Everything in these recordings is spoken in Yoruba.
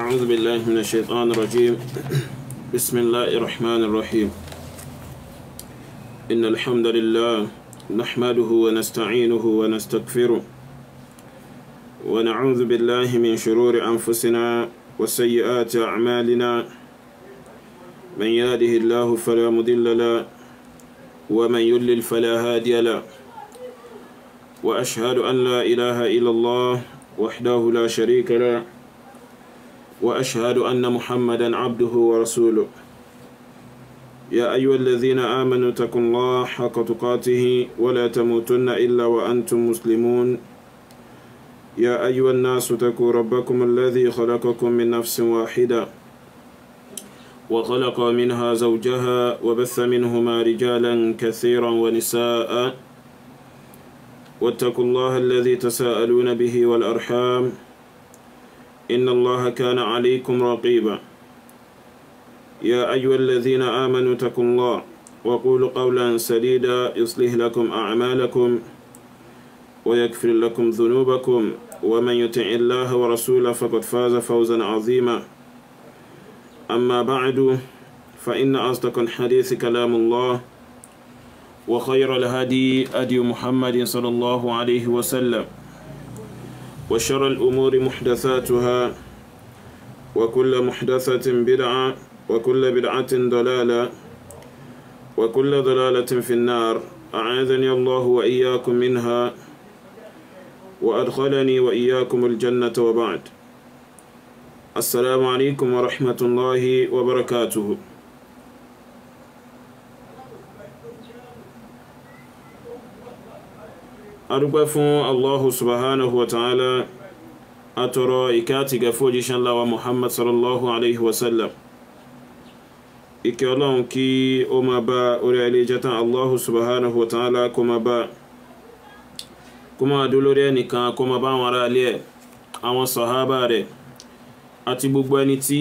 أعوذ بالله من الشيطان الرجيم بسم الله الرحمن الرحيم إن الحمد لله نحمده ونستعينه ونستغفره ونعوذ بالله من شرور أنفسنا وسيئات أعمالنا من يهده الله فلا مضل له ومن يضلل فلا هادي له وأشهد أن لا إله إلا الله وحده لا شريك له وأشهد أن محمدا عبده ورسوله يا أيها الذين آمنوا اتقوا الله حق تقاته ولا تموتن إلا وأنتم مسلمون يا أيها الناس اتقوا ربكم الذي خلقكم من نفس واحدة وخلق منها زوجها وبث منهما رجالا كثيرا ونساء واتقوا الله الذي تساءلون به والأرحام إن الله كان عليكم رقيبا يا أيها الذين آمنوا اتقوا الله وقولوا قولا سديدا يصلح لكم أعمالكم ويكفر لكم ذنوبكم ومن يطع الله ورسوله فقد فاز فوزا عظيما أما بعد فإن أصدق الحديث كلام الله وخير الهدي أدي محمد صلى الله عليه وسلم وشر الأمور محدثاتها وكل محدثة بدعة وكل بدعة ضلالة وكل ضلالة في النار أعاذني الله وإياكم منها وأدخلني وإياكم الجنة وبعد السلام عليكم ورحمة الله وبركاته adúpẹ́ fún allahu subhanahu wa ta'ala atọrọ ìkẹ́ àti gẹ̀ fún òjíṣẹ́ ńlá wa muhammad sallallahu alaihi wasallam ìkẹ́ ọlọ́run kí ó máa bá orí ilé ìjẹta allahu subhanahu wa ta'ala kó máa bá kó máa dúró lórí ẹnìkan kó máa bá àwọn ará ilé àwọn sàhábà rẹ̀ àti gbogbo ẹni tí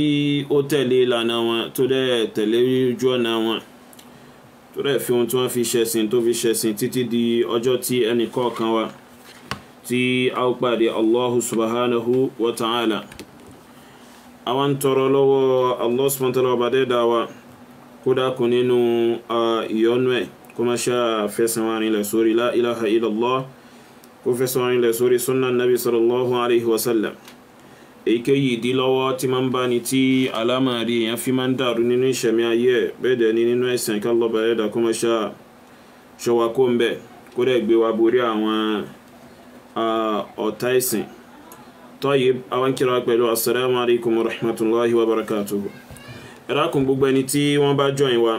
ó tẹ̀lé ìlànà wọn tó dẹ̀ tẹ̀lé ojú ọ̀nà wọn torí ẹ̀ fi ohun tí wọ́n fi ṣẹ̀sìn tó fi ṣẹ̀sìn títí di ọjọ́ tí ẹnì kọ̀ọ̀kan wa tí a ó pàdé allahu subhanahu wa ta'ala àwọn tọrọ lọ́wọ́ allah subhanahu wa ta'ala ọba dẹ́dá wa kó dákun nínú ìyọ́nú ẹ̀ kó má ṣe àfẹsẹ̀ wọn sórí la ilaha illallah kó fẹsẹ̀ wọn rinlẹ̀ sórí sunnah nabi sallallahu alayhi wa sallam. èyíkéyìí ìdílọ́wọ́ tí ma ń bá ni tí alámàrí fi ma ń dàrú nínú ìṣẹ̀mí ayé bẹ́ẹ̀ dẹ̀ ni nínú ẹ̀sìn kan lọ́ba ẹ̀dá kó máa kó ń bẹ̀ kó dẹ̀ gbé wa borí àwọn ọ̀tá ẹ̀sìn pẹ̀lú wa barakatu. gbogbo ẹni tí wọ́n bá wa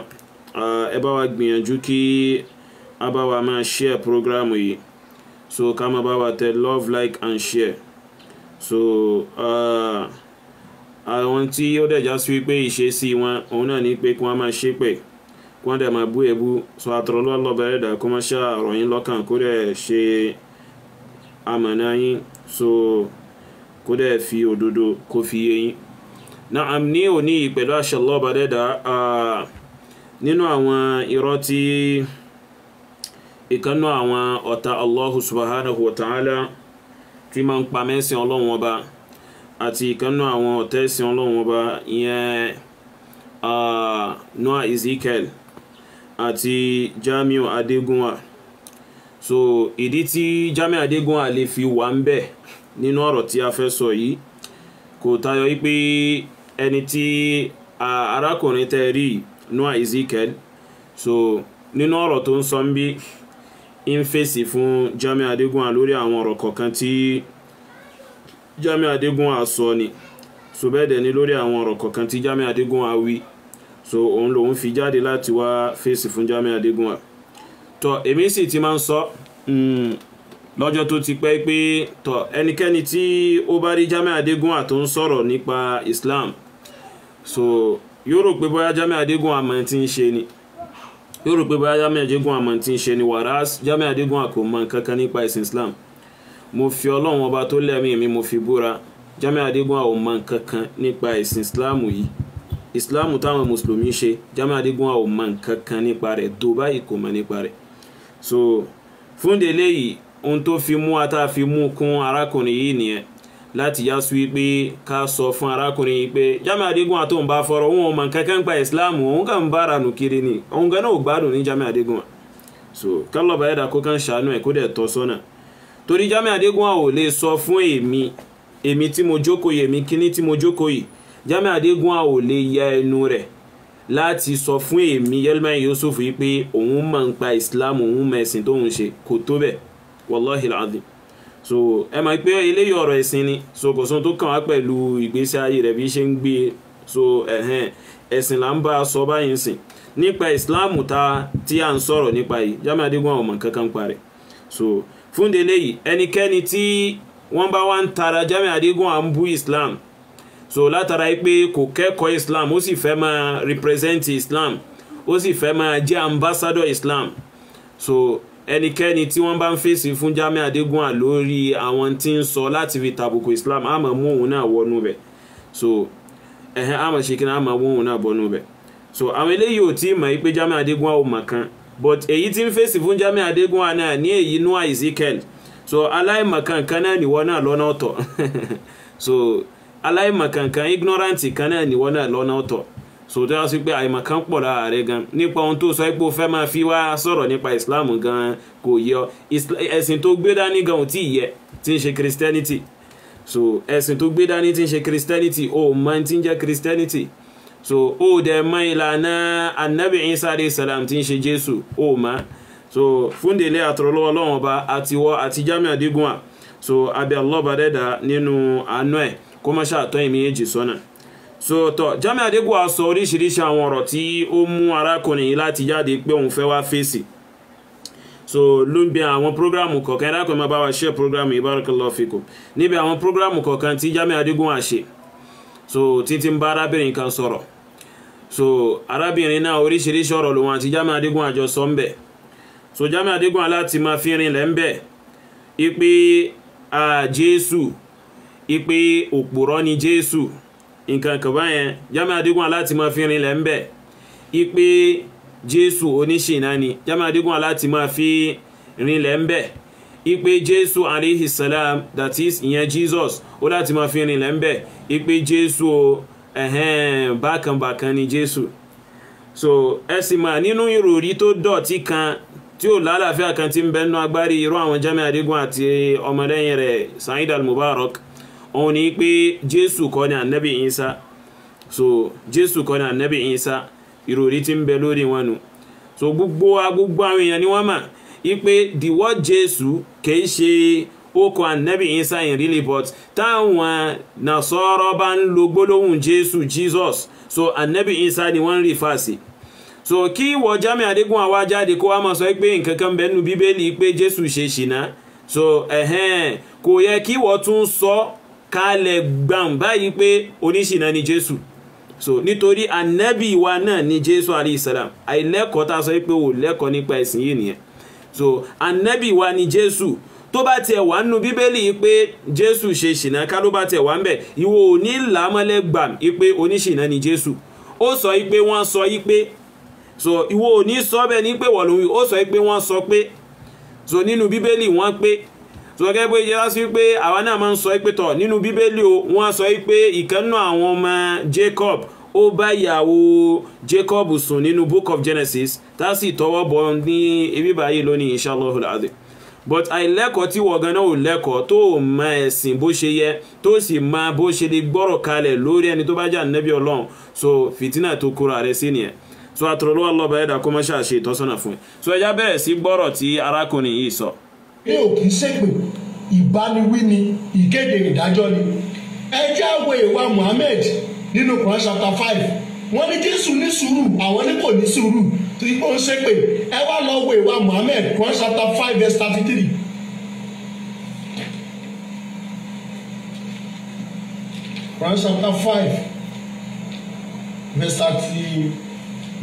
ẹ bá wa gbìyànjú kí a bá share program yìí so ká bá love like and share so àwọn ah, ah, tí ó dẹ̀ já sí wípé ìṣesí wọn òun náà ní pé kí wọ́n máa ṣépè kí wọ́n dẹ̀ máa bú èébú so àtọ̀rọ̀ lọ́wọ́ lọ́bẹ̀ rẹ̀ dà kó máa ṣá ọ̀rọ̀ yín lọ́kàn kó dẹ̀ ṣe amọ̀nà yín so kó dẹ̀ fi òdodo kó fi yé yín naam ní òní pẹ̀lú àṣẹ lọ́ba dẹ́dà ah, nínú àwọn irọ́ tí ìkànnú àwọn ọ̀tá Allahu subhanahu wa ta'ala. ala tí máa ń pa mẹ́sìn ọlọ́run ọba àti ìkànnú àwọn ọ̀tẹ́sìn ọlọ́run ọba ìyẹn Noah Ezekiel àti Jamiu Adegunwa so ìdí tí Jamiu Adegunwa lè fi wà ń bẹ̀ nínú ọ̀rọ̀ tí a fẹ́ sọ yìí kò tayọ wípé ẹni tí arákùnrin tẹ́ rí Noah Ezekiel so nínú ọ̀rọ̀ tó ń sọ ń bí ń fèsì fún Jamiu Adégúnwà lórí àwọn ọ̀rọ̀ kọ̀ọ̀kan tí Jamiu Adégúnwà sọ ni so bẹ́ẹ̀ dẹ̀ ni lórí àwọn ọ̀rọ̀ kọ̀ọ̀kan tí Jamiu Adégúnwà wí so òun lòun fi jáde láti wá fèsì fún Jamiu Adégúnwà tọ èmi sì ti máa ń sọ hmm, lọ́jọ́ tó ti pẹ́ pé tọ ẹnikẹ́ni tí ó bá rí Jamiu Adégúnwà tó ń sọ̀rọ̀ nípa Islam so yóò rò pé bóyá Jamiu Adégúnwà mọ̀ ti ń ṣe ni yóò rò pé bá Jamiu Adégún àmọ́ tí ń ṣe ni wàrà Jamiu Adégún àkó mọ nǹkan nípa ẹ̀sìn Islam mo fi ọlọ́run ọba tó lẹ́mìí mi mo fi búra Jamiu Adégún àkó mọ nǹkan nípa ẹ̀sìn Islam yìí Islam táwọn mùsùlùmí ṣe Jamiu Adégún àkó mọ nǹkan kan nípa rẹ̀ tó báyìí mọ nípa rẹ̀ so fúndélé yìí ohun tó fi mú ata fi mú kún arákùnrin yìí nìyẹn láti yá sí wípé ká sọ fún arákùnrin yìí pé Jamiu Adégún àtòun bá fọ̀rọ̀ wọn ọmọ kankan gba ìsìláàmù òun kàn ń bára nù kiri ni òun gan náà gbádùn ní Jamiu adigun so kálọ̀bà ẹ̀dá kó kàn ṣàánú ẹ̀ kó dẹ̀ tọ́ sọ́nà torí Jamiu adigun ò lè sọ fún èmi èmi tí mo jókòó yìí èmi kíní tí mo jókòó yìí Jamiu adigun ò lè ya ẹnu rẹ̀ láti sọ fún èmi Yelman Yusuf yìí pé òun máa ń òun tóun ṣe kò tó so ẹ mọ̀ pé eléyìí ọ̀rọ̀ ẹ̀sìn ni so kò sóhun tó kàn wá pẹ̀lú ìgbésí ayé rẹ̀ bí ṣe ń gbé so ẹ̀hẹ́n ẹ̀sìn là ń bá a sọ báyìí ń sìn nípa ìsìláàmù ta tí a ń sọ̀rọ̀ nípa yìí Jamiu Adigun àwọn ọmọ kankan parẹ̀ so fún délé yìí ẹnikẹ́ni tí wọ́n bá wá ń tara Jamiu Adigun à ń bú Islam so látara pé kò kẹ́kọ̀ọ́ Islam ó sì fẹ́ máa represent Islam ó sì fẹ́ máa jẹ́ ambassador Islam so ẹnikẹ́ni tí wọ́n bá ń fèsì fún Jamiu Adégúnwà lórí àwọn tí ń sọ láti fi tàbùkù Islam àmọ́ mú òun náà wọnú bẹ̀ so ẹ̀hẹ́n àmọ́ ṣe kí àmọ́ mú òun náà wọnú bẹ̀ so àwọn eléyìí ò tí ì mọ̀ pé Jamiu Adégúnwà ò mọ̀ kan but èyí tí ń fèsì fún Jamiu Adégúnwà náà ní èyí Noah Ezekiel so aláìmọ̀kan kan náà nìwọ náà lọ́nà ọ̀tọ̀ so aláìmọ̀kan kan ignorant kan náà nìwọ náà lọ́nà ọ̀tọ̀ sòtọ́ yà sí pé àìmọ̀ kan pọ̀ lára rẹ gan nípa ohun tó sọ pé o fẹ́ máa fi wá sọ̀rọ̀ nípa islam gan kò yẹ ẹ̀sìn tó gbé dání gan ò tí ì yẹ tí ń ṣe christianity so ẹ̀sìn tó gbé dání tí ń ṣe christianity o mọ tí ń jẹ́ christianity so o dẹ̀ mọ ìlànà anabi isa alayhi salam tí ń ṣe jésù o mọ so fúndélé àtọ̀rọ̀lọ́wọ́ ọlọ́wọ́n ba àtiwọ́ àti jamiu adigun wa so abẹ́ Allah bá dẹ́dà nínú àánú ẹ̀ kó má ṣàtọ́ ìmíyèjì sọ́nà so tọ Jamiu Adegowa sọ oríṣiríṣi àwọn ọ̀rọ̀ tí ó mú arákùnrin yìí láti jáde pé òun fẹ́ wá fèsì so ló ń bẹ àwọn programu kọ̀ọ̀kan ẹ̀dá kan máa bá wa ṣe programu Barakallahu fikum níbi àwọn programu kọ̀ọ̀kan tí Jamiu Adegowa ṣe so títí ń bá arábìnrin kan sọ̀rọ̀ so arábìnrin náà oríṣiríṣi ọ̀rọ̀ lòun àti Jamiu Adegowa àjọ sọ ń bẹ̀ so Jamiu Adegowa láti máa fi rinlẹ̀ ń bẹ̀ ipe Jésù ipe òpùrọ́ ni Jésù nǹkan kan báyẹn Jamiu Adégún aláti máa fi rinlẹ̀ ń bẹ̀ ipe Jésù oníṣìnà ni Jamiu Adégún aláti máa fi rinlẹ̀ ń bẹ̀ ipe Jésù alayhi salam that is ìyẹn Jesus ó láti máa fi rinlẹ̀ ń bẹ̀ ipe Jésù ẹ̀hẹ́n bákanbàkan ni Jésù so ẹ sì mà nínú ìròrí tó dọ̀tí kan tí ò lálàáfíà kan ti ń bẹ́ẹ̀ nú agbárí irú àwọn Jamiu Adégún àti ọmọlẹ́yìn rẹ̀ Saheed Al Mubarak òun ni pé jésù kọ́ ni ànábì isa so jésù kọ ni anabi isa ìròrí ti ń bẹ lórí so gbogbo wa gbogbo àwọn èèyàn ni wọ́n mà ipe the word jésù kìí ṣe ókọ ànábì in really but táwọn nàṣọ́rọ́ bá ń lo gbólóhùn jesus so anabi isa ni wọ́n ń so kí Jami Adégún àwa jáde kó wa máa sọ pé nǹkan kan bíbélì so kò yẹ kí tún sọ kálẹ̀ gbàm báyìí pé oníṣìnà ni jésù so nítorí ànábì wa náà ni jésù alayhisalam àìlẹ́kọ̀ọ́ tá a sọ pé ò lẹ́kọ̀ọ́ nípa ẹ̀sìn yìí nìyẹn so ànábì wa ni jésù tó bá tiẹ̀ wà nínú bíbélì pé jésù ṣe ṣìnà ká ló bá tiẹ̀ wà ń bẹ̀ ìwọ ò gbàm pé oníṣìnà ni jésù ó sọ pé wọ́n sọ pé so ìwọ ò ní sọ bẹ́ẹ̀ ní pé wọ̀ lóhùn ó sọ pé wọ́n sọ pé so nínú bíbélì wọ́n pé sọgẹ́ pé yẹ wá sí pé àwa náà máa ń sọ pé tọ̀ nínú bíbélì o wọ́n sọ pé ìkànnà àwọn ọmọ Jacob ó bá ìyàwó Jacob sùn nínú book of Genesis tá a sì tọwọ́ bọ̀ ní ibi báyìí lónìí inshallah alazim but àìlẹ́kọ̀ọ́ tí wọ̀n ganan ò lẹ́kọ̀ọ́ tó o mọ ẹ̀sìn bó ṣe yẹ tó o sì mọ bó ṣe lè gbọ́rọ̀ kalẹ̀ lórí ẹni tó bá jà nẹ́bí ọlọ́run so fìtínà tó kóra rẹ sí nìyẹn so àtọ̀rọ̀lọ́wọ́ lọ́ba ẹ̀dá kó má ṣàṣe ìtọ́sọ́nà fún ẹ so ẹja bẹ̀rẹ̀ sí gbọ́rọ̀ tí arákùnrin yìí sọ. So pé ò kì í ṣègbè ìbániwí ni ìkéde ìdájọ́ ni ẹ jẹ́ àwọ̀ ìwà Muhammed nínú Quran chapter five wọ́n ní Jésù ní sùúrù àwọn ní kò ní sùúrù tí ó ń ṣépè ẹ wá lọ wo ìwà Muhammed Quran chapter five verse thirty three. Quran chapter five verse thirty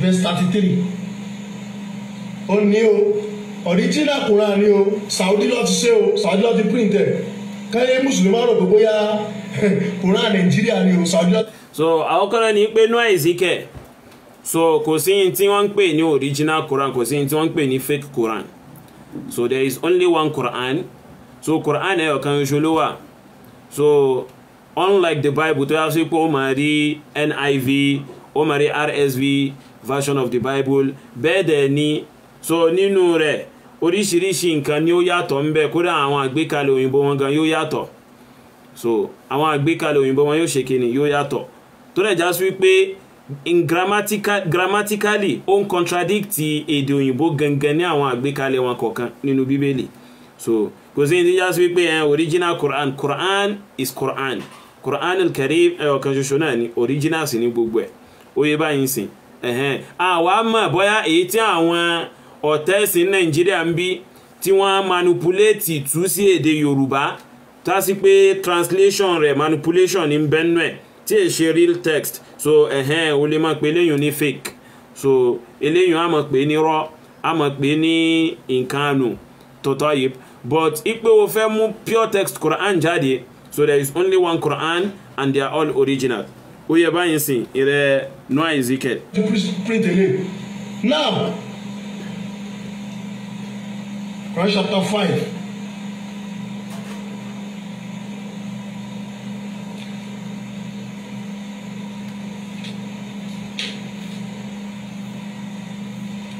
verse thirty three ó ní o original Quran ni o Saudi ló ti ṣe o Saudi ló ti print ẹ̀ kẹ́yẹ́ mùsùlùmí rò pé bóyá Quran Nàìjíríà ni o Saudi ló. so àkọ́kọ́ náà ni pé noah ezike so kò sí yín tí wọ́n ń pè ní original Quran kò sí yín tí wọ́n ń pè ní fake Quran so there is only one Quran so Quran ẹ̀ ọ̀kan ṣoṣo ló wà so unlike the Bible tó yà sí pé ó máa rí NIV ó máa rí RSV version of the Bible bẹ́ẹ̀ dẹ̀ ni so nínú rẹ̀ oríṣiríṣi nǹkan ni ó yàtọ̀ ń bẹ kódà àwọn àgbékalẹ̀ òyìnbó wọn gan yóò yàtọ̀ so àwọn àgbékalẹ̀ òyìnbó wọn yóò ṣe kíni yóò yàtọ̀ tó lè já sí wípé grammatically ó ń contradict èdè òyìnbó gangan ní àwọn àgbékalẹ̀ wọn kọ̀ọ̀kan nínú bíbélì so kò sí ní já sí wípé original Quran Quran is Quran Quran al-Karim ẹ̀ ọ̀kan ṣoṣo náà ni original sì ní gbogbo ẹ̀ ó yẹ báyìí sìn àwa mọ̀ bóyá èyí tí àwọn ọ̀tá ẹ̀sìn nàìjíríà ń bí tí wọ́n manipuléètì tú sí èdè yorùbá tá sí pé translation rẹ̀ manipulation ní bẹ́ẹ̀nù ẹ̀ tí è ṣe real text so ẹ̀hẹ́n o lè máa pè eléyìí ní fake so eléyìí á máa pè ní rọ́ á máa pè ní nǹkan ànú tọ́tọ́ yìí but ipe wo fẹ́ mú pure text Quran jáde so there is only one Quran and they are all original ó yẹ báyìí sìn ìrẹ́ Noah Ezekiel. now Quran chapter 5.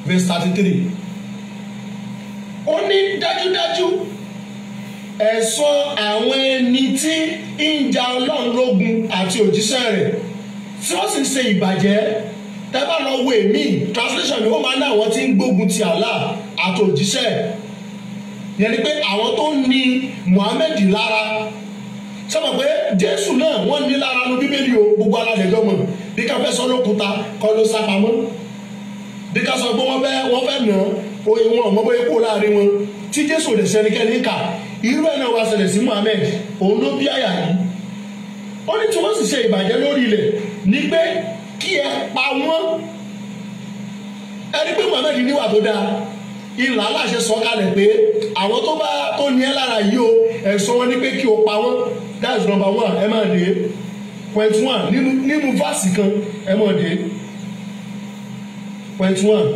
Verse 33. Ó ní dájúdájú ẹ̀san àwọn ẹni tí ń ja Ọlọ́run lógun àti òjíṣẹ́ rẹ̀ tí wọ́n sì ń ṣe ìbàjẹ́ tẹ́ bá èmi translation ni ó máa ń ní àwọn tí ń gbógun ti Allah àti òjíṣẹ́ yẹn ni pé àwọn tó ní Muhammed lára sọ́mọ pé Jésù náà wọ́n ní lára nu bíbélì o gbogbo ara lè dọ́mọ̀ bí ká fẹ́ sọ lókùúta kọ́ ló sá pamọ́ bí ká sọ pé wọ́n fẹ́ wọ́n fẹ́ nà oye wọn ọmọ bóyá kó láàrin wọn tí Jésù ò lè sẹ́nikẹ́ni kà irú ẹ̀ náà wá ṣẹlẹ̀ sí Muhammed òun ló bí àyà yìí ó ní tí wọ́n sì ṣe ìbàjẹ́ lórí ilẹ̀ ní pé kí ẹ pa wọ́n ẹni pé Muhammed níwà tó dáa ìlà aláṣẹ sọ kalẹ̀ pé àwọn tó bá tó ní ẹ lára yìí o ẹ̀sọ́ wọn ni pé kí o pa wọ́n that's number one ẹ máa dé point one nínú nínú fásì kan ẹ máa dé point one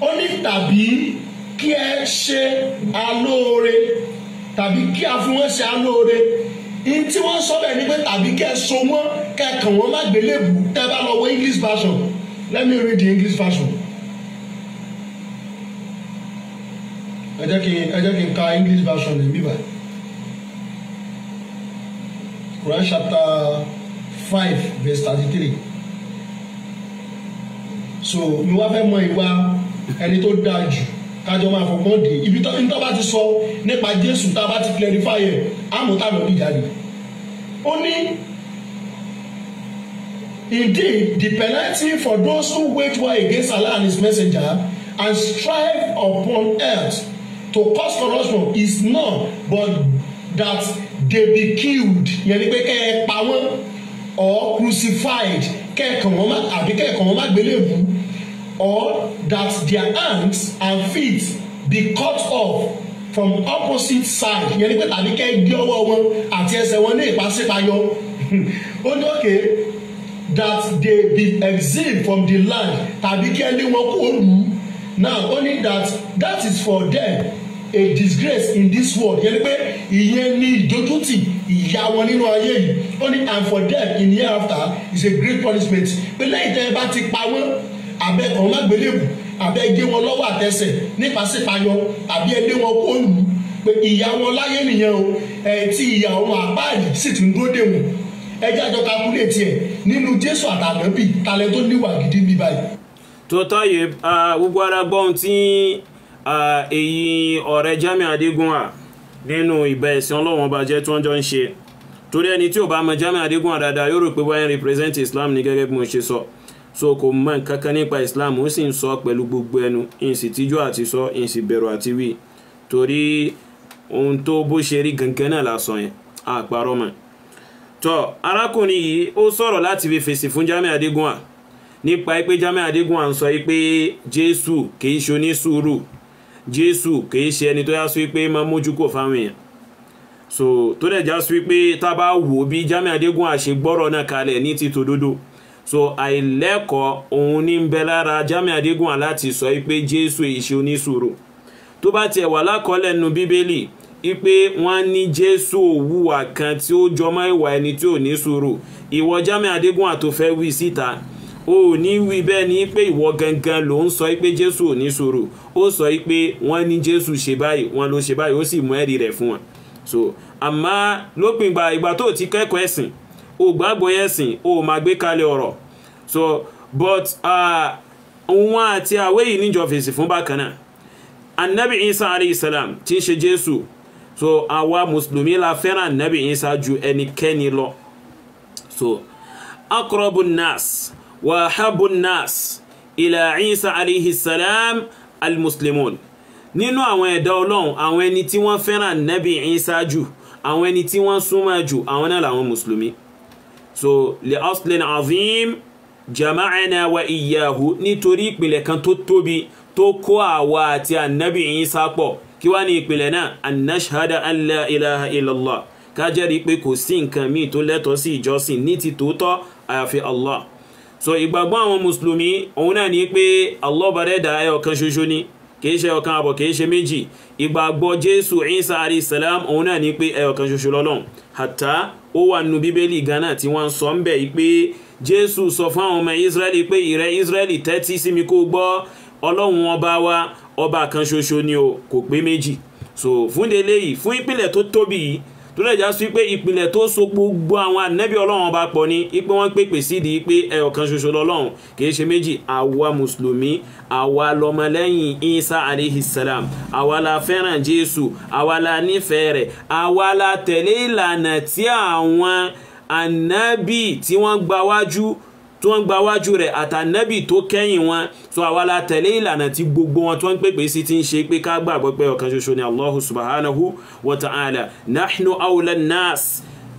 ó ní tàbí kí ẹ ṣe alóore tàbí kí a fún wọn ṣe alóore n tí wọ́n sọ bẹ́ẹ̀ ni pé tàbí kẹ́ ẹ so wọ́n kẹ́ wọ́n má gbélébùú tẹ́ bá lọ wọ English version let me read the English version. ẹ jẹ́ kí ẹ jẹ́ kí n ka English version ní bíbá Quran chapter five verse thirty-three so mi wá fẹ́ mọ ìwà ẹni tó dáa jù kájọ máa fọgbọ́n dé ibi tó bá ti sọ nípa Jésù tá a bá ti clarify ẹ̀ àmọ́tàmọ́ bí jáde ó ní. Indeed, the penalty for those who wage war against Allah and His messenger and strive upon earth to cause corruption is none but that they be killed yẹn ni pé kẹ́ ẹ pa wọ́n or crucified kẹ́ ẹ kàn wọ́n má àbí kẹ́ ẹ kàn wọ́n má gbélébùú or that their hands and feet be cut off from opposite side yẹn ni pé tàbí kẹ́ ẹ gé ọwọ́ wọn àti ẹsẹ̀ wọn ní ìpàsípayọ ó ní òkè that they be exiled from the land tàbí kí ẹ lé wọn kó lù now only that that is for them a disgrace in this world yẹn ni pé ìyẹn ni ìdójútì ìyà wọn nínú ayé yìí ó ní and for death in year after is a great punishment pé lẹ́yìn tẹ́ ẹ bá ti pa wọ́n abẹ́kọ̀ọ́ lágbélébù àbẹ́ gé wọn lọ́wọ́ àtẹsẹ̀ nípasẹ̀ payọ àbí ẹdẹ wọn kó lù ú pé ìyà wọn láyé nìyẹn o ẹ tí ìyà wọn àpáàdì sì ti ń dúró dè wọn ẹ jájọ kakulé tiẹ nínú jésù àtàlẹ́bì talẹ́ tó níwà gidi bíbáyìí. tó tọ́ yìí gbogbo ara gbọ́n tí èyí ọ̀rẹ́ Jamiu Adégúnwà nínú ìbá ẹ̀sìn ọlọ́wọ́n ọba jẹ́ tí wọ́n jọ ń ṣe torí ẹni tí ò bá mọ Jamiu Adégúnwà dáadáa yóò rò pé wáyé represent Islam ní gẹ́gẹ́ bí mo ṣe sọ so kò mọ nǹkan kan nípa Islam ó sì ń sọ pẹ̀lú gbogbo ẹnu ìsì tíjú àti sọ ìsì bẹ̀rù àti wí torí ohun tó bó ṣe rí gangan náà lásán yẹn àpárọ̀ mọ́ tọ́ arákùnrin yìí ó sọ̀rọ̀ láti fi fèsì fún Jamiu Adégúnwà nípa pé Jamiu Adégúnwà ń sọ pé Jésù kì í ṣonísùúrù jésù kìí ṣe ẹni tó yá sí pé máa mójú kò fáwọn èèyàn so tó dẹ̀ já sí pé tá a bá wò bí Jamiu Adégún àṣegbọ́rọ̀ náà kalẹ̀ ní ti tòdodo so àìlẹ́kọ̀ọ́ òun ní ń bẹ lára Jamiu Adégún láti sọ pé jésù ìṣe onísùúrù tó bá tiẹ̀ wà lákọọ́lẹ̀ nínú bíbélì ipe wọ́n ní jésù òwúwà kan tí ó jọmọ́ ìwà ẹni tí ò ní sùúrù ìwọ Jamiu Adégún àtòfẹ́ wí síta o ní wí bẹ́ẹ̀ ni pé ìwọ gangan ló ń sọ pé jésù ò ní sọ̀rọ̀ ó sọ pé wọ́n ní jésù ṣe báyìí wọ́n ló ṣe báyìí ó sì mú ẹ̀rí rẹ̀ fún wọn so àmọ́ lópin ìgbà ìgbà tó ti kẹ́kọ̀ọ́ ẹ̀sìn o gbàgbọ́ ẹ̀sìn o máa gbé kalẹ̀ ọ̀rọ̀ so but wọn àti àwẹ̀ yìí níjọ fèsì fún bákan náà anabi isa alayhi salam tí ń ṣe jésù so àwa mùsùlùmí la fẹ́ràn anabi isa ju ẹnikẹ́ni lọ so akọrọbù nas وأحب الناس إلى عيسى عليه السلام المسلمون nínú àwọn ẹ̀dá ọlọ́run àwọn ẹni tí wọ́n fẹ́ràn nẹ́bí Ìsá jù àwọn ẹni tí wọ́n súnmọ́ jù àwọn náà làwọn mùsùlùmí so li aslin azim jama'ana wa iyahu nítorí ìpìlẹ̀ kan tó tóbi tó kó àwa àti ànábì Ìsá pọ̀ kí wá ní ìpìlẹ̀ náà annashhada an la ilaha illallah ká jẹ́rìí pé kò sí nǹkan míì tó lẹ́tọ̀ọ́ sí ìjọsìn ní ti tòótọ́ àyàfi Allah so ìgbàgbọ́ àwọn mùsùlùmí òun náà ní pé allọ́bàdẹ́dà ẹyọkan ṣoṣo ni kìí ṣe ọ̀kan àbọ̀ kìí ṣe méjì ìgbàgbọ́ jésù ìsá àrí ìsàlám òun náà ní pé ẹyọkan ṣoṣo lọ́lọ́run hàtá ó wà nínú bíbélì gánà tí wọ́n sọ ń bẹ̀ pé jésù sọ fún àwọn ọmọ ìsírẹ́lì pé ìrẹ́ ìsírẹ́lì tẹ́tí sí mi kó gbọ́ ọlọ́run ọba wa ọba kan ṣoṣo ni o kò pé méjì so fún délé yìí fún ìpìlẹ̀ tó tóbi yìí tó lè já sí pé ìpìlẹ̀ tó so gbogbo àwọn ànẹ́bí ọlọ́run ọba pọ̀ ni ipe wọ́n pèpè sídìí pé ẹ̀ọ̀kan ṣoṣo lọ́lọ́run kìí ṣe méjì àwa mùsùlùmí àwa lọmọlẹ́yìn isa alayhi àwa la fẹ́ràn jésù àwa la nífẹ̀ẹ́ rẹ̀ àwa la tẹ̀lé ìlànà tí àwọn ànẹ́bí tí wọ́n gbawájú tí wọ́n gba wájú rẹ̀ àtànẹ́bì tó kẹ́yìn wọn tó àwa la tẹ̀lé ìlànà tí gbogbo wọn tó ń pèpè sí ti ń ṣe pé ká gbàgbọ́ pé ọ̀kan ṣoṣo ni Allahu subhanahu wa ta'ala nahnu awla nas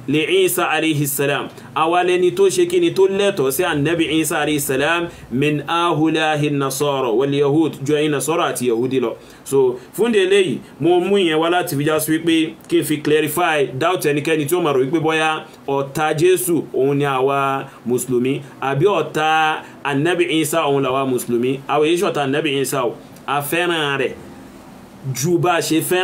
lè Isa aleyhisselam awalẹ̀ ni tó ṣe kíni tó lẹ́tọ̀ sí annabi Isa aleyhisselam min ahulahi nasara wal yahud jọ yín nasara yahudi lọ so fún délé yìí mo mú ìyẹn wá láti fi já sí wípé kí n fi clarify doubt ẹnikẹ́ni tí ó máa rò wípé bọ́yá ọ̀tá jésù òun ni àwa mùsùlùmí àbí ọ̀tá annabi Isa òun làwa mùsùlùmí àwọn èyí ṣọ̀tá annabi Isa o a fẹ́ràn rẹ̀ ju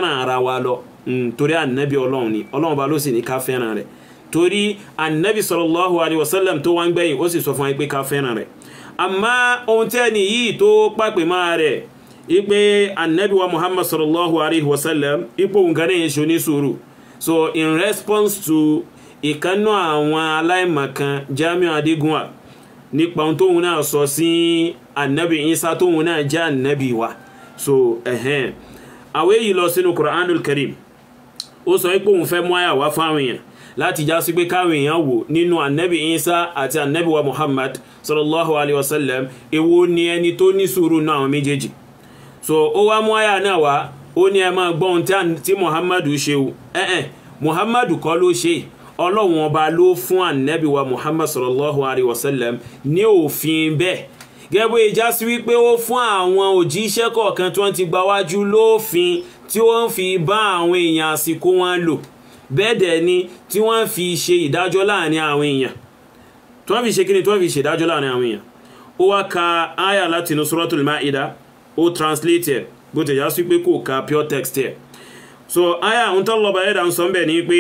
ara wa lọ Mm, torí ànábì ọlọ́run ni ọlọ́run ba ló sì ní ká fẹ́ràn rẹ̀ torí ànábì sallallahu alayhi wa sallam tó wá ń ó sì sọ fún wa pé ká fẹ́ràn rẹ̀ àmọ́ ohun tí yìí tó pàpè máa rẹ̀ ipe ànábì wa muhammad sallallahu alayhi wa sallam ipò òun yẹn ṣe oníṣòro so in response to ìkànnú àwọn aláìmọ̀kan jamiu adigunwa nípa ohun tóun náà sọ sí ànábì isa tóun náà jẹ́ ànábì wa so ẹ̀hẹ́n àwọn èyí lọ sínú Qur'anul Karim ó sọ pé òun fẹ́ mú àyà wá fáwọn èèyàn láti já sí pé káwọn èèyàn wò nínú anabi isa àti anabi wa muhammad sallallahu alayhi wa sallam èwo ni ẹni tó ní sùúrù náà àwọn méjèèjì so ó wá mú àyà náà wá ó ní ẹ máa gbọ́ ohun tí muhammadu ṣe o ẹ̀ẹ́n muhammadu kọ́ ló ṣe ọlọ́run ọba ló fún anabi wa muhammad sallallahu alayhi wa sallam ní òfin bẹ́ẹ̀ gẹ́gbẹ́ ìjásí wípé ó fún àwọn òjíṣẹ́ kọ̀ọ̀kan tí wọ́n ti gbáwájú lófin tí wọ́n fi bá àwọn èèyàn àsìkò wọn lò bẹ́ẹ̀ dẹ̀ ni tí wọ́n fi ṣe ìdájọ́ láàrin àwọn èèyàn tí wọ́n fi ṣe kíni tí wọ́n fi ṣe ìdájọ́ láàrin àwọn èèyàn ó wá ka aya láti inú suratul ma'ida ó translate ẹ̀ bó ti yá sí pé kò ka pure text ẹ̀ so aya ń tán lọ́ba ẹ̀dá ń sọ ń bẹ̀ ni pé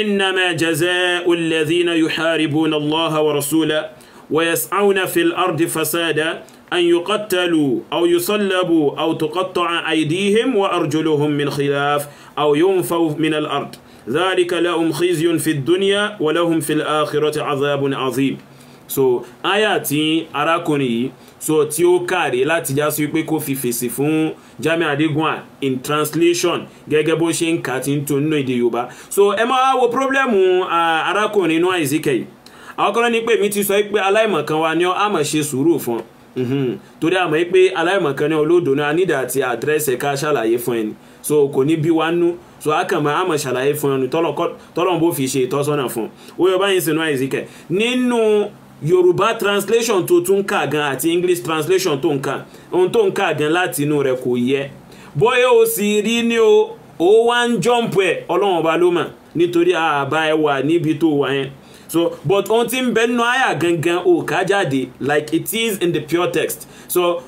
innama jaza'u alladhina yuharibuna allaha wa rasulahu wa yas'auna fil ardi fasada أن يقتلوا أو يصلبوا أو تقطع أيديهم وأرجلهم من خلاف أو ينفوا من الأرض ذلك لهم خزي في الدنيا ولهم في الآخرة عذاب عظيم so aya tí so tí ó kàrí láti já sí pé kó fi fèsì fún Jamiu in translation gẹ́gẹ́ bo shin katin kà tí ń tún so ẹ máa wo pírọ́blẹ́mù arákùnrin inú àìsíkẹ́ yìí àwọn kan ní pé mi ti sọ pé aláìmọ̀kan wa ni ọ́ àmọ̀ ṣe sùúrù fún un Mhm. torí àmọ́ yí pé aláìmọ̀kan ní olóòdò náà nídà àti àdírẹ́sì ká ṣàlàyé fún ẹni so kò ní bí wá nú so a kàn máa àmọ̀ ṣàlàyé fún ẹni tọ́lọ́n bó fi ṣe ìtọ́sọ́nà fún ó yọ báyìí sínú àìsíkẹ̀ nínú Yorùbá translation tó tún kà gan àti English translation tó ń kà ohun tó ń kà gan láti inú rẹ̀ kò yẹ bóyá o sì rí ní o ó wá ń jọ́ǹpù ẹ̀ ọlọ́run ọba ló mà nítorí àbá ẹ wà níbi tó wà yẹn so but ohun tí ń bẹ nínú àyà gangan ò ká jáde like it is in the pure text so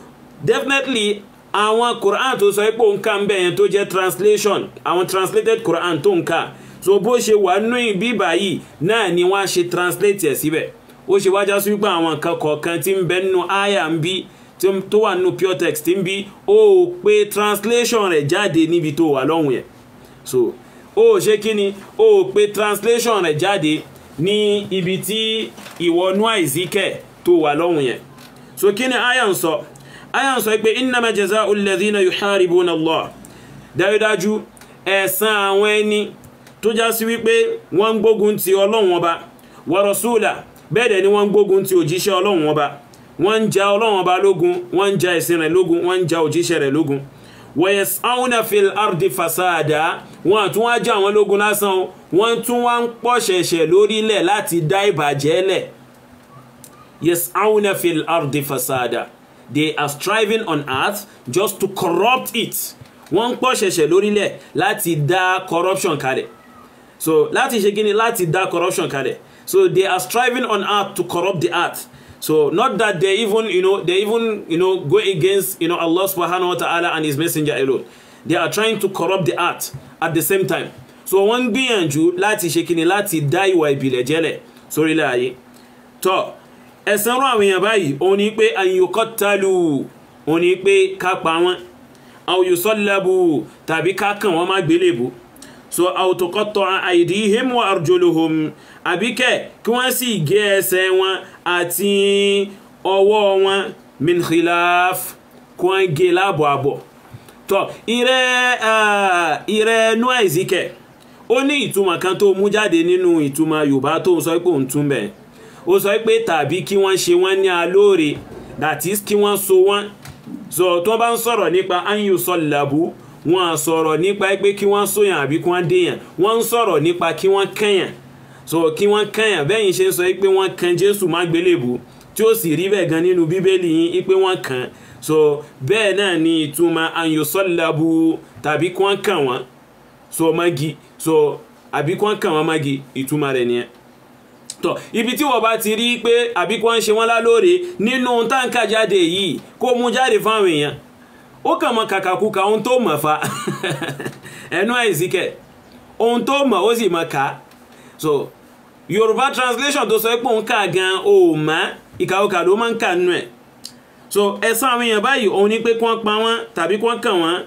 definitely àwọn quran tó sọ pé òǹkà ń bẹ yẹn tó jẹ́ translation àwọn translated quran tó ń kà so bó ṣe wà nínú bíbà yìí náà ni wọ́n á ṣe translate ẹ̀ síbẹ̀ ó ṣe wájá sí wípé àwọn nǹkan kọ̀ọ̀kan tí ń bẹ nínú àyà ń bí tó wà nínú pure text ń bí ó pé translation rẹ̀ jáde níbi tó wà lọ́hùn yẹn so ó ṣe kí ni ó pé translation rẹ̀ jáde ní ibi tí ìwọnú àìsíkẹ̀ tó wà lọ́hùn yẹn so kí ni aya ń sọ aya ń sọ pé innama jaza'u alladhina yuharibuna Allah dájúdájú ẹ̀san àwọn ẹni tó já sí wípé wọ́n ń gbógun ti ọlọ́run ọba wa rasula bẹ́ẹ̀ ni wọ́n ń gbógun ti òjíṣẹ́ ọlọ́run ọba wọ́n ń ja ọlọ́run ọba lógun wọ́n ń ja ìsìn rẹ̀ lógun wọ́n ń òjíṣẹ́ rẹ̀ lógun wa yas'awna fil ardi fasada wọn àtúnwájà àwọn lógun lásán wọ́n tún wá ń pọ̀ṣẹ̀ṣẹ̀ lórílẹ̀ láti dá ìbàjẹ́ lẹ̀ yas'awna fil ardi fasada they are striving on earth just to corrupt it wọ́n ń pọ̀ṣẹ̀ṣẹ̀ lórílẹ̀ láti dá corruption kalẹ̀ so láti ṣe kí ni láti dá corruption kalẹ̀ so they are striving on earth to corrupt the earth so not that they even you know they even you know go against you know Allah subhanahu wa ta'ala and his messenger alone they are trying to corrupt the earth at the same time so wọ́n ń gbìyànjú láti ṣe kíni láti dá ìwà ìbílẹ̀ jẹ́lẹ̀ sórílẹ̀ ayé tọ́ ẹ̀san rú àwọn èèyàn báyìí òun ni pé ayòkọ́ talu òun ni pé ká pa wọ́n àwòyòsọ́lẹ̀bù tàbí ká kàn wọ́n má gbélébù so àwòtòkọ́tọ̀ àìdíhìm wa arjuluhum àbíkẹ́ kí wọ́n sì gé ẹsẹ̀ wọn àti ọwọ́ wọn min khilaf kí wọ́n gé láàbọ̀ àbọ̀ tọ́ ìrẹ́ ìrẹ́ noise ó ní ìtumọ̀ kan tó mú jáde nínú ìtumọ̀ yorùbá tó ń sọ pé òun tún bẹ̀ ó sọ pé tàbí kí wọ́n ṣe wọ́n ní alóore that is kí wọ́n so wọ́n sọ tó bá ń sọ̀rọ̀ nípa anyu sọ̀làbù wọ́n á sọ̀rọ̀ nípa pé kí wọ́n sóyàn àbí kí wọ́n déyàn wọ́n ń sọ̀rọ̀ nípa kí wọ́n kẹ́yàn so kí wọ́n kẹ́yàn bẹ́yìn ṣe ń sọ pé wọ́n kan jésù má gbélébù tí ó sì rí bẹ́ẹ̀ gan nínú bíbélì yín pé wọ́n kàn so bẹ́ẹ̀ náà ni ìtumọ̀ anyosọ́lábù tàbí kí wọ́n kàn wọ́n so ọmọ igi so àbí kí wọ́n kàn wọ́n mọ́gi ìtumọ̀ rẹ̀ nìyẹn tọ̀ ibi tí wọ́n bá ti rí pé àbí kí wọ́n ṣe wọ́n lálóore nínú táǹkà jáde yìí kó mú jáde fáwọn èèyàn ó kàn mọ kàkàkùkà ohun tó mọ̀ fa ẹnu àìsíkẹ̀ ohun tó mọ̀ ó sì mọ̀ ká so yorùbá translation tó sọ pé òun kà gan o mọ ìkàwọ́kà ló máa ń kà nù ẹ̀ so ẹ̀sán àwọn èèyàn báyìí òun ni pé kí wọ́n pa wọ́n tàbí kí wọ́n kàn wọ́n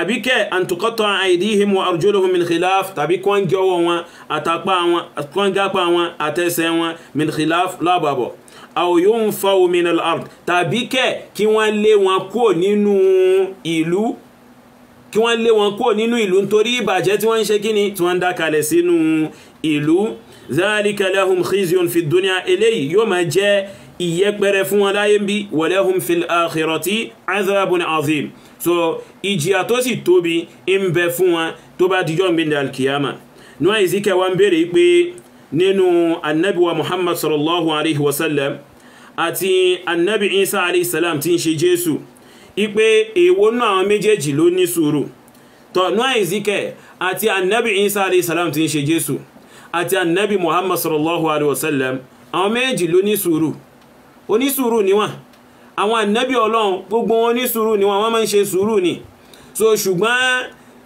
àbíkẹ́ àǹtùkọ́tọ̀ àìdíhìm wa arjuluhum min khilaf tàbí kí wọ́n gé ọwọ́ wọn àtàpá wọn kí wọ́n gápá wọn àtẹsẹ̀ wọn min khilaf lábàbọ̀ aw yunfaw min al-ard tàbí kẹ́ kí wọ́n lé wọn kúrò nínú ìlú kí wọ́n lé wọn kúrò nínú ìlú nítorí ìbàjẹ́ tí wọ́n ń ṣe kí ni tí wọ́n ń dákalẹ̀ sínú ìlú zalika lahum khizyun fi dunya eléyìí yóò máa jẹ́ ìyẹpẹrẹ fún wọn láyé ń bí walahum fil akhirati azabun azim so ìjìyà tó sì tóbi ń bẹ fún wọn tó bá dijọ́ ń bí ní alkiyama níwọ̀n ìzíkẹ́ wa ń béèrè pé nínú annabiwa muhammad sallallahu alaihi wasallam àti annabi isa alaihi salam tí ń ṣe jésù ipe èwo náà àwọn méjèèjì ló ní sùúrù tọ̀ níwọ̀n ìzíkẹ́ àti annabi isa alaihi salam tí ń ṣe jésù àti annabi muhammad sallallahu alaihi wasallam àwọn méjèèjì ló ní sùúrù onísùúrù ni wọ́n àwọn ànábì ọlọ́run gbogbo wọn onísùúrù ni wọ́n wọ́n máa ń ṣe sùúrù ni so ṣùgbọ́n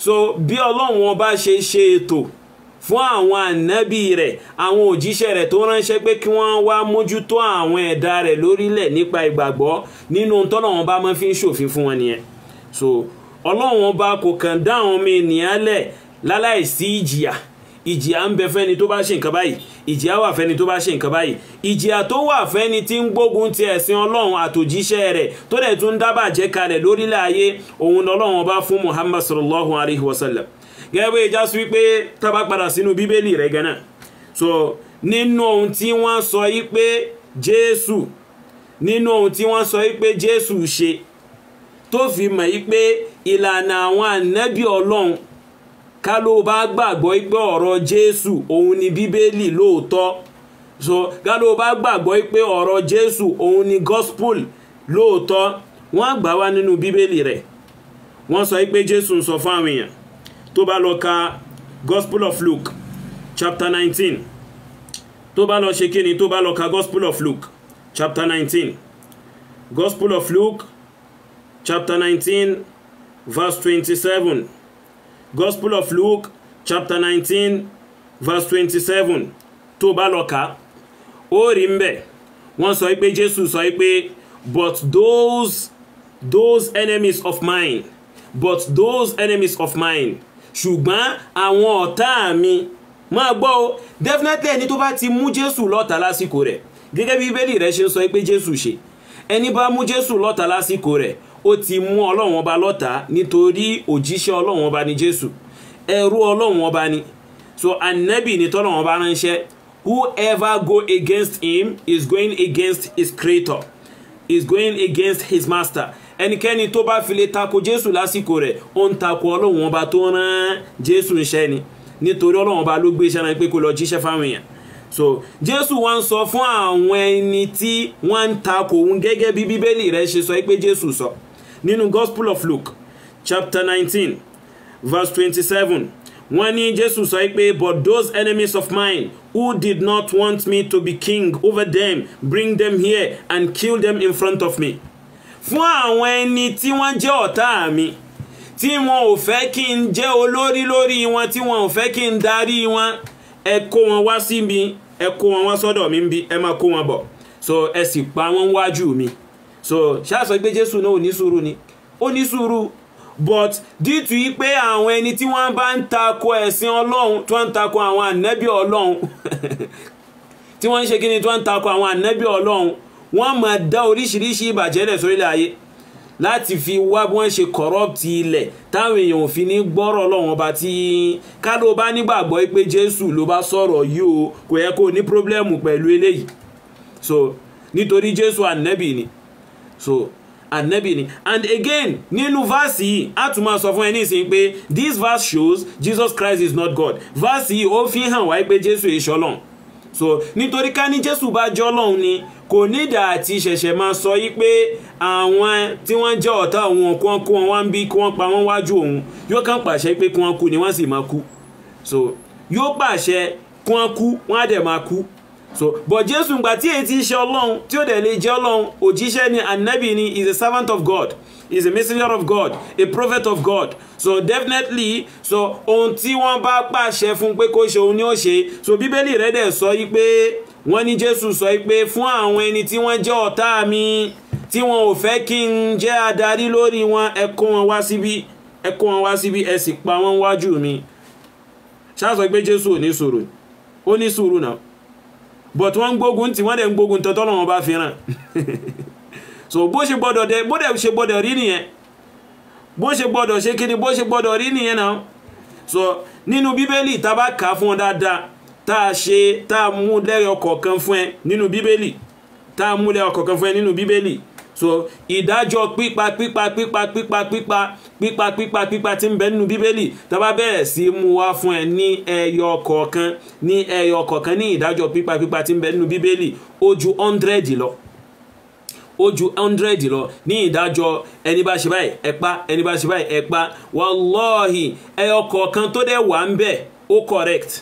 so bí ọlọ́run wọn bá ṣe ṣe ètò fún àwọn ànábì rẹ̀ àwọn òjíṣẹ́ rẹ̀ tó ránṣẹ́ pé kí wọ́n wá mójútó àwọn ẹ̀dá rẹ̀ lórílẹ̀ nípa ìgbàgbọ́ nínú tọ́lọ́run bá máa fi ń ṣòfin fún wọn nìyẹn so ọlọ́run ọba kò kàn dá àwọn ọmọ ènìyàn lẹ̀ láláìsí ìjìyà ìjìyà ń bẹ fẹ́ni tó bá ṣe nǹkan báyìí ìjìyà wà fẹ́ni tó bá ṣe nǹkan báyìí ìjìyà tó wà fẹ́ni tí ń gbógun ti ẹ̀sìn ọlọ́run àtòjíṣẹ́ rẹ̀ tó dẹ̀ tún dábàjẹ́ kalẹ̀ lórílẹ̀ ayé òun lọ́lọ́run ọba fún muhammad sallallahu alayhi wa sallam gẹ́gẹ́ bí ìjà sí wípé tábà padà sínú bíbélì rẹ̀ gan so nínú ohun tí wọ́n sọ yí pé jésù nínú ohun tí wọ́n sọ yí jésù ṣe tó fi mọ̀ yí ìlànà àwọn ànábì ọlọ́run ká ló bá gbàgbọ́ pé ọ̀rọ̀ jésù òun ni bíbélì lóòótọ́ so ká ló bá gbàgbọ́ pé ọ̀rọ̀ jésù òun ni gospel lóòótọ́ wọ́n gbà wá nínú bíbélì rẹ̀ wọ́n sọ pé jésù ń sọ fún àwọn èèyàn tó bá lọ ka gospel of luke chapter nineteen tó bá lọ ṣe kíni tó bá lọ ka gospel of luke chapter nineteen gospel of luke chapter nineteen verse twenty-seven. Gospel of Luke chapter nineteen verse twenty-seven tó bá lọ kà ó rí mbẹ wọ́n sọ pé Jésù sọ pé but those those enemies of mine but those enemies of mine ṣùgbọ́n àwọn ọ̀tá mi máa gbọ́ o definitely ẹni tó bá ti mú Jésù lọ́tà lásìkò rẹ̀ gẹ́gẹ́ bí Bíbélì rẹ̀ ṣe ń sọ pé Jésù ṣe ẹni bá mú Jésù lọ́tà lásìkò rẹ̀ ó ti mú ọlọ́run ọba lọ́ta nítorí òjíṣẹ́ ọlọ́run ọba ni jésù ẹrú ọlọ́run ọba ni so anabi ni tọ́lọ́run ọba ránṣẹ́ whoever go against him is going against his creator is going against his master ẹnikẹ́ni tó bá fi lè tako jésù lásìkò rẹ̀ ó ń tako ọlọ́run ọba tó rán jésù ńṣẹ́ ni nítorí ọlọ́run ọba ló gbé iṣẹ́ náà pé kó lọ jíṣẹ́ fáwọn èèyàn so jésù wá ń sọ fún àwọn ẹni tí wọ́n ń tako òun gẹ́gẹ́ bí bíbélì rẹ̀ ṣe sọ pé jésù sọ so nínú Gospel of Luke chapter nineteen verse twenty-seven wọ́n ní Jésù sọ pé but those enemies of mine who did not want me to be king over them bring them here and kill them in front of me. fún àwọn ẹni tí wọ́n jẹ́ ọ̀tá mi tí wọn ò fẹ́ kí n jẹ́ olórí lórí wọn tí wọn ò fẹ́ kí n darí wọn ẹ kó wọn wá sí mi ẹ kó wọn wá sọ́dọ̀ mi ẹ máa kó wọn bọ̀ so ẹ sì pa wọ́n wájú mi so ṣáàsọ pé jésù náà ò ní sùúrù ni ó ní sùúrù but dìtú yìí pé àwọn ẹni tí wọ́n bá ń takò ẹ̀sìn ọlọ́run tí wọ́n ń takò àwọn ànẹ́bí ọlọ́run tí wọ́n ń ṣe kíni tí wọ́n ń takò àwọn ànẹ́bí ọlọ́run wọ́n máa dá oríṣiríṣi ìbàjẹ́ lẹ̀ sórílẹ̀ ayé láti fi wá bí wọ́n ṣe corrupt ilẹ̀ táwọn èèyàn ò fi ní gbọ́rọ̀ ọlọ́run ọba tí káló bá nígbàgbọ́ pé jésù ló bá sọ̀rọ̀ yìí o kò yẹ kó ní pírọ́blẹ́mù pẹ̀lú eléyìí so nítorí jésù ànẹ́bí ni so anabi ni and again nínú verse yìí a tún máa sọ fún ẹ nísìnyí pé this verse shows Jesus Christ is not God verse yìí ó fi hàn wáyé pé Jésù èso Ọlọ́run so nítorí ká ni Jesu ba jọ Ọlọ́run ni kò nídà àti ṣẹ̀ṣẹ̀ máa sọ yí pé àwọn tí wọ́n jẹ́ ọ̀tá òun kí wọ́n kó wọn wá ń bí kí wọ́n pa wọ́n wájú òun yóò kàn pàṣẹ pé kí wọ́n kú ni wọ́n sì máa kú so yóò pàṣẹ kí wọ́n kú wọ́n á dẹ̀ máa kú so but jésù ngbà tí èyí ti ṣe ọlọ́run tí ó dẹ̀ lè jẹ́ ọlọ́run òjíṣẹ́ ni anabi ni is a servant of god is a messenger of god a prophet of god so definitely so ohun tí wọ́n bá pàṣẹ fún pé kó ṣe òun ni ó ṣe so bíbélì rẹ̀ dẹ̀ sọ yí pé wọ́n ní jésù sọ yí pé fún àwọn ẹni tí wọ́n jẹ́ ọ̀tá mi tí wọn ò fẹ́ kí n jẹ́ adarí lórí wọn ẹ kó wọn wá síbí ẹ kó wọn wá síbí ẹ sì pa wọn wájú mi ṣáà sọ pé jésù ò ní sùúrù ó ní sùúrù náà but wọ́n ń gbógun tí wọ́n dẹ̀ ń gbógun tọ́tọ́ lọ́wọ́ bá fi ràn so bó ṣe gbọ́dọ̀ dẹ bó dẹ̀ ṣe gbọ́dọ̀ rí nìyẹn bó ṣe gbọ́dọ̀ ṣe kíni bó ṣe gbọ́dọ̀ rí nìyẹn náà so nínú bíbélì tá a bá kà á fún ọ dáadáa tá a ṣe tá a mú lẹ́yọ kọ̀ọ̀kan fún ẹ nínú bíbélì tá a mú lẹ́yọ kọ̀ọ̀kan fún ẹ nínú bíbélì so ìdájọ́ pípa pípa pípa pípa pípa pípa pípa pípa tí ń bẹ nínú bíbélì tá bá bẹ̀rẹ̀ sí mú wá fún ẹ ní ẹyọ kọ̀ọ̀kan ní ẹyọ kọ̀ọ̀kan ní ìdájọ́ pípa pípa tí ń bẹ nínú bíbélì ó ju hundred lọ ó ju hundred lọ ní ìdájọ́ ẹni bá ṣe báyìí ẹ pa ẹni bá ṣe báyìí ẹ pa wàláhì ẹyọ kọ̀ọ̀kan tó dẹ̀ wà ń bẹ̀ ó correct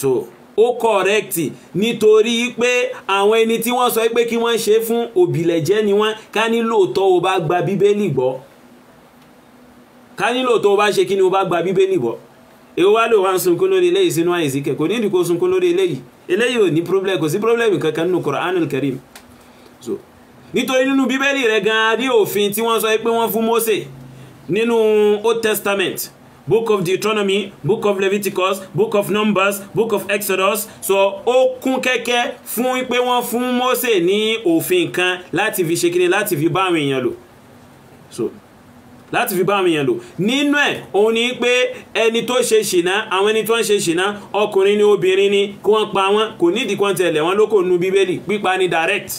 so ó correct nítorí pé àwọn ẹni tí wọ́n sọ pé kí wọ́n ṣe fún òbílẹ̀jẹ́ ni wọ́n ká ní lóòótọ́ o bá gba bíbélì gbọ́ ká ní lóòótọ́ o bá ṣe kí ni o bá gba bíbélì gbọ́ èwo wá lò wá sunkún lórí eléyìí sínú àìsí kẹ kò ní ìdíkò sunkún lórí eléyìí eléyìí ò ní problem kò sí problem kankan nínú Qur'anul Karim so nítorí nínú bíbélì rẹ gan-an rí òfin tí wọ́n sọ pé wọ́n fún Mósè nínú Old Testament book of Deuteronomy book of Leviticus book of Numbers book of Exodus so ó kún kẹ́kẹ́ fún pé wọ́n fún Mósè ní òfin kan láti fi ṣe kíni láti fi bá àwọn èèyàn lò so láti fi bá àwọn èèyàn lò nínú ẹ̀ òun ni pé ẹni tó ṣe ṣìnà àwọn ẹni tó ń ṣe ṣìnà ọkùnrin ni obìnrin ni kí wọ́n pa wọn kò nídìí kan tẹ̀lé wọn lóko nu bíbélì pípa ni direct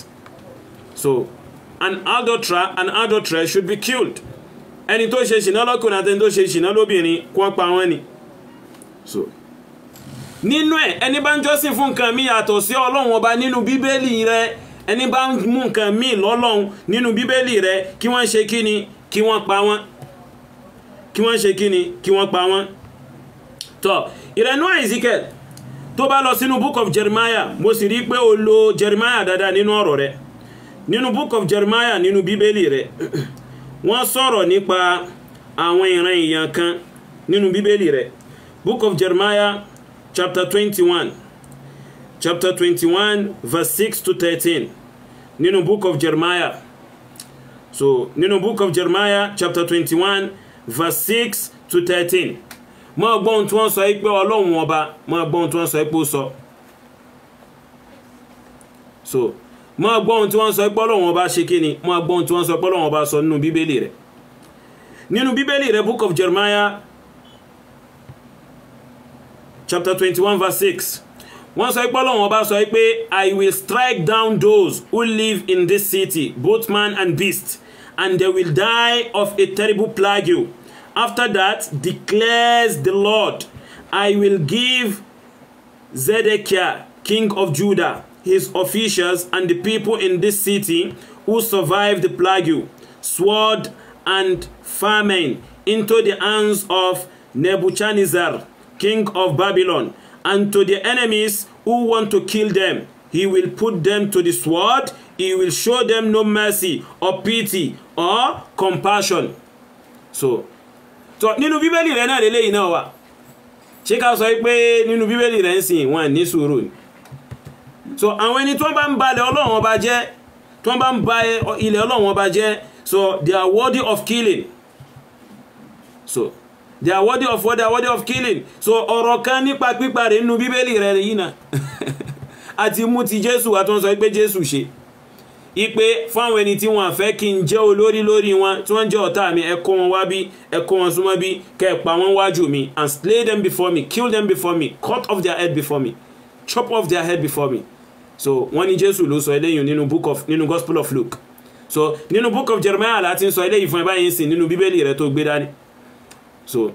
so an adulterer an adulterer should be killed ẹni tó ṣe ṣìná lọ́kùnrin àti ẹni tó ṣe ṣìná lóbìnrin kó pa wọ́n ni so nínú ẹ̀ ẹni bá ń jọ́sìn fún nǹkan mi yàtọ̀ sí ọlọ́run ọba nínú bíbélì rẹ ẹni bá ń mú nǹkan mi lọ́lọ́run nínú bíbélì rẹ kí wọ́n ṣe kí ni kí wọ́n pa wọ́n kí wọ́n ṣe kí ni kí wọ́n pa wọ́n tọ́ ìrẹ̀nú Ezekiel tó bá lọ sínú book of Jeremiah mo sì rí pé o lo Jeremiah dáadáa nínú ọ̀rọ̀ rẹ nínú book of Jeremiah nínú bíbélì rẹ wọ́n sọ̀rọ̀ nípa àwọn ìran èèyàn kan nínú bíbélì rẹ̀ book of Jeremiah chapter 21 chapter 21 verse 6 to 13 nínú book of Jeremiah so nínú book of Jeremiah chapter 21 verse 6 to 13 mọ́ gbọ́n tí wọ́n sọ pé ọlọ́run ọba mọ́ gbọ́n tí wọ́n sọ pé ó sọ so mọ́ gbọ́ ohun tí wọ́n sọ pé Ọlọ́run Ọba ṣe kí ni mọ́ gbọ́ ohun tí wọ́n sọ pé Ọlọ́run Ọba sọ nínú bíbélì rẹ̀ nínú bíbélì rẹ̀ book of Jeremiah chapter twenty one verse six wọ́n sọ pé Ọlọ́run Ọba sọ pé I will strike down those who live in this city both man and beast and they will die of a terrible plague. After that declares the Lord I will give Zedekiah king of Judah his officials and the people in this city who survived the plague, sword, and famine into the hands of Nebuchadnezzar, king of Babylon, and to the enemies who want to kill them. He will put them to the sword. He will show them no mercy or pity or compassion. So, so nínú Bíbélì rẹ̀ náà lélẹ́yìn náà wà. Ṣé ká sọ pé nínú Bíbélì rẹ̀ ń sìn wọ́n ní ni? so àwọn ẹni tí wọ́n bá ń balẹ̀ ọlọ́run ọba jẹ́ tí wọ́n bá ń ba ilẹ̀ ọlọ́run ọba jẹ́ so they are worthy of killing so they are worthy of what they are worthy of killing so ọ̀rọ̀ kan nípa pípa rẹ̀ nínú bíbélì rẹ̀ yìí náà àti mú ti jésù àtúnṣọ pé jésù ṣe ipe fáwọn ẹni tí wọ́n fẹ́ kí n jẹ́ olórí lórí wọn tí wọ́n jẹ́ ọ̀tá mi ẹ kó wọn wá bí ẹ wọn súnmọ́ bí kẹ́ pa wọ́n wájú mi and slay them before me kill them before me cut off their head before me chop off their head before me so wọ́n ní jésù ló sọ eléyìí nínú book of nínú gospel of luke so nínú book of jeremiah láti ń sọ eléyìí fún ẹ báyìí ń sìn nínú bíbélì rẹ tó gbé dání so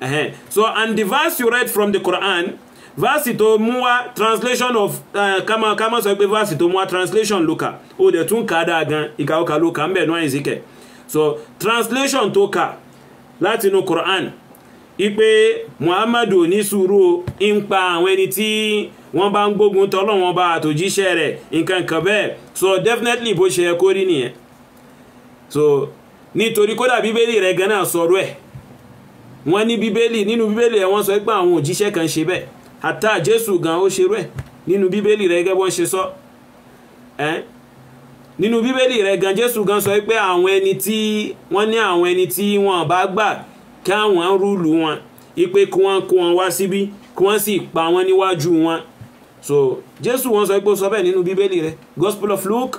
uh-huh. so and the verse you read from the quran verse tó mú wá translation of kama kama sọ pé verse tó mú wá translation ló kà ó dẹ̀ tún kà á dáa gan ìka ó kà ń bẹ̀ ní àyìnzíkẹ̀ so translation tó kà látinú quran ipe muhammadu ní sùúrù ń pa àwọn ẹni tí wọ́n bá ń gbógun tọ́lọ́wọ́n bá àtòjíṣẹ́ rẹ̀ nǹkan kan bẹ́ẹ̀ so definitely bó ṣe kó rí nìyẹn so nítorí kódà bíbélì rẹ̀ gan náà sọ̀rọ̀ ẹ̀ wọ́n ní bíbélì nínú bíbélì ẹ̀ wọ́n sọ pé àwọn òjíṣẹ́ kan ṣe bẹ́ẹ̀ àtà jésù gan ó ṣerú ẹ̀ nínú bíbélì rẹ̀ gẹ́gẹ́ wọ́n ṣe sọ ẹ́ nínú bíbélì rẹ̀ gan jésù gan sọ pé àwọn ẹni tí wọ́n ní àwọn ẹni tí wọ́n bá gbà káwọn rúlù wọn ipe kí wọ́n kó wọn wá síbí kí wọ́n sì pa wọ́n níwájú wọn so jésù wọn sọ pé ó sọ bẹ́ẹ̀ nínú bíbélì rẹ̀ gospel of luke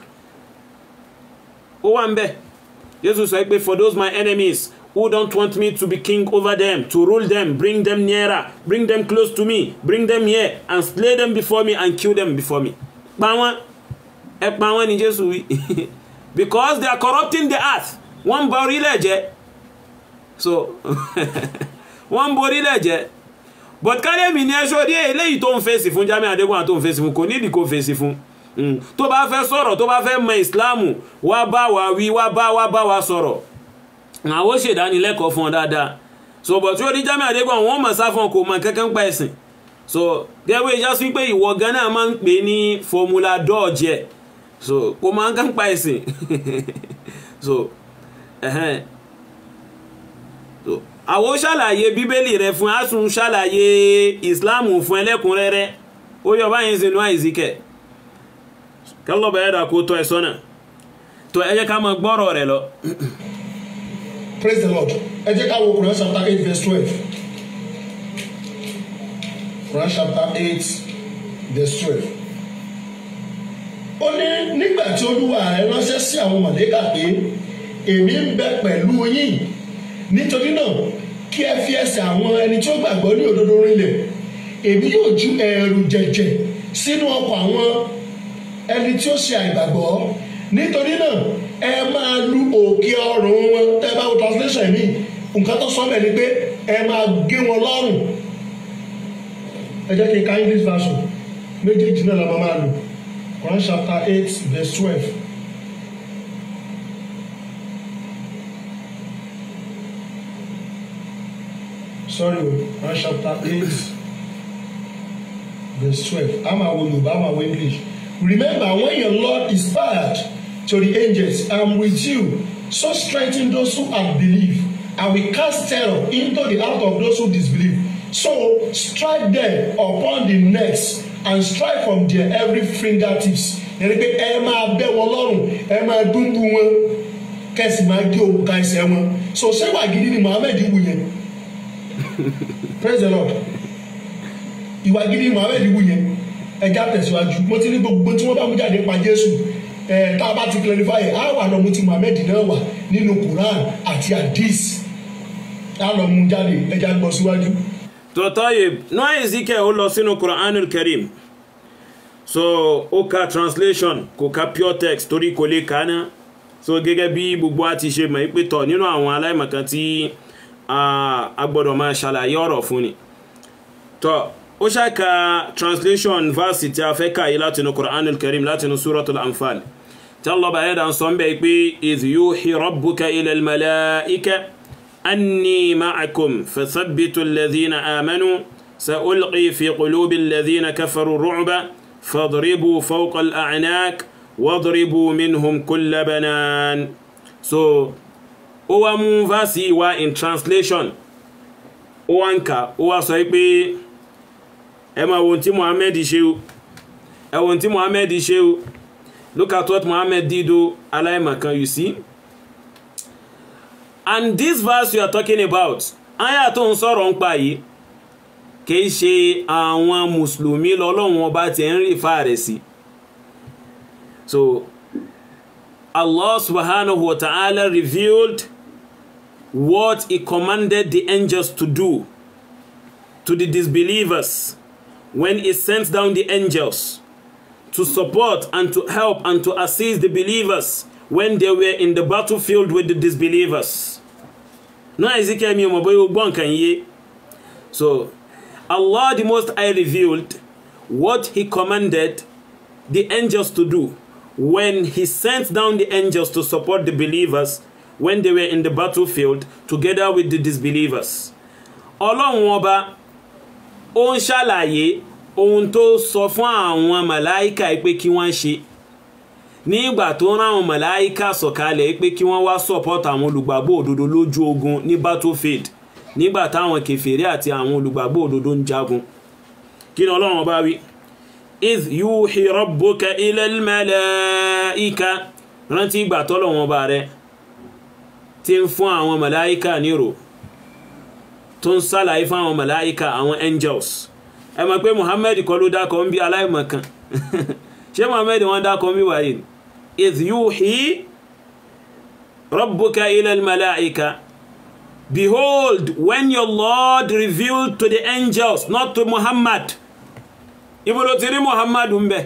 ó wà ń bẹ̀ jésù sọ pé for those my enemies who don't want me to be king over them to rule them bring them nearer bring them close to me bring them here and slay them before me and kill them before me pa wọ́n ẹ pa wọ́n ni jésù wí because they are corrupting the earth wọ́n ń bà orílẹ̀ jẹ́ so wọ́n ń borí lẹ̀jẹ̀ but kálẹ̀mí ni ẹṣọ́ rí eléyìí tó ń fèsì fún Jamiu Adégúnwà tó ń fèsì fún kò nídìí kó fèsì fún hmm. tó bá fẹ́ sọ̀rọ̀ tó bá fẹ́ mọ ìsìláàmù wá bá wa wí wá bá wa bá wa sọ̀rọ̀ àwọn ṣèdánilẹ́kọ̀ọ́ fún ọ dáadáa so bọ̀ tí ó rí Jamiu Adégúnwà wọ́n mọ̀ sáfọn kò mọ̀ kankan pa ẹ̀sìn so gẹ́gẹ́ ìjà sí pé ìwọ gan náà máa ń pè ní fọmúlà dọ́ọ̀jẹ̀ so kò mọ̀ kankan pa ẹ̀sìn so ẹ̀hẹ́n. Uh -huh àwọn ṣàlàyé bíbélì rẹ fún asùn ṣàlàyé islam fún ẹlẹ́kùnrẹ́rẹ́ ó yọ báyìí sínú àìsíkẹ̀ kẹlọ́bà ẹ̀dà kó tọ́ ẹ tó ẹ ká máa gbọ́rọ̀ rẹ̀ lọ. praise the lord ẹ ká wo Quran chapter eight verse twelve Quran chapter eight verse twelve ó ní nígbà tí olúwa rẹ̀ ránṣẹ́ sí àwọn mọ̀lẹ́kà pé èmi ń bẹ pẹ̀lú yín nítorí náà kí ẹ fi ẹsẹ̀ àwọn ẹni tí ó gbàgbọ́ ní òdodo rinlẹ̀ èmi yóò ju ẹ̀rù jẹ̀jẹ̀ sínú ọkọ̀ àwọn ẹni tí ó ṣe àìgbàgbọ́ nítorí náà ẹ máa lu òkè ọrùn wọn tẹ́ bá wo translation mi nǹkan tó sọ bẹ́ẹ̀ ni pé ẹ máa gé wọn lọ́rùn ẹ jẹ́ kí n ka English version méjèèjì náà la máa máa lò Quran chapter eight verse twelve. sorry one oh, chapter eight verse twelve àmà wo Yorùbá àmà wo English remember when your Lord is bad to the angels I am with you so strengthen those who have believed and we cast terror into the heart of those who disbelieve so strike them upon the necks and strike from their every fingertips ẹni pé ẹ máa bẹ́ wọn lọ́rùn ẹ máa dúndùn wọn kẹ́sì máa gé òkà ẹsẹ̀ wọn so ṣé wàá gidi ni Muhammed wù yẹn praise the lord ìwà gidi mohammed wù yẹn ẹja tẹ̀síwájú mo ti ní gbogbo tí wọ́n bá mú jáde pa jésù ẹ̀ tá a bá ti clarify ẹ̀ á wà lọ́mú ti mohammed náà wà nínú quran àti hadith á lọ́mú jáde ẹja gbọ́ síwájú. tọ́tọ́yè noah ezekiel ó lọ sínú quranul kareem so ó ka translation kò ka pure text torí kò lè kà á ná so gẹ́gẹ́ bí gbogbo a ti ṣe mọ̀ pé tọ̀ nínú àwọn aláìmọ̀kan tí. agbọdọ gbọ́dọ̀ máa ṣàlàyé ọ̀rọ̀ fún ni tọ́ ó ṣàkà translation verse tí a fẹ́ kà yí láti látinú Qur'anul Karim láti látinú Suratul Anfal tí Allah bá yẹ́dà sọ ń bẹ̀ pé idh yuhi rabbuka ilal malaika anni ma'akum fathabbitu alladhina amanu sa'ulqi fi qulubi alladhina kafaru ru'ba fadribu fawqa al-a'naq wadribu minhum kulla banan so ó wá mú fásì wá in translation ó wá ń kà ó wá sọ pé ẹ máa tí Muhammad ṣe o ẹ tí Muhammad ṣe look at what Muhammad did o aláìmọ̀kan you see and this verse you are talking about aya tó ń sọ̀rọ̀ ń pa yìí kìí ṣe àwọn mùsùlùmí lọ́lọ́run ọba tí ń rí fa sí so Allah subhanahu wa ta'ala revealed what he commanded the angels to do to the disbelievers when he sent down the angels to support and to help and to assist the believers when they were in the battlefield with the disbelievers. Now Ezekiel mi ọmọ bóyá gbọ́n kan yé. So Allah the Most High revealed what he commanded the angels to do when he sent down the angels to support the believers when they were in the battlefield together with the disbelievers. ọlọ́run ọba ó ń ṣàlàyé ohun tó sọ fún àwọn màláìka pé kí wọ́n ṣe nígbà tó ráwọn màláìka sọ̀kalẹ̀ pé kí wọ́n wá support àwọn olùgbàgbọ́ òdodo lójú ogun ní battlefield nígbà táwọn kèfèrí àti àwọn olùgbàgbọ́ òdodo ń jagun kí ni ọlọ́run ọba wí iz yuhi rabbuka ilal malaika rántí ìgbà tọ́lọ́run ọba rẹ̀ tí ń fún àwọn màláíkà nírò tó ń sàlàyé fún àwọn màláíkà àwọn angels ẹ mọ̀ pé Muhammad kọ́ ló dákọ̀ ń bí aláìmọ̀kan ṣé Muhammad wọ́n dákọ̀ ń bí wáyé ni idh yuhi rabbuka ilal malaika. behold when your Lord revealed to the angels not to Muhammad ibo ló ti rí Muhammad ń bẹ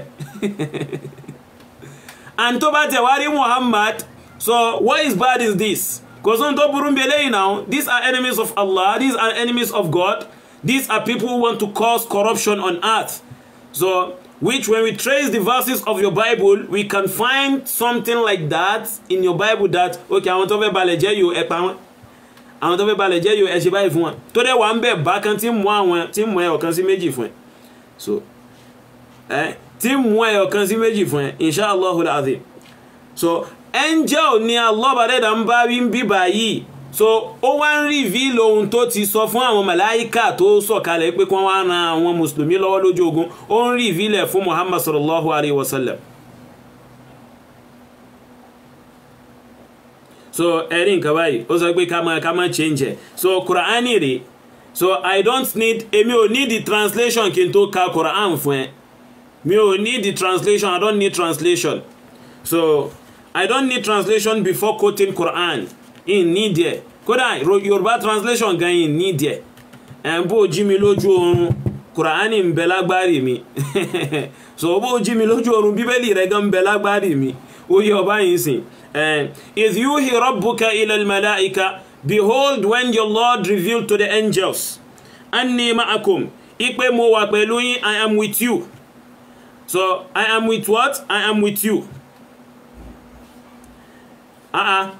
and tó bá tẹ̀ wá rí Muhammad so what is bad is this kò on tó burú bí now these are enemies of Allah these are enemies of God these are people who want to cause corruption on earth so which when we trace the verses of your Bible we can find something like that in your Bible that okay I want to be jẹ́ yóò ẹ pa wọ́n àwọn to fẹ́ balẹ̀ jẹ́ yóò ẹ ṣe báyìí fún wọn tó dẹ̀ wà ń bẹ̀ bákan tí mú àwọn tí mú ẹ ọ̀kan sí méjì fún ẹ so ẹ tí mú ẹ ọ̀kan sí méjì fún ẹ inshàlá ọ̀hún àdìm so angel ni alọ́bàdẹ́dà ń bá wí ń bí báyìí so ó wá ń rí ìvílò ohun tó ti sọ fún àwọn malaika tó sọ̀kalẹ̀ pé kí wọ́n wá ran àwọn mùsùlùmí lọ́wọ́ lójú ogun ó ń rí ìvílẹ̀ fún muhammad sallallahu alayhi wa sallam so ẹ̀rí nǹkan báyìí ó sọ pé ká máa change ẹ̀ so kùránì re so i don't need èmi ò need the translation kí n tó ka quran fún ẹ mi ò need the translation i don't need translation so I don't need translation before quoting Quran. In need there. Kódà Yorùbá translation gan in need there. Ẹ̀ ń bó jí mi lójú oorun. Kùránì mi. so bo, Jimmy mi lójú oorun Bíbélì rẹ̀ gan ń mi. Ó yẹ ọba sin? sìn. If you hear Rabbuka ilal malaika, behold when your Lord revealed to the angels, Anni ma'akum, ipe mo wa pẹ̀lú yín, I am with you. So I am with what? I am with you. Ah, ah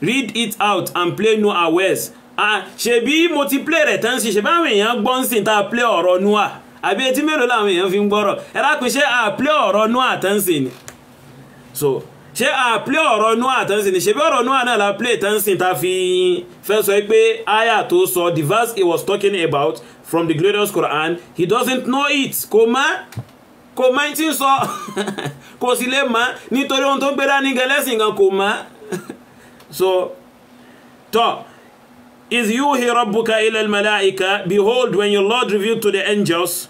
read it out and play no awares ah ṣebí mo ti play rẹ̀ tán sí ṣebí àwọn èèyàn gbọ́n sí tá a play ọ̀rọ̀ noah àbí etí mélòó làwọn èèyàn fi ń gbọ́rọ̀ ẹ lápin ṣé a play ọ̀rọ̀ noah tán sí ni so ṣé ah play ọ̀rọ̀ noah tán sí ni ṣebí ọ̀rọ̀ noah náà la play tán sí ta fi fẹ́ sọ pé aya tó sọ the verse he was talking about from the glorious Quran he doesn't know it kò mọ̀ kò mọ ẹni tí ń sọ kò sì lè mọ nítorí ohun tó ń gbé dání gan lẹ́sìn gan kò mọ so tọ is yuhi rabbuka ila al-malaika behold when your lord revealed to the angels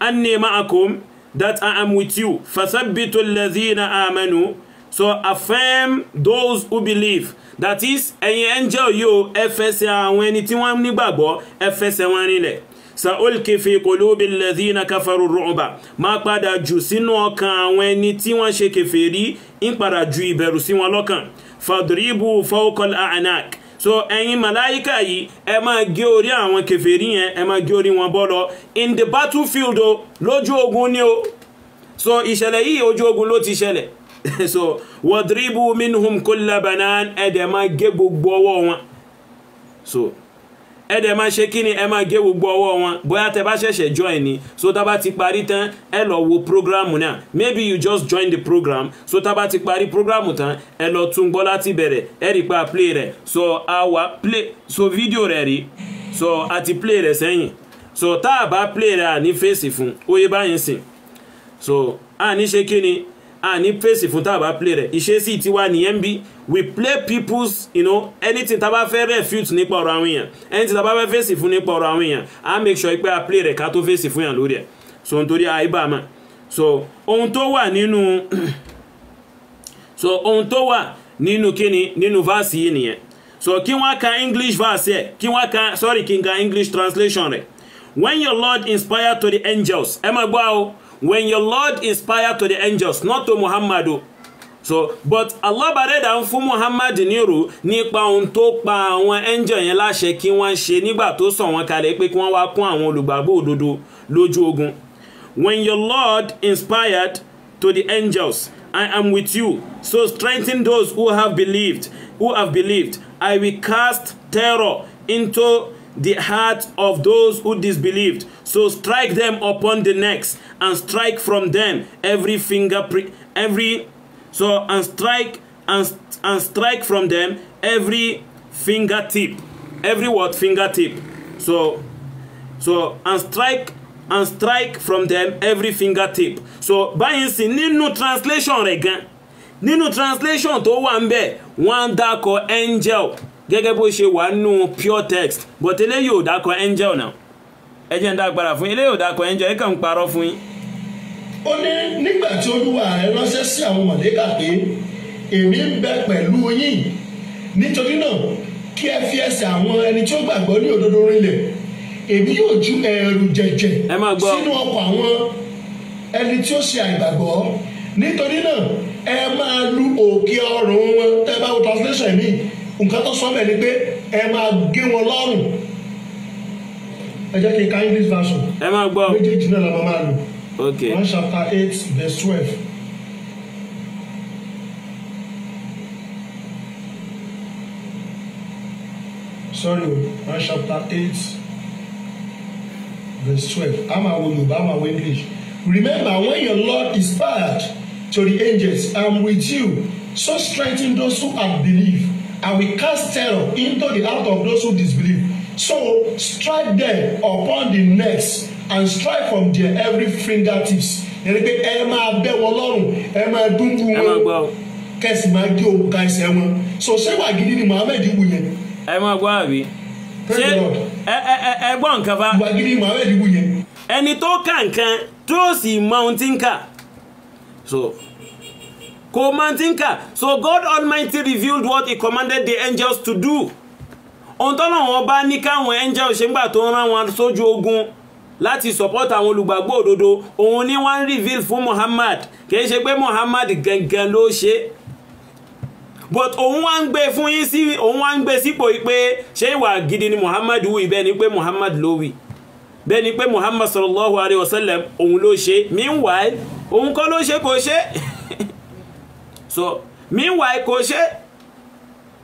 anni ma'akum that I am with you fasabbitu alladhina amanu so affirm those who believe that is ẹ̀yin angel yóò ẹ fẹsẹ̀ àwọn ẹni tí wọ́n nígbàgbọ́ ẹ fẹsẹ̀ wọn rinlẹ̀ sa'ulki fi qulubi alladhina kafaru ru'ba máa padà jù sínú ọkàn àwọn ẹni tí wọ́n ṣe kèfèrí ń padà ju ìbẹ̀rù sí wọn lọ́kàn fadribu fawqal a'naq so ẹ̀yin màláíkà yìí ẹ máa gé orí àwọn kèfèrí yẹn ẹ máa gé orí wọn bọ́ in the battlefield o lójú ogun ni o so ìṣẹ̀lẹ̀ yìí ojú ogun ló ti ṣẹlẹ̀ so wadribu minhum kulla banan ẹ̀dẹ̀ máa gé gbogbo ọwọ́ wọn so ẹ dẹ̀ máa ṣe kí ni ẹ máa gé gbogbo ọwọ́ wọn bóyá tẹ bá ṣẹ̀ṣẹ̀ join ni so tá bá ti parí tán ẹ lọ wo program náà maybe you just join the program so tá bá ti parí program tán ẹ lọ tún gbọ́ láti bẹ̀rẹ̀ ẹ rí pa play rẹ̀ so àwa play so video rẹ̀ rí so àti play rẹ̀ sẹ́yìn so tá a bá play rẹ̀ à ní fèsì fún ó báyìí sìn so à ní ṣe kí ni a ah, ní fèsì fún tá play rẹ̀ ìṣesí tiwa nìyẹn bí we play people's you know, anything tá a bá fẹ́ refute nípa ọ̀rọ̀ àwọn èèyàn anything tá a bá fẹ́ fèsì fún nípa ọ̀rọ̀ àwọn èèyàn a make sure pé a play rẹ̀ ká tó fèsì fún yàn lórí ẹ̀ so nítorí àìbámà so ohun tó wà nínú so ohun tó wà nínú kíni nínú verse yìí nìyẹn so kí wọ́n ka English verse yẹ kí wọ́n ka sorry kí n ka English translation rẹ̀ when your Lord inspired to the angels ẹ máa gbọ́ o when your Lord inspired to the angels not to Muhammad so but Allah bàrẹ́dà ń fún Muhammad nírò nípa ohun tó pa àwọn angel yẹn láṣẹ kí wọ́n ṣe nígbà tó sọ wọn kalẹ̀ pé kí wọ́n wá kún àwọn olùgbàgbọ́ òdodo lójú ogun when your Lord inspired to the angels I am with you so strengthen those who have believed who have believed I will cast terror into the heart of those who disbelieved. So strike them upon the necks, and strike from them every finger, every so and strike and and strike from them every fingertip, every what fingertip. So so and strike and strike from them every fingertip. So báyìí sì no translation again, gan nínú translation tó wà ń bẹ̀ wọ́n á dákọ̀ angel gẹ́gẹ́ bó ṣe wà nínú pure text but eléyìí ò dákọ angel náà ẹ jẹ́ ń dá agbára fún yín eléyìí ò dákọ angel ẹ kàn ń parọ́ fún yín. ó ní nígbà tí olúwa rẹ ránṣẹ́ sí àwọn mọ̀lẹ́kà pé èmi ń bẹ pẹ̀lú yín nítorí náà kí ẹ fi ẹsẹ̀ àwọn ẹni tí ó gbàgbọ́ ní òdodo rinlẹ̀ èmi yóò ju ẹ̀rù jẹ̀jẹ̀ sínú ọkọ̀ àwọn ẹni tí ó ṣe àìgbàgbọ́ nítorí náà ẹ máa lu òkè ọrùn wọn tẹ́ bá wo translation mi nǹkan tó sọ́mọ̀ ni pé ẹ máa gé wọn lọ́rùn ẹ jẹ́ kí n ka English version ẹ máa gbọ́ méjèèjì náà la máa lò okay one chapter eight verse twelve. sorry one chapter eight verse twelve I'm awo Yorùbá I'm awo English remember when your Lord is fired to the angels I'm with you so strengthen those who have belief and we cast terror into the heart of those who disbelieve. So strike them upon the necks and strike from their every fingertips. Yẹ́nni pé ẹ máa bẹ́ wọn lọ́rùn, ẹ máa dúnkù wọn, kẹ́sì máa gé òkú ka ẹsẹ̀ wọn. So ṣé wà gidi ni Mohammed wù yẹn? Ẹ máa gbọ́ àbí. Ṣé ẹ ẹ ẹ gbọ́ nǹkan fa? Wà gidi ni Mohammed wù yẹn. Ẹni tó kà nǹkan tó sì mọ ohun tí ń kà. So Komantinka. So God Almighty revealed what he commanded the angels to do. Ohun tọ́lọ́wọ́n bá ní káwọn angels ṣe ń gbà tó rán wọn sójú ogun láti support àwọn olùgbàgbọ́ òdodo òun ni wọ́n ń reveal fún Muhammad kìí ṣe pé Muhammad gangan ló ṣe but òun wá ń gbé fún yín sí òun wá ń gbé sípò pé ṣé ìwà gidi ni Muhammad wù bẹ́ẹ̀ ni pé Muhammad ló wì bẹ́ẹ̀ ni pé Muhammad sallallahu alayhi wa sallam òun ló ṣe meanwhile òun kọ́ ló ṣe kò ṣe so meanwhile kò ṣe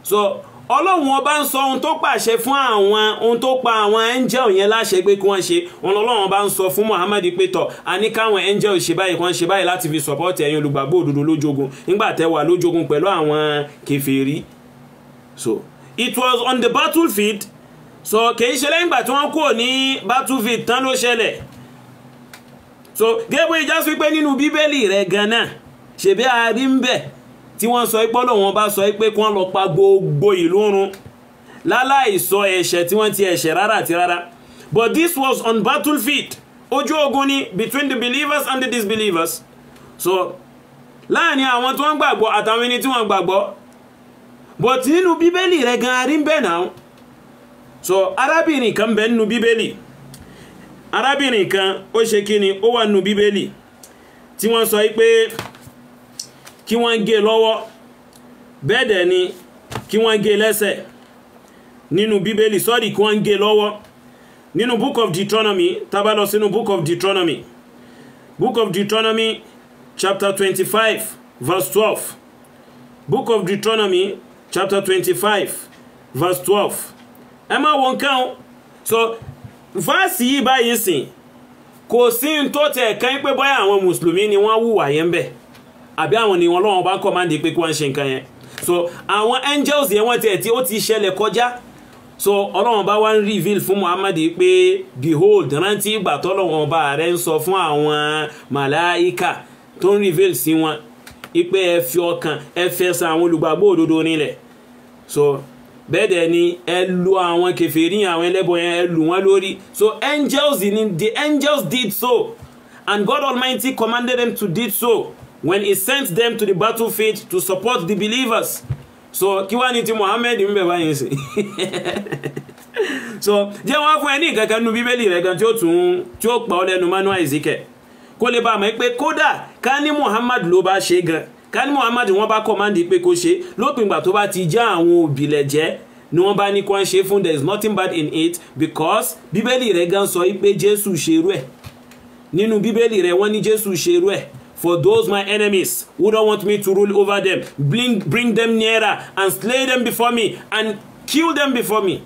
so ọlọ́run ọba ń sọ ohun tó pàṣẹ fún àwọn ohun tó pa àwọn angel yẹn láṣẹ pé kí wọ́n ṣe ọlọ́run ọba ń sọ fún Muhammad pé tọ̀ a ní káwọn angel ṣe báyìí kan ṣe báyìí láti fi support ẹ̀yin olùgbàgbọ́ òdodo lójogun nígbà tẹ́ wà lójogun pẹ̀lú àwọn kèfèrí so it was on the battlefield so kì í ṣe lẹ́yìn ìgbà tí wọ́n kúrò ní battlefield tán ló ṣẹlẹ̀ so gẹ́gẹ́ bó ṣe já sí pé nínú bíbélì rẹ̀ gan náà ṣèbí a ń bẹ̀ tí wọ́n sọ pé lòun bá sọ pé kí wọ́n lọ pa gbogbo ìlú run láláì ẹ̀ṣẹ̀ tí wọ́n ti ẹ̀ṣẹ̀ rárá àti rárá but this was on battlefield ojú ogun ni between the believers and the disbelievers so láàrin àwọn tí wọ́n gbàgbọ́ àtàwọn ẹni tí wọ́n gbàgbọ́ but nínú bíbélì rẹ̀ gan arí ń bẹ̀ náà so arábìnrin kan bẹ̀ nínú bíbélì arábìnrin kan ó ṣe kí ni ó wà nínú bíbélì tí wọ́n sọ pé kí wọ́n gé e lọ́wọ́ bẹ́ẹ̀ ni kí wọ́n gé e lẹ́sẹ̀ nínú bíbélì sọ́ọ̀dì kí wọ́n gé e lọ́wọ́ nínú book of Deuteronomy tá bá sínú book of Deuteronomy book of Deuteronomy chapter 25 verse 12 book of Deuteronomy chapter 25 verse 12 ẹ máa wo nǹkan so fáàsì yìí báyìí sìn kò sí ní tó tẹ̀ kán pé báyà àwọn mùsùlùmí ni wọ́n hùwà yẹn bẹ́ẹ̀ àbí àwọn ni wọn lọ́wọ́ bá kọ́mándì pé kí wọ́n ń ṣe nǹkan yẹn so àwọn angels yẹn wọ́n tiẹ̀ tí ó ti ṣẹlẹ̀ kọjá so ọlọ́wọ́n bá wá ń reveal fún Muhammad pé behold rántí ìgbà tọ́lọ́wọ́n bá rẹ̀ ń sọ fún àwọn màláìka tó ń reveal sí wọn ipe ẹ fi ọkàn ẹ fẹsẹ̀ àwọn olùgbàgbọ́ òdodo nílẹ̀ so bẹ́ẹ̀ dẹ̀ ni ẹ lu àwọn kèfèrí àwọn ẹlẹ́bọ yẹn ẹ lu wọn lórí so angels ni the angels did so and God Almighty commanded them to did so when he sent them to the battlefield to support the believers so kí ti Muhammad ń bẹ̀ báyìí sí so jẹ́ wọ́n fún ẹ ní nǹkan kan nínú bíbélì rẹ̀ kan tí ó tún pa ọ́ lẹ́nu manual ezike kó lè bá a mọ̀ pé kódà Muhammad lo ba ṣe gan ká ní Muhammad wọ́n bá kọ́mándì pé kó ṣe lópin ìgbà tó bá ti já àwọn òbílẹ̀ jẹ́ ni wọ́n bá ní kó ń ṣe there is nothing bad in it because bibeli rẹ̀ gan sọ pé Jésù ṣerú ẹ̀ nínú bíbélì rẹ̀ wọ́n ní Jésù ṣerú ẹ̀ For those my enemies who don't want me to rule over them, bring, bring them nearer and slay them before me and kill them before me.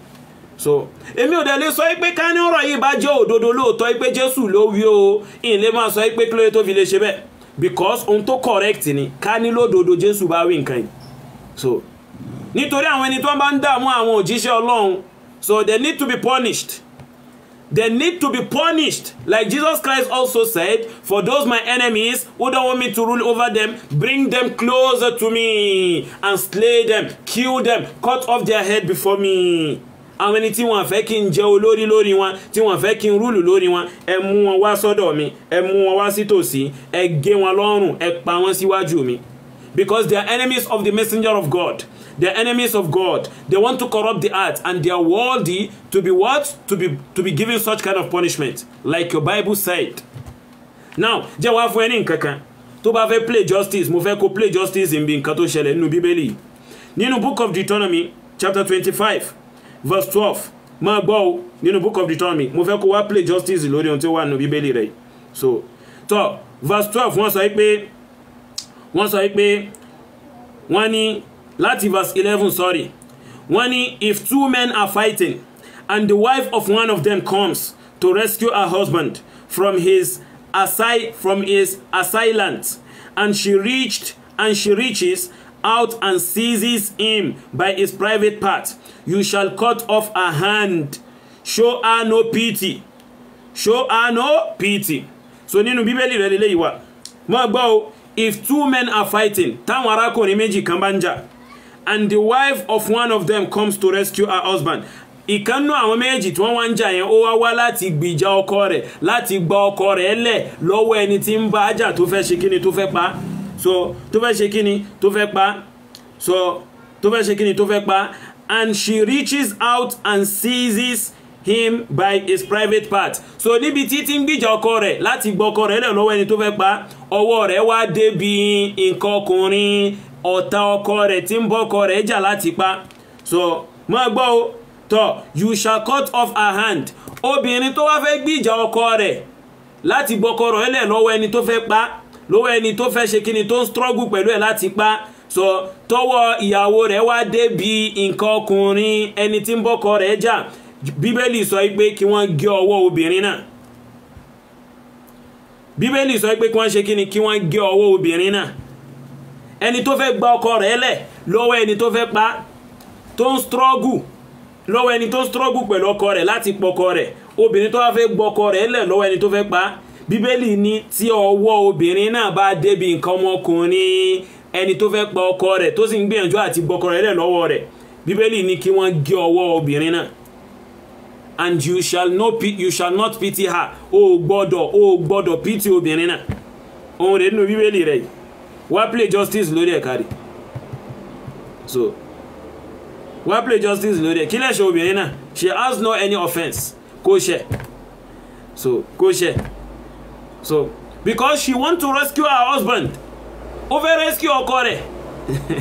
So èmi ò dẹ̀ lè sọ pé ká ní ọ̀rọ̀ yìí bá jẹ́ òdodo lóòótọ́ pé Jésù ló wí o ìyìn lè máa sọ pé kí tó fi lè ṣe bẹ́ẹ̀ because ohun tó correct ni ká ní lódodo Jésù bá wí nǹkan yìí so nítorí àwọn ẹni tó bá ń dààmú àwọn òjíṣẹ́ Ọlọ́run so they need to be punished They need to be punished. Like Jesus Christ also said, For those my enemies who don't want me to rule over them, bring them closer to me and slay them, kill them, cut off their head before me. Àwọn ẹni tí wọ́n fẹ́ kí n jẹ olórí lórí wọn, tí wọ́n fẹ́ kí n rúlù lórí wọn, ẹ mú wọn wá sọ́dọ̀ mi, ẹ mú wọn wá sítòsí, ẹ gé wọn lọ́rùn, Because they are enemies of the messenger of God the enemies of God. They want to corrupt the earth and they are worthy to be what? To be, to be given such kind of punishment. Like your Bible said. Now, jẹ́ wá fún ẹni nǹkankan tó bá fẹ́ play justice mo fẹ́ kó play justice in nbí nǹkan tó ṣẹlẹ̀ nínú Bíbélì. Nínú book of Deuteronomy chapter twenty five verse twelve Ma gbọ́ o nínú book of Deuteronomy mo fẹ́ ko wá play justice Lori ohun tí ó wà nínú Bíbélì So tọ́ verse twelve wọ́n sọ pé wọ́n sọ pé wọ́n ní láti verse eleven sorry wọ́n ní if two men are fighting and the wife of one of them comes to rescue her husband from his assail from his assailant and she reached and she reaches out and seizes him by his private part you shall cut off her hand show her no pity show her no pity so nínú bíbélì rẹ̀ lélẹ́yìí wa wọ́n gbọ́ o if two men are fighting táwọn arákùnrin méjì kan bá ń jà and the wife of one of them comes to rescue her husband ìkànnú àwọn méjì tí wọ́n wá ń jà yẹn ó wá wá láti gbìjà ọkọ rẹ̀ láti gba ọkọ rẹ̀ lẹ̀ lọ́wọ́ ẹni tí ń bá jà tó fẹ́ ṣe kíni tó fẹ́ pa so tó fẹ́ ṣe kíni tó fẹ́ pa so tó fẹ́ ṣe kíni tó fẹ́ pa and she reaches out and seizes him by his private part so níbi tí tí ń gbìjà ọkọ rẹ̀ láti gba ọkọ rẹ̀ lẹ̀ lọ́wọ́ ẹni tó fẹ́ pa ọwọ́ rẹ̀ wá débi nǹkan ọkùnrin ọ̀tá ọkọ rẹ̀ tí ń bọ́kọ rẹ̀ jà láti pa so máa gbọ́ o tọ́ you shall cut off her hand obìnrin tó wá fẹ́ gbìjà ọkọ rẹ̀ láti bọ́kọ rẹ̀ lẹ̀ lọ́wọ́ ẹni tó fẹ́ pa lọ́wọ́ ẹni tó fẹ́ ṣe kíni tó ń struggle pẹ̀lú ẹ̀ láti pa so tọwọ́ ìyàwó rẹ̀ wá débi nǹkan ọkùnrin ẹni tí ń bọ́kọ rẹ̀ jà bíbélì sọ pé kí wọ́n gé ọwọ́ obìnrin náà bíbélì sọ pé kí wọ́n ṣe kíni kí wọ́n gé ọwọ́ obìnrin náà ẹni tó fẹ́ gba ọkọ rẹ̀ lẹ̀ lọ́wọ́ ẹni tó fẹ́ pa tó ń strọ́gù lọ́wọ́ ẹni tó ń strọ́gù pẹ̀lú ọkọ rẹ̀ láti pọkọ rẹ̀ obìnrin tó wá fẹ́ gbọ́kọ rẹ̀ lẹ̀ lọ́wọ́ ẹni tó fẹ́ pa bíbélì ní tí ọwọ́ obìnrin náà bá débi nǹkan ọmọkùnrin ẹni tó fẹ́ pa ọkọ rẹ̀ tó sì ń gbìyànjú àti gbọ́kọ rẹ̀ lẹ̀ lọ́wọ́ rẹ̀ bíbélì ní kí wọ́n gé ọwọ́ obìnrin náà and you shall not pity, you shall not pity her o gbọ́dọ̀ o gbọ́dọ̀ pity obìnrin náà òun rèé nínú bíbélì rẹ̀ yìí wá play justice lórí ẹ̀ so wá play justice lórí ẹ̀ kí lẹ́sẹ̀ obìnrin she has no any offence kò ṣe so kò ṣe so because she want to rescue her husband over rescue ọkọ rẹ̀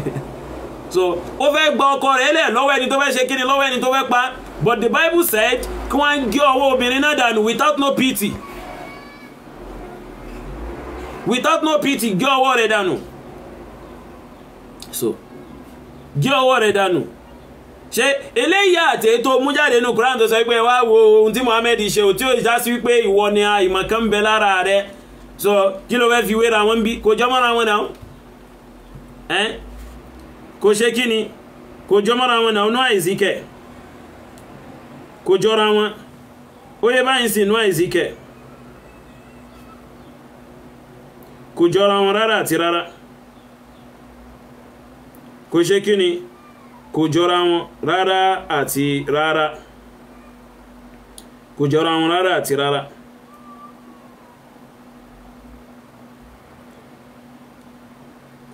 so over fẹ́ gba ọkọ rẹ̀ lẹ̀ lọ́wọ́ ẹni tó fẹ́ ṣe kíni lọ́wọ́ ẹni tó pa but the bible said kí wọ́n gé ọwọ́ na náà without no pity without no pity girl ọwọ́ rẹ̀ dànù so girl ọwọ́ rẹ̀ dànù ṣe eléyìí àtẹ tó mú jáde nínú Quran tó sọ pé wá wo ohun tí Muhammad ṣe ò tí ó já sí wípé ìwọ ni a ìmọ̀ kan bẹ lára rẹ so kí ló fẹ́ fi wéra wọn bí kò jọmọ́ra wọn náà ẹ́ kò ṣe kí ni kò jọmọ́ra wọn náà Noah Ezekiel kò jọra wọn ó yẹ báyìí sí Noah Ezekiel kò jọra wọn rárá àti rárá kò ṣe kí ni kò jọra wọn rárá àti rárá kò jọra wọn rárá àti rárá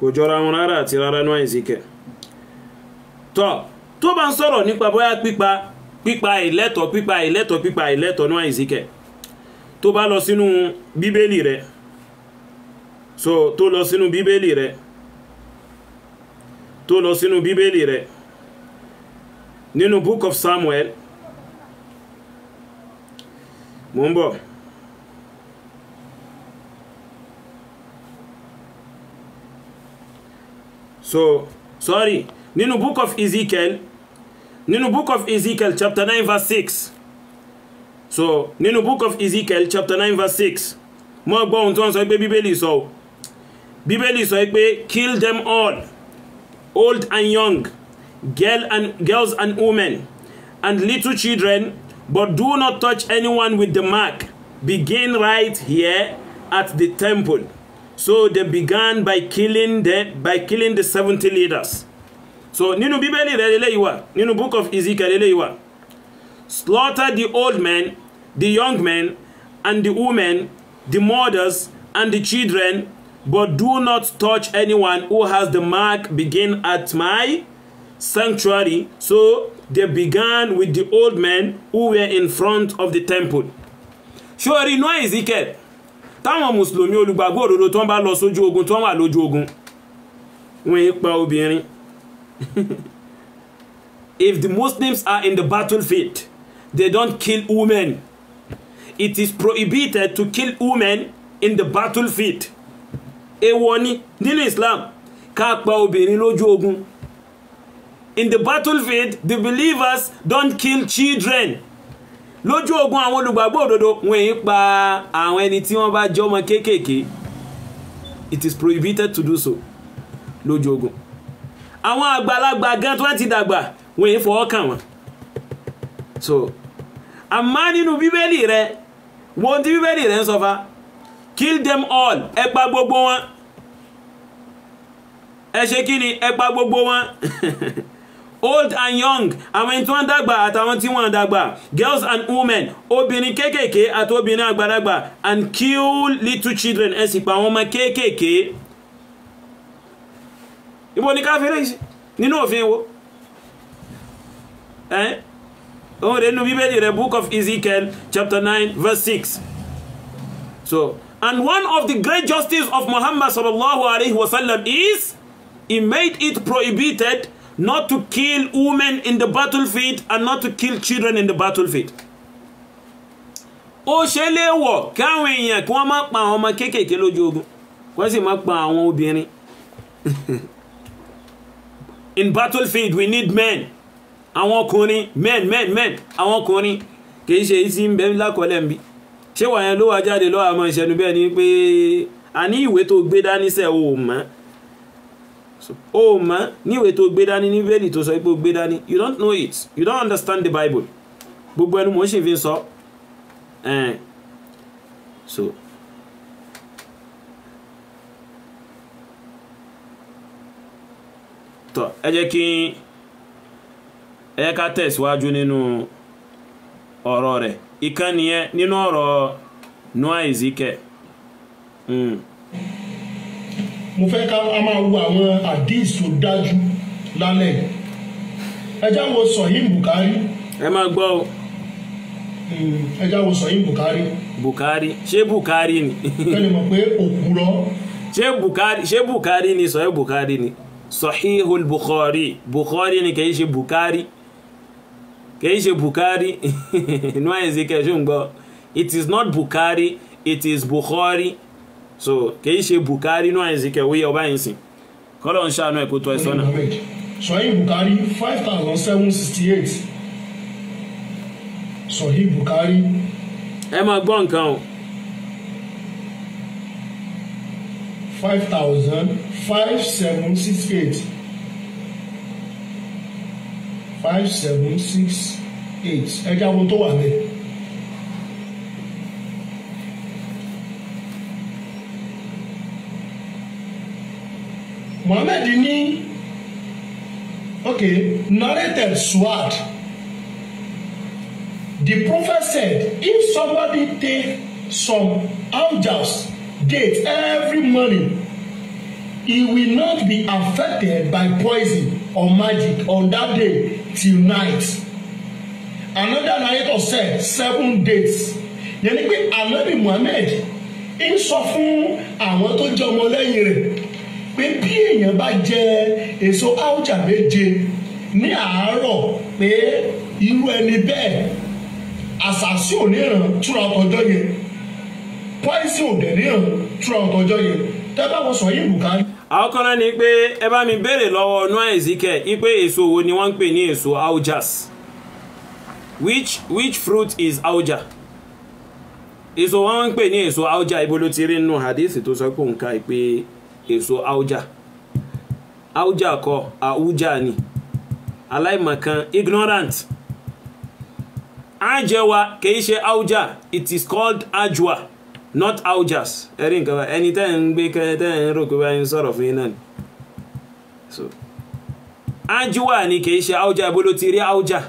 kò jọra wọn rárá àti rárá ní wáyé síkẹ̀ tọ́ tó bá ń sọ̀rọ̀ nípa bóyá pípa pípa ìlẹ́tọ̀ pípa ìlẹ́tọ̀ pípa ìlẹ́tọ̀ ní wáyé síkẹ̀ tó bá lọ sínú bíbélì rẹ̀ so to lọ sínú bíbélì rẹ to lọ sínú bíbélì rẹ nínú book of Samuel mo ń bọ̀ so sorry nínú book of Ezekiel nínú book of Ezekiel chapter nine, verse six. so nínú book of Ezekiel chapter nine, verse six, mo gbọ́ ohun tí wọ́n sọ pé bíbélì sọ o bíbélì sọ pé kill them all old and young girl and, girls and women and little children but do not touch anyone with the mark begin right here at the temple so they began by killing the by killing the seventy leaders so nínú bíbélì rẹ̀ lélẹ́yìí wà nínú book of Ezekiel lélẹ́yìí wà slaughter the old men the young men and the women the mothers and the children But do not touch anyone who has the mark begin at my sanctuary. So they began with the old men who were in front of the temple. Ṣóorí inú Ezekiel táwọn Mùsùlùmí olùgbàgbọ́ òdodo tó ń bá lọ sójú ogun tó ń wà lójú ogun wọ́n ń pa obìnrin. If the Muslims are in the battlefield, they don't kill women. It is prohibited to kill women in the battlefield èèwọ̀ ni nínú Islam ká pa obìnrin lójú ogun in the battlefield the believers don't kill children lójú ogun àwọn olùgbàgbọ́ òdodo wọn èyí pa àwọn ẹni tí wọ́n bá jẹ́ kéékèèké it is prohibited to do so lójú ogun àwọn àgbàlagbà gan tó wá ti dàgbà wọn èyí fọwọ́ kàn wọ́n so àmọ́ nínú bíbélì rẹ wọ́n ti bíbélì rẹ ń sọ fa kill them all ẹ pa gbogbo wọn ẹ ṣe kí ni ẹ pa gbogbo wọn old and young àwọn ẹni tí wọ́n dàgbà àtàwọn tí wọ́n dàgbà girls and women obìnrin kéékèèké àti obìnrin àgbàlagbà and kill little children ẹ sì pa àwọn ọmọ kéékèèké ibo ni káfíńrẹ́ nínú òfin wo ẹ́ òun rẹ̀ nínú bíbélì rẹ̀ book of Ezekiel chapter nine verse six so And one of the great justice of Muhammad sallallahu alaihi wasallam is he made it prohibited not to kill women in the battlefield and not to kill children in the battlefield. Ó ṣe léèwọ̀ kí àwọn èèyàn kí wọ́n má pa àwọn ọmọ kéékèèké lójú ogun, wọ́n sì má pa àwọn obìnrin. In battlefield we need men. Àwọn ọkùnrin men men men àwọn ọkùnrin kì í ṣe isi ń bẹ lákọọ́lẹ̀ ń ṣé wàá yẹn ló wá jáde lọ́wọ́ àmọ́ ìṣẹ́nu bẹ́ẹ̀ ni pé a ní ìwé tó gbé dání sẹ́ o mọ̀ o mọ̀ ní ìwé tó gbé dání ní bẹ́ẹ̀lì tó sọ pé o gbé dání you don't know it you don't understand the Bible gbogbo ẹnu mò ń ṣe fi sọ so. tọ ẹ jẹ́ kí ẹ ká tẹ̀síwájú nínú ọ̀rọ̀ rẹ̀ ìkan nìyẹn nínú ọ̀rọ̀ noa ezike. Hmm. mo fẹ́ ká a máa wo àwọn àdéhùn tó dájú lálẹ́ ẹ já wo sọ̀yìn bùkárí. ẹ máa gbọ́ o. Hmm, ẹ já wo sọ̀yìn Bukari bùkárí ṣé bùkárí ni. kẹ́lẹ́ mọ̀ pé òkúrọ́. ṣé bùkárí ṣé bùkárí ni sọ̀yìn bùkárí ni sọ̀híhul bùkọ́rí bùkọ́rí ni kì í ṣe bùkárí kìí ṣe Bukhari inú àyèsí kẹsùn gbọ́ it is not Bukhari it is Bukhari so kìí ṣe Bukhari inú àyèsí kẹwúyẹ ọba yìí sìn kọ́lọ̀ ń ṣàánú ẹ̀kọ́ tó ẹ sọ́nà. Sahih Bukhari five thousand seven sixty eight Sahih Bukhari. ẹ máa gbọ́ nǹkan o. five thousand five seven sixty eight five seven six eight ẹja wo tó wà bẹ́ẹ̀. Mohammed ní okay narrated Swad. the prophet said if somebody take some angels' date every morning he will not be affected by poison or magic on that day till night another narrator said seven days yẹn ni pé anabi muhammed ń sọ fún àwọn tó jẹ́ ọmọlẹ́yìn rẹ̀ pé bí èèyàn bá jẹ èso áújà méje ní àárọ̀ pé irú ẹni bẹ́ẹ̀ àṣàṣì ò túra ọtọjọ́ yẹn pọ́ìsì ò dẹ̀ túra ọtọjọ́ yẹn tẹ́ bá wọ́n sọ yìí bùkárí. àkọ́kọ́rá ni pé ẹ bá mi béèrè lọ́wọ́ Noah Ezekiel ipe èso wo ni wọ́n ń pè ní èso aujas which which fruit is auja èso wọn ń pè ní èso auja ibo ló ti rí nínú hadith tó sọ pé òǹkà ìpè èso auja auja kọ́ auja ni aláìmọ̀kan ignorant ajẹwa kì í ṣe auja it is called ajwa. not aujas ẹ̀rí nǹkan báyìí ẹni tẹ́ ń gbé kẹ́ tẹ́ ń rò pé báyìí ń sọ̀rọ̀ fún yín náà ni so ájúwà ni kì í ṣe auja ibo ló ti rí auja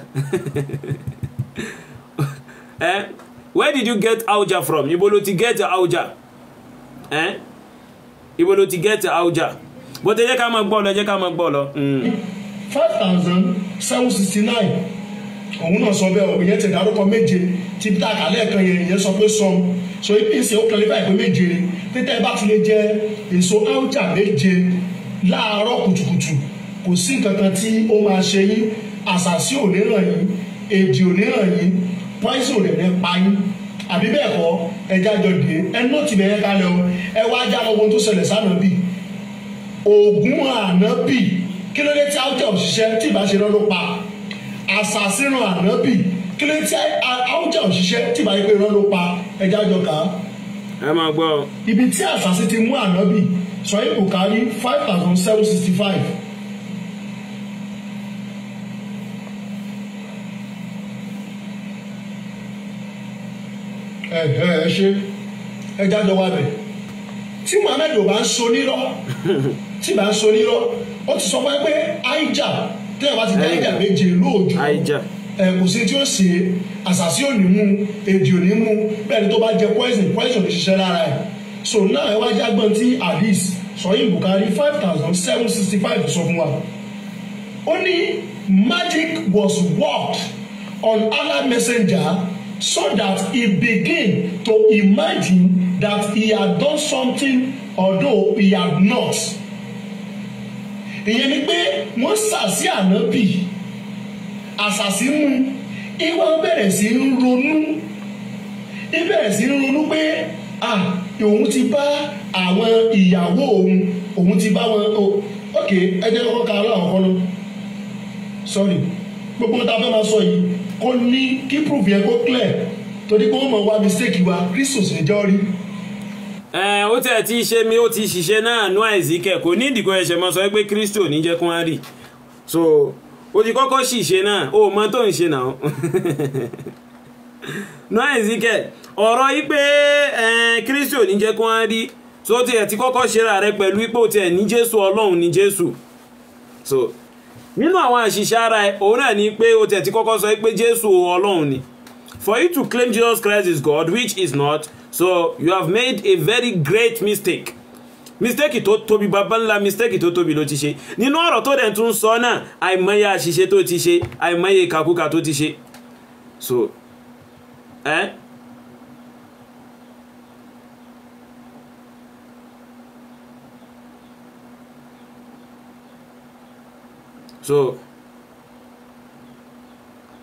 eh? where did you get auja from ibo ló ti get auja eh? ibo ló ti get auja bó ti jẹ́ ká máa gbọ́ lọ jẹ́ ká máa gbọ́ lọ. Hmm. five thousand seven sixty nine òun náà sọ bẹ́ẹ̀ ìyẹn ti dárúkọ méje tí bí tá a kà lẹ́ẹ̀kan yẹn ìyẹn sọ pé sọm so ibi ìsìn ó clarify pé méje títẹ́ bá ti lè jẹ èso áújà méje láàárọ̀ kùtùkùtù kò sí nǹkan kan tí ó máa ṣe yín àṣàṣì ò ní ràn yín èdè ò ní ràn yín poison rẹ̀ ní pa yín àbí bẹ́ẹ̀ kọ́ ẹja jọ dé ẹ náà ti bẹ̀rẹ̀ kalẹ̀ o ẹ wá já lọ ohun tó ṣẹlẹ̀ sànàbì ògùn ànábì kí ló dé tí áújà òṣìṣẹ́ tí ìbáṣe lọ́dún pa àṣàṣì ràn ànábì kí ló ti àwùjọ òṣìṣẹ́ tí ìbáyé pé irọ́ ló pa ẹja jọ kà á. ẹ máa gbọ́. ibi tí àṣàṣì ti mú ànábì sọyìn bukari five thousand seven sixty five. ẹ ẹ ṣe ẹja jọ wà bẹ́ẹ̀ tí Muhammed ò bá ń so nírọ́ tí bá ń so nírọ́ ó ti sọ pé aija tẹ́lẹ̀ bá ti dá aija méje lóòjọ́. Eh, kò sí tí ó ṣe àṣàṣì ò ní mú èdè ò ní mú bẹ́ẹ̀ tó bá jẹ poison poison lè ṣiṣẹ́ lára ẹ̀ so náà ẹ wá jágbọ́n tí hadith sọyìn Bukhari five thousand seven sixty five sọ fún wa ó ní magic was worked on Allah messenger so that he began to imagine that he had done something although he had not ìyẹn ni pé wọ́n ṣàṣì ànábì àṣàsí mú ìwà bẹ̀rẹ̀ sí ń ronú ìbẹ̀rẹ̀ sí ń ronú pé ah òun ti bá àwọn ìyàwó òun òun ti bá wọn o ok ẹ jẹ́ kọ́kọ́ ka aláwọ̀ lọ sorry gbogbo ta fẹ́ máa sọ yìí kó ní kí proof yẹn kó clear torí pé wọ́n mọ̀ wá mistake wa resource níjọ́ rí ó tẹ̀ tí í ṣe mi ó ti ṣiṣẹ́ náà nú àìsíkẹ̀ kò ní ìdìgbò ẹ̀ṣẹ̀ mọ́ sọ pé kristo níjẹ́ kún á rì so o ti kọ́kọ́ ṣìṣe náà o mọ tó ń ṣe náà náà Ezekiel ọ̀rọ̀ yìí pé Kristi ní jẹ́ kí wọ́n rí so tiẹ̀ ti kọ́kọ́ ṣera rẹ pẹ̀lú ipò tiẹ̀ ní Jésù Ọlọ́run ní Jésù so nínú àwọn àṣìṣe ara ẹ òun náà ni pé o tiẹ̀ ti kọ́kọ́ sọ pé Jésù Ọlọ́run ni for you to claim Jesus Christ is God which is not so you have made a very great mistake mistake tó tóbi bàbá ńlá mistake tó tóbi ló ti ṣe nínú ọ̀rọ̀ tó dẹ̀ tún sọ náà àìmọye àṣìṣe tó ti ṣe àìmọye ìkàkúkà tó ti ṣe so ẹ́ eh? so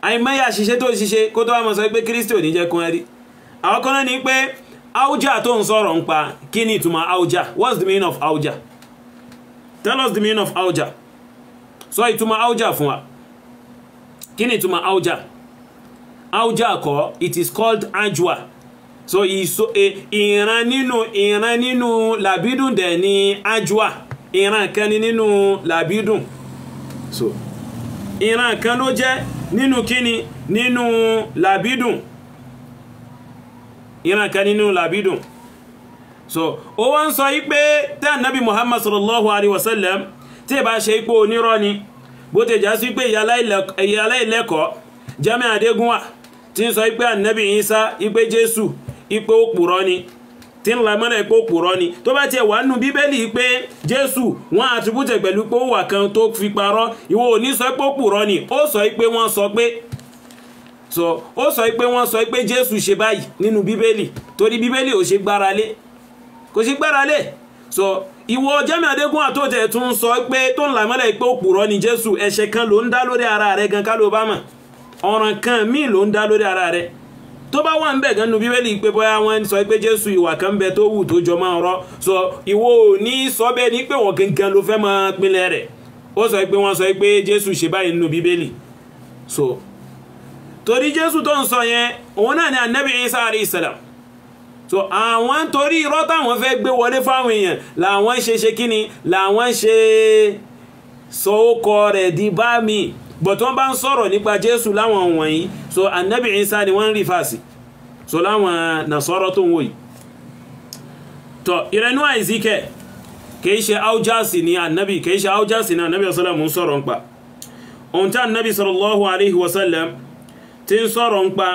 àìmọye àṣìṣe tó ti ṣe kó tó wá mọ̀ sọ pé Kristi ò ní jẹ́ kún ẹ rí àwọn kan náà ni pé auja tó ń sọ̀rọ̀ ń pa kí ni ìtumọ̀ auja what's the meaning of auja tell us the meaning of auja sọ ìtumọ̀ auja fún wa kí ni ìtumọ̀ auja auja kọ́ it is called ajwa so e, ìran nínú ìran nínú làbídùn dẹ̀ ni ajwa ìran kan ni nínú làbídùn so ìran kan ló jẹ́ nínú kíni nínú làbídùn ìran kan nínú làbídùn so ó wọ́n sọ yí pé tí ànábì Muhammad sallallahu alaihi wasallam tí ìbá ṣe ipò onírọ́ ni bó ti já sí pé ìyá aláìlẹ́kọ̀ọ́ Jamiu Adégúnwà tí ń sọ pé ànábì Isa ipé Jésù ipé òpùrọ́ ni tí ń la mọ́lẹ̀ pé òpùrọ́ ni tó bá tiẹ̀ wà nù bíbélì pé jésù wọ́n àtúbùtẹ̀ pẹ̀lú pé ó wà kan tó fi parọ́ ìwọ ò ní sọ pé òpùrọ́ ni ó sọ pé wọ́n sọ pé sọ ó sọ pé wọ́n sọ pé jésù ṣe báyìí nínú bíbélì torí bíbélì ò ṣe gbára lé kò ṣe gbára lé sọ ìwọ Jamiu Adégún àtòjẹ tún sọ pé tó ń là mọ́lẹ̀ pé òpùrọ́ ni jésù ẹ̀ṣẹ̀ kan ló ń dá lórí ara rẹ̀ gan ká ló bá mọ̀ ọ̀ràn kan míì ló ń dá lórí ara rẹ̀ tó bá wà ń bẹ̀ gan nu bíbélì pé bóyá wọ́n sọ pé jésù ìwà kan ń bẹ tó wù tó jọ máa rọ́ sọ ìwọ ò ní sọ bẹ́ẹ̀ ni pé wọ́n gangan ló fẹ́ máa pinlẹ̀ rẹ̀ ó sọ pé wọ́n sọ pé jésù ṣe báyìí nínú bíbélì so torí jésù tó ń sọ yẹn òun náà ni anabi isa alayhi salam so àwọn torí irọ́ táwọn fẹ́ gbé wọlé fáwọn èèyàn làwọn ṣe ṣe kíni làwọn ṣe sọ ókọ rẹ̀ di bá mi but wọ́n bá ń sọ̀rọ̀ nípa jésù láwọn wọ̀nyí so anabi isa ni wọ́n ń rí fàṣì so láwọn nasọ́rọ́ tó ń wò yìí tọ ìrẹnú àìsíkẹ kìí ṣe áújáàsì ní annabi kìí ṣe áújáàsì ní annabi ọ̀sọ́lá mú sọ̀rọ̀ ń pa ohun tí annabi sallallahu alaihi wasallam tí ń sọ̀rọ̀ ń pa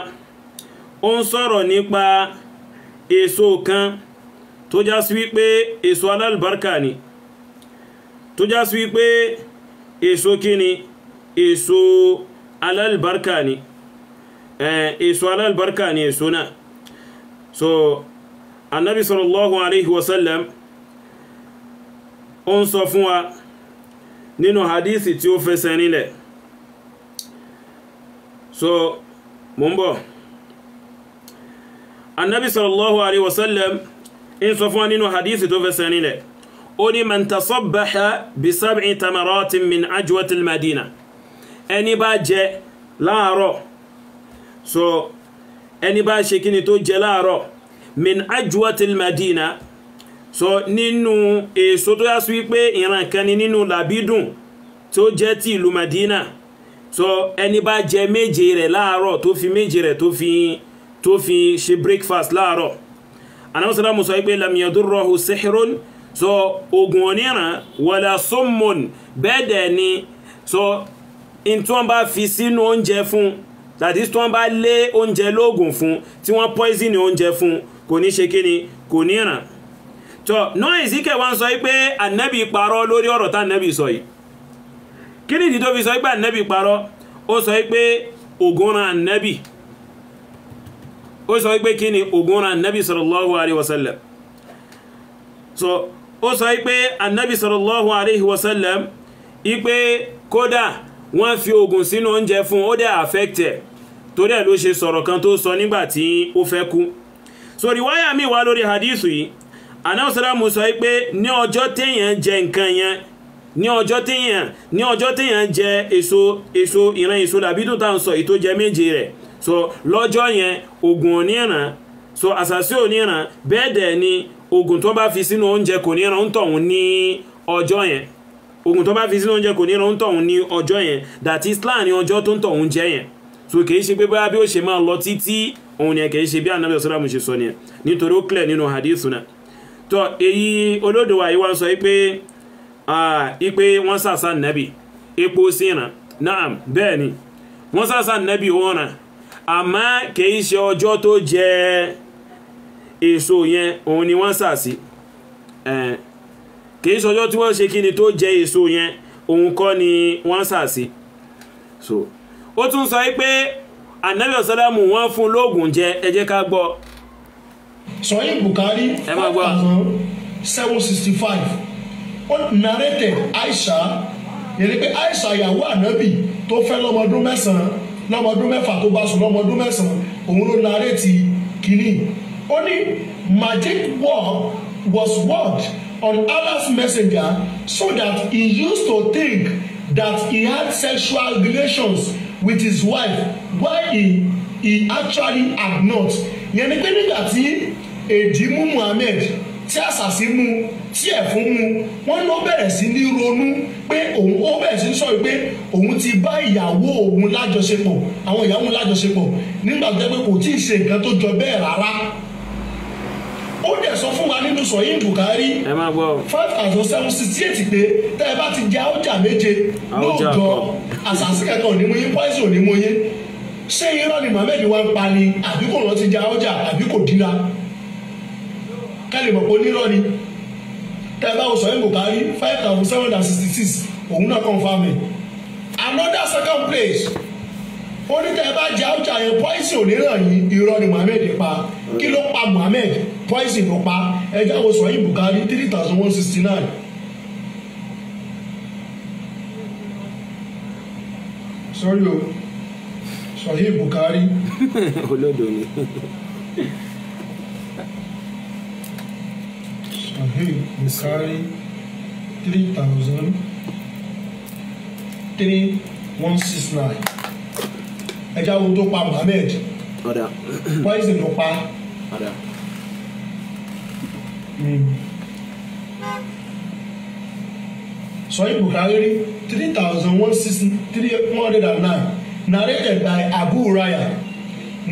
ó ń sọ̀rọ̀ nípa èso kan tó já sí wípé èso alálùbáríkà ni tó já sí wípé èso kíni èso alálùbáríkà ni èso alálùbáríkà ni èso náà so annabi sallallahu alaihi wasallam ó ń sọ fún wa nínú hadisi tí ó fẹsẹ̀ nílẹ̀ so mò ń bọ̀ annabi sallallahu alaihi wasallam in sọ fún wa nínú hadithi tó fẹsẹ̀ nílẹ̀ ó ní man tasabbaha bi sab'i tamaratin min ajwatil madina ẹni bá jẹ láàárọ̀ so ẹni bá ṣe kíni tó jẹ láàárọ̀ min ajwatil madina so nínú èso tó yá sí wípé ìran kan ni nínú làbídùn tó ti ìlú madina so ẹni bá jẹ méje rẹ̀ láàárọ̀ tó fi méje rẹ̀ tó fi tó fi ṣe breakfast láàárọ̀ anamọ́sọ́lámù sọ pé lamiyadurrohu sihirun so oògùn oníran wala summun bẹ́ẹ̀ dẹ̀ ni so in tí wọ́n bá fi sínú oúnjẹ fún tàbí tí wọ́n bá lé oúnjẹ lóògùn fún tí wọ́n poison oúnjẹ fún kò ní ṣe kíni kò ní ràn tọ́ náà ìsíkẹ̀ wá ń sọ pé ànábì parọ́ lórí ọ̀rọ̀ tá ànábì sọ yìí kí ni ìdí tó fi sọ pé ànẹ́bì parọ́ ó sọ pé ogun ran ànẹ́bì ó sọ pé kí ni ànẹ́bì sallallahu alaihi wasallam so ó sọ pé ànẹ́bì sallallahu alaihi wasallam ipe kódà wọ́n fi ogun sínú oúnjẹ fún ó dẹ̀ affected torí ẹ̀ ló ṣe sọ̀rọ̀ kan tó sọ nígbàtí ó fẹ́ kú so riwaya mi wá lórí hadithu yìí anáwòsára mú sọ pé ní ọjọ́ téèyàn jẹ nǹkan yẹn ní ọjọ́ téèyàn ní ọjọ́ téèyàn jẹ èso èso ìran èso dàbídùn tá à ń sọ ètò jẹ méje rẹ̀ so lọ́jọ́ yẹn oògùn ò ní ràn so àṣàṣì ò ní ràn bẹ́ẹ̀ dẹ̀ ni oògùn tó bá fi sínú oúnjẹ kò ní ràn ń tọ̀hún ní ọjọ́ yẹn oògùn tó bá fi sínú oúnjẹ kò ní ràn ń tọ̀hún ní ọjọ́ yẹn that is plan ní ọjọ́ tó ń tọ̀hún jẹ yẹn so kìí ṣe pé bóyá bí ó ṣe máa lọ títí òun ni kìí ṣe bí anabi ọ̀sọ́dà mo ṣe sọ nìyẹn nítorí ó clear nínú hadith náà tó èyí olódò wa yìí wá ń sọ yìí pé ipe wọ́n sàṣà nàbì epo síran naam bẹ́ẹ̀ ni wọ́n sàṣà nàbì wọ́n ràn àmọ́ kìí ṣe ọjọ́ tó jẹ èso yẹn òun ni wọ́n sàṣì kìí ṣe ọjọ́ tí wọ́n ṣe kí ni tó jẹ èso yẹn òun kọ́ ni wọ́n sàṣì so ó tún sọ pé anabi ọ̀sálàmù wọ́n fún lóògùn jẹ ẹ ká gbọ́. sọyìn Bukhari five thousand ó narrated Aisha yẹn pé Aisha ìyàwó ànábì tó fẹ́ lọ́mọdún mẹ́sàn-án lọ́mọdún mẹ́fà tó bá sùn lọ́mọdún mẹ́sàn-án òun ló narrate kínní ó ní magic word was word on Allah's messenger so that he used to think that he had sexual relations with his wife while he he actually had not yẹn ni pé nígbà tí èdè mú Muhammad tí àṣàṣì mu tí ẹ̀fún mu wọ́n ló bẹ̀rẹ̀ sí ní ronú pé òun ó bẹ̀rẹ̀ sí sọ pé òun ti bá ìyàwó òun lájọṣepọ̀ àwọn ìyàwó òun lájọṣepọ̀ nígbà tó jẹ́ pé kò tí ì ṣe nǹkan tó jọ bẹ́ẹ̀ rárá ó dẹ̀ sọ fún wa nínú sọ̀yìn bukari five thousand seven sixty eight pé tẹ́ ẹ bá ti jẹ àwùjá méje lóòjọ́ àṣàṣì kẹ̀kẹ́ òní mú yín pọ́ìsì òní mú yín ṣé irọ́ ni mohammed wá ń pa ni àbí kò rántí jẹ àwùjá àbí kò dira kálí mọ̀ pé onírọ̀ ni tẹ́lá o sọ yín Buhari five thousand seven hundred sixty six òun náà confam ẹ̀ another second place ó ní tẹ́ ẹ bá jẹ àwùjọ yẹn poison onírọ̀ yìí irọ́ ni Muhammed pa kí ló pa Muhammed poison ló pa ẹjọ́ àwọn sọ yín Buhari three thousand one sixty nine. sorry o sọ̀hí Buhari. olódo ni. Sahih Bukhari three thousand three one six nine ẹja wo tó pa Muhammed poison ló pa hmm. Sahih Bukhari three thousand one six three one hundred and nine narrated by Abu Raya.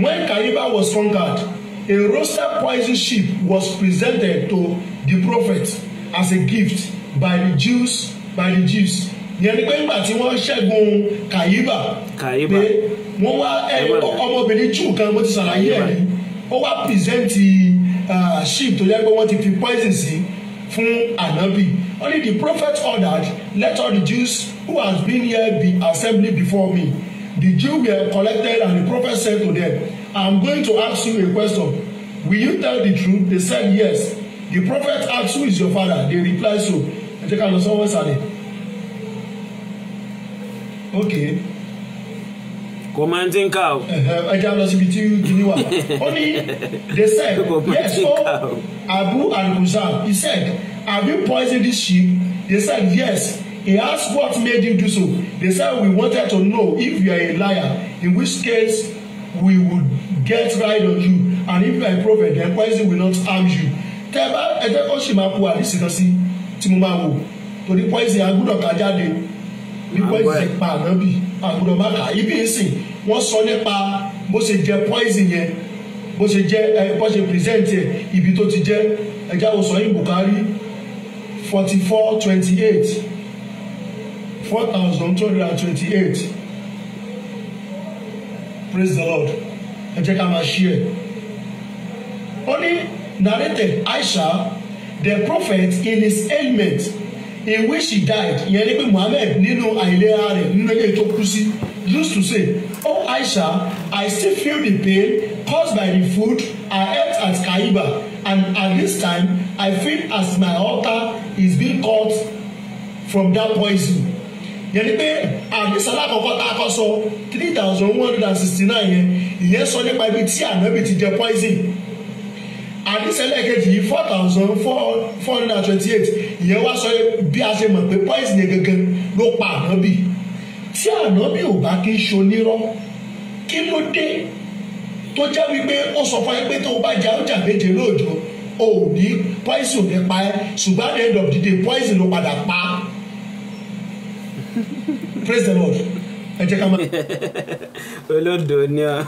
when Kariba was conquered a roasted poison sheep was presented to the prophet as a gift by the Jews by the Jews yẹn ni pé nígbà tí wọ́n ṣẹ́gun kàyíbà pé wọ́n wá ọmọbìnrin jù kan mo ti ṣàlàyé ẹ̀ ni ó wá pìrìsẹ́ǹtì uh, sheep tó yẹ pé wọ́n ti fi poison sí fún ànábì only the prophet ordered let all the Jews who has been here be assembly before me the Jews were collected and the prophet said to them I am going to ask you a question will you tell the truth they said yes The prophet asked, Who is your father? They reply, So. Ẹ jẹ́ ká lọ sọ́wọ́ sàlẹ̀. Okay. Commanding cow. ń dín ká o. Ẹ jẹ́ lọ síbi tí kìíní wà. Ó ní they said, Yes, so Abu and Musab, he said, Have you poisoned this sheep? They said, Yes. He asked what made him do so. They said, We wanted to know if you are a liar, in which case we would get right on you, and if you are a prophet, then poison will not harm you tẹ bá ẹjẹ kó sì máa ku àrísí kan sí tí mo máa wò torí pọ́ìsì agbọ́dọ̀ ká jáde ní pọ́ìsì pa ànábì agbọ́dọ̀ má kà ibi ìsìn wọ́n sọ nípa bó ṣe jẹ pọ́ìsì yẹn bó ṣe jẹ ẹ bó ṣe pírẹsẹ̀ntì ẹ ibi tó ti jẹ ẹjẹ àwọn sọyìn Bùkárí forty four twenty eight four thousand two hundred and twenty eight praise the Lord ẹ ká máa ṣí ẹ̀ ó ní narrated Aisha the prophet in his ailment in which he died ìyẹn ni pé Muhammad nínú àìlera rẹ̀ nínú ilé tó kú sí used to say oh Aisha I still feel the pain caused by the food I ate at Kaiba and at this time I feel as my altar is being cut from that poison yẹn ni pé àdìsá alákọ̀ọ́kọ́ tá a kọ́ sọ three thousand one hundred and sixty nine yẹn ìyẹn sọ nípa ibi tí ànábì ti jẹ poison àdísẹ́lẹ̀ kejì yìí four thousand four hundred and twenty eight ìyẹn wá sọ bí a ṣe mọ̀ pé poison yẹn gangan ló pa ànábì tí ànábì ò bá kí ń ṣonírọ́ kí ló dé tó jẹ́ wípé ó sọ fún ẹ pé tó o bá jà ó jà lóòjọ́ o ò ní poison ò ní pa ẹ ṣùgbọ́n end of the day poison ló padà pa praise the lord ẹ jẹ́ ká máa. olódo ni ọ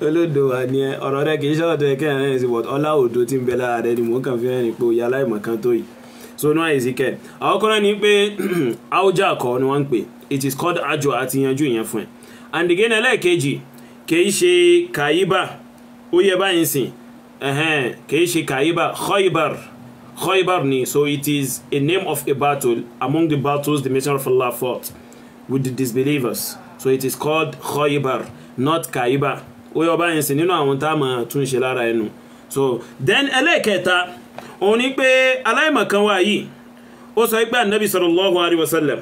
olódo wa ni ẹ ọ̀rọ̀ rẹ kì í ṣọ̀tọ̀ ẹ kẹ́hìn ẹ̀ sì wọ̀ ọlá òdo tí ń bẹ lára rẹ ni mò ń kàn fi hàn ní pé o yà kan tó yìí so nú àìsí kẹ àwọn kan ní pé aoja kọ ni wọ́n ń pè it is called ajo àti yanjú ìyẹn fún ẹ and again ẹlẹ́ẹ̀kejì kì í ṣe kàyíbà ó yẹ báyìí sìn kì ṣe kàyíbà khoibar khoibar ni so it is a name of a battle among the battles the messenger of Allah fought with the disbelievers so it is called khoibar not kaibar ó yọ báyìí sí nínú àwọn táàmù túnṣe lára ẹnu so then ẹlẹ́ẹ̀kẹta òun ni pé aláìmọ̀kan wà yìí ó sọ pé anabi sallallahu alayhi wa sallam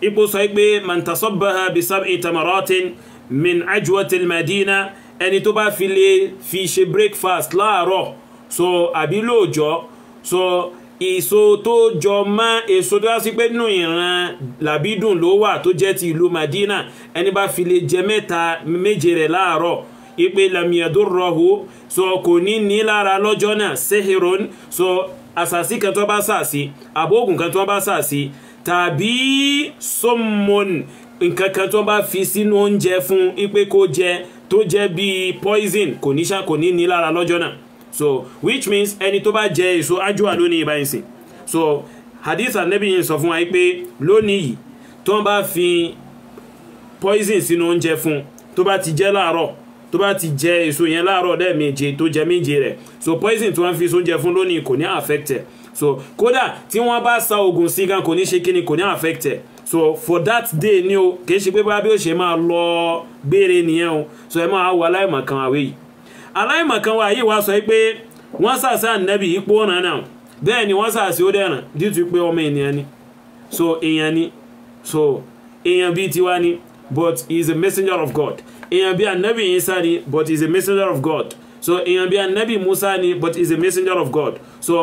ipò sọ pé man tasabbaha bi sab'i tamaratin min ajwatil madina ẹni tó bá fi lè fi ṣe breakfast láàárọ̀ so àbí lóòjọ́ so èso tó jọ mọ́ èso tó dá sí pé nínú ìran làbídùn ló wà tó jẹ́ ti ìlú Madina ẹni bá fi lè jẹ mẹ́ta méje rẹ̀ láàárọ̀ ipe lamiyadurrohu so kò ní ní lára lọ́jọ́ náà sehiron so àsàsí kan tó bá sàsí àbóògùn kan tó bá sàsí tàbí sọmọn nǹkan kan tó bá fi sínú oúnjẹ fún ipe kó jẹ tó jẹ́ bíi poison kò ní ṣá kò ní ní lára lọ́jọ́ náà so which means ẹni tó bá jẹ èso ajwa lónìí báyìí sìn so hadith anabi yìí sọ fún wa pé lónìí yìí tó ń bá fi poison sínú oúnjẹ fún tó bá ti jẹ láàárọ̀ tó bá ti jẹ èso yẹn láàárọ̀ lẹ́ẹ̀méje tó jẹ méje rẹ̀ so poison tí wọ́n fi sóúnjẹ fún lónìí kò ní affected so kódà tí wọ́n bá sa oògùn sí gan kò ní ṣe kíni kò ní affected so for that day ni o kì í ṣe pé bá bí ó ṣe máa lọ gbére nìyẹn o so ẹ máa wà láìmọ̀kan àwẹ̀ yìí aláìmọ̀kan wa yìí wá sọ pé wọ́n sàṣà nẹ́bì ipò ọ̀ràn náà bẹ́ẹ̀ ni wọ́n sàṣì ó dẹ̀ràn dítú pé ọmọ ènìyàn ni so èèyàn ni so èèyàn bíi tiwa ni but he is a messenger of God èèyàn bíi anabi Isa ni but he is a messenger of God so èèyàn bíi anabi Musa ni but he is a messenger of God so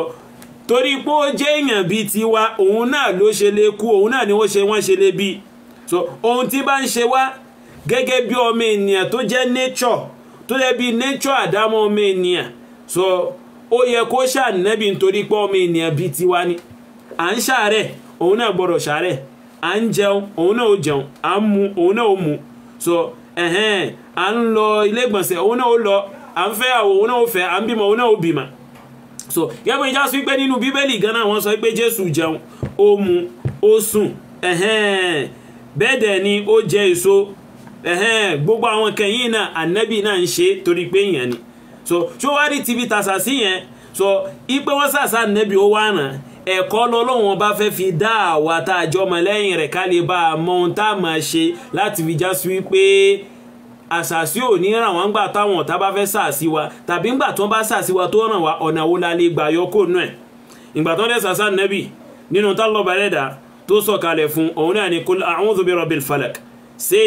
torí pé ó jẹ́ èèyàn bíi tiwa òun náà ló ṣe lè kú òun náà ni wọ́n ṣe wọ́n ṣe lè bí so ohun tí bá ń ṣe wá gẹ́gẹ́ bí ọmọ ènìyàn tó jẹ́ nature tó jẹ́ bí nature àdámọ́ ọmọ ènìyàn sọ ó yẹ kó ṣànẹ́bí nítorí pé ọmọ ènìyàn bíi tiwa ni à ń ṣàárẹ̀ òun náà gbọ́dọ̀ ṣàárẹ̀ à ń jẹun òun náà ó jẹun à ń mu òun náà ó mu ẹ̀hẹ́n à ń lọ ilé ìgbọ̀nsẹ̀ òun náà ó lọ à ń fẹ́ àwọ̀ òun náà ó fẹ́ à ń so ìjà sọ pé nínú bíbélì gan náà wọ́n sọ mu ó sùn ẹ̀hẹ́n bẹ́ẹ̀ ni ó jẹ èso gbogbo àwọn kan yìí náà ànábì náà ń ṣe torí pé èèyàn ni so ṣó wá rí tìbí tàṣà sí yẹn so ipe wọn ṣàṣà ànábì ó wà ràn ẹ̀kọ́ lọ́lọ́wọ́n bá fẹ́ fi dá àwa tá a jọ ọmọ lẹ́yìn rẹ̀ ká lè bá a mọ ohun tá a máa ṣe láti fi já sí wípé àṣàṣì ò ní ràn wọ́n gbà táwọn ọ̀tá bá fẹ́ ṣàṣì wa tàbí ńgbà tó ń bá ṣàṣì wa tó ràn wá ọ̀nà wo la lè gbà yọkó nù ẹ̀ ìgbà tó ń dẹ́ sàṣà nẹ́bì nínú tá lọ́ba rẹ̀ tó sọ̀kalẹ̀ fún òun náà ni kul a'udhu bi rabbil falak ṣe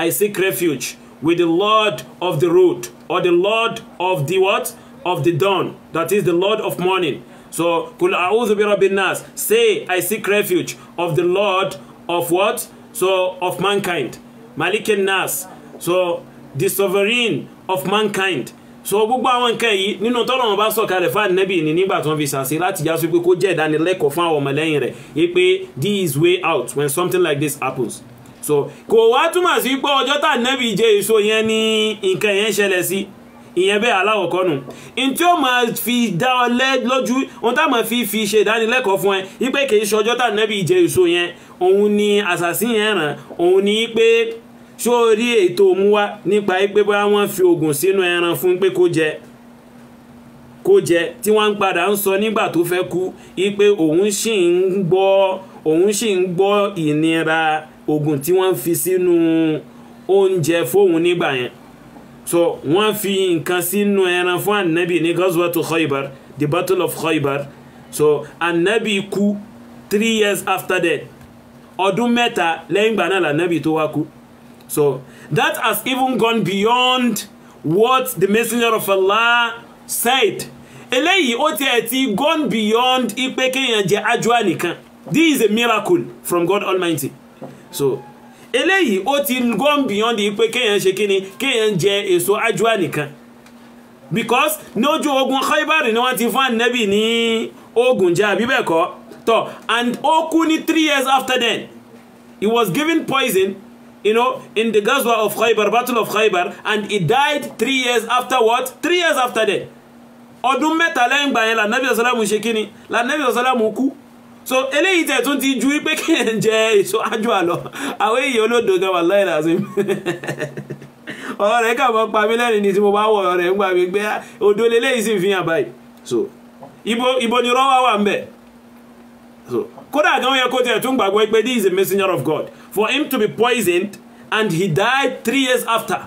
I seek refuge with the Lord of the road or the Lord of the what? Of the dawn. That is the Lord of morning. So, Kul a'udhu bi rabbin nas. Say, I seek refuge of the Lord of what? So, of mankind. Malikin nas. So, the sovereign of mankind. So, gbogbo àwọn nǹkan yìí nínú tọ́lọ́run bá sọ̀kalẹ̀ fún ànábì ni nígbà tí wọ́n fi ṣàṣe láti jásí pé kó jẹ́ ìdánilẹ́kọ̀ọ́ fún àwọn ọmọlẹ́yìn rẹ̀ yí pé this is way out when something like this happens so kò wá túmọ̀ sí pé ọjọ́ tá nẹ́bí jẹ èso yẹn ni nǹkan yẹn ṣẹlẹ̀ sí ìyẹn bẹ́ẹ̀ aláwọ̀kọ́ nù in tí ó máa fi dá ọ lójú ohun tá máa fi fi ṣe ìdánilẹ́kọ̀ọ́ fún ẹ wípé kì í ṣe ọjọ́ tá nẹ́bí jẹ èso yẹn òun ni àṣàsí yẹn ràn òun ni pé sórí ètò òun wá nípa pé bóyá wọ́n fi oògùn sínú ẹran fún pé kó jẹ kó jẹ tí wọ́n ń padà ń sọ nígbà tó fẹ́ kú wípé òun sì ń gbọ́ òun sì ń gbọ́ ìnira oògùn tí wọ́n fi sínú oúnjẹ fóun nígbà yẹn so wọ́n fi nǹkan sínú ẹran fún anabi ní gazwatu khaybar the battle of khaybar so anabi ku three years after that ọdún mẹ́ta lẹ́yìn ìgbà náà lànàbì tó wá kú so that has even gone beyond what the messenger of Allah said eléyìí ó tiẹ̀ ti gone beyond ipe kéèyàn jẹ́ ajwa nìkan this is a miracle from God Almighty so eléyìí ó ti gone beyond pé kéèyàn ṣe kíni kéèyàn jẹ èso ajwa nìkan because lójú ogun Khaybar ni wọ́n ti fún ànábì ní ogun jẹ́ àbí bẹ́ẹ̀ kọ́ tọ́ and ó kú ní three years after then he was given poison you know, in the Ghazwa of Khaybar, Battle of Khaybar, and he died three years after what? Three years after that. Ọdún mẹ́ta lẹ́yìn gbà lànàbí ọ̀sọ́lámù ṣe kíni, lànàbí ọ̀sọ́lámù kú so eléyìí tẹ̀ tún ti ju wípé kí ẹ̀ ń jẹ èso ájò àlọ́ àwọn èèyàn olódo gan wà láì lásìm ọ̀rọ̀ rẹ̀ kà mọ́ pa mí lẹ́rìn ni tí mo bá wọ̀ ọ̀rọ̀ rẹ̀ ń gbà mí gbé ah, odò leléyìí sì fi hàn báyìí so ibo ibo ni rọ́wà wà ń bẹ̀ so kódà gan yẹ kó tiẹ̀ tún gbàgbọ́ pé this is a messenger of God for him to be poisoned and he died three years after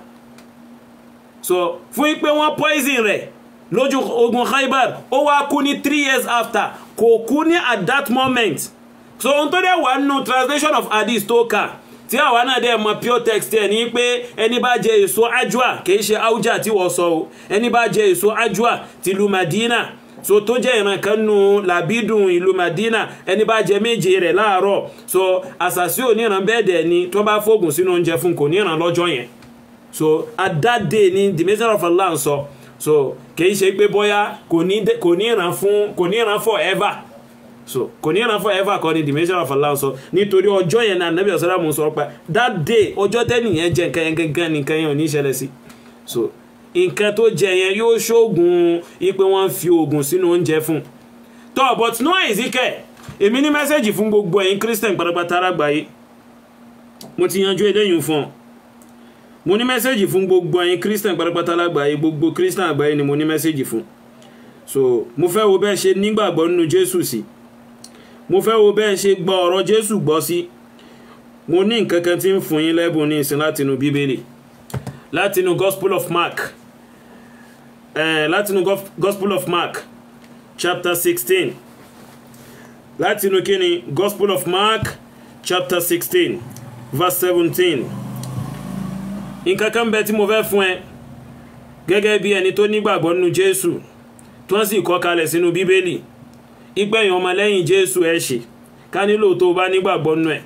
so fún pé wọ́n poison rẹ̀ lójú ogun Khaybar ó wá kú ní three years after kò kú ní at that moment so ohun tó dẹ̀ wà nínú translation of hadith tó kà tí àwa náà dẹ̀ mọ pure text ẹ̀ ní pé ẹni bá jẹ èso ajwa kì í ṣe auja tí wọ́n sọ o ẹni bá jẹ èso ajwa tìlú Madina so tó jẹ́ ìran kan nu làbídùn ìlú Madina ẹni bá jẹ méje rẹ̀ láàárọ̀ so àṣàṣì oníran bẹ́ẹ̀ dẹ̀ ni tó bá fògùn sínú oúnjẹ fún kò níran lọ́jọ́ yẹn so at that day ni the messenger of Allah ń sọ so, so kì í ṣe pé bóyá kò ní ìran fún kò ní ìran forever so kò ní ìran forever kọ́ ni the measure of Allah sọ nítorí ọjọ́ yẹn náà nàbí ọ̀sán àmú sọ pa that day ọjọ́ tẹ́nìyẹn jẹ nǹkan yẹn gangan nìkan yẹn ò ní ìṣẹ̀lẹ̀ sí so nǹkan tó jẹ yẹn yóò ṣoògùn ipe wọn fi oògùn sínú oúnjẹ fún tọ́ but no àìsíkẹ̀ èmi ní mẹ́sẹ̀gì fún gbogbo ẹ̀yin Christian pátápátá arágbáyé mo ti yanjú eléyìí fún ọ mo ní mẹ́sẹ̀gì fún gbogbo ẹ̀yin christian pátápátá lágbàáyé gbogbo christian àgbáyé ni mo ní mẹ́sẹ̀gì fún so mo fẹ́ wo bẹ́ẹ̀ ṣe nígbàgbọ́ nínú jésù sí mo fẹ́ wo bẹ́ẹ̀ ṣe gba ọ̀rọ̀ jésù gbọ́ sí mo ní nǹkan kan tí ń fún yín lẹ́bùn ní ìsìn látinú bíbélì látinú gospel of mark eh, látinú gospel of mark chapter sixteen látinú kíni gospel of mark chapter sixteen verse seventeen nǹkan kan bẹ tí mo fẹ́ fún ẹ gẹ́gẹ́ bí ẹni tó nígbàgbọ́ nínú jésù tó ń sì kọ́ kalẹ̀ sínú bíbélì ìpẹ̀yìn ọmọlẹ́yìn jésù ẹ̀ ṣe ká nílò tó bá nígbàgbọ́ nínú ẹ̀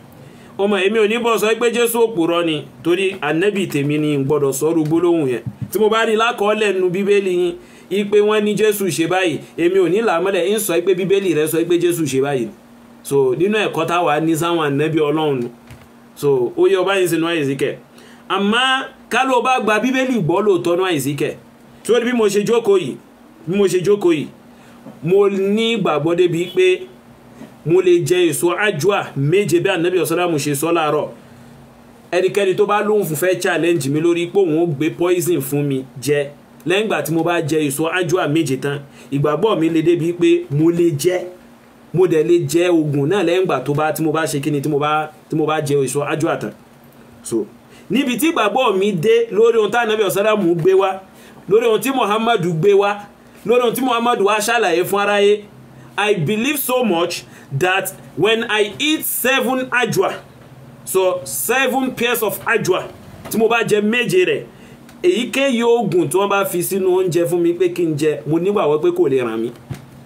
ọmọ èmi ò ní bọ̀ sọ pé jésù òpùrọ̀ ni torí ànẹ́bì tèmi ni n gbọ́dọ̀ sọ́rú gbólóhùn yẹn tí mo bá rí lákọọ́lẹ̀ nínú bíbélì yín ipe wọ́n ní jésù ṣe báyìí èmi ò ní làmọ́lẹ̀ ń sọ pé bíbélì rẹ sọ pé jésù ṣe báyìí so nínú ẹ̀kọ́ táwa ní sáwọn ànẹ́bì ọlọ́run so ó yẹ ọba yìí sínú àyè síkẹ̀ àmọ́ ká ló bá gba bíbélì gbọ́ lóòótọ́ ní àìsíkẹ̀ tí ó ní bí mo ṣe jókòó yìí bí mo ṣe jókòó yìí mo ní ìgbàgbọ́ débi pé mo lè jẹ èso ajwa méje bí anabi ọ̀sálàmù ṣe sọ láàárọ̀ ẹnikẹ́ni tó bá lóhùn fún fẹ́ challenge mi lórí pé òun ó gbé poison fún mi jẹ lẹ́yìn ìgbà tí mo bá jẹ èso ajwa méje tán ìgbàgbọ́ mi lè débi pé mo lè jẹ mo dẹ̀ lè jẹ oògùn náà lẹ́yìn ìgbà tí mo bá ṣe kíni tí tí mo bá jẹ èso ajwa tán so níbi tí ìgbàgbọ́ mi dé lórí ohun táwọn ẹbí ọ̀sálàmù gbé wá lórí ohun tí muhammadu gbé wá lórí ohun tí muhammadu wá ṣàlàyé fún aráyé i believe so much that when i eat seven ajwa so seven pairs of ajwa tí mo bá jẹ méje rẹ̀ èyíkéyìí oògùn tí wọ́n bá fi sínú oúnjẹ fún mi pé kí n jẹ mo nígbàgbọ́ pé kò lè ràn mí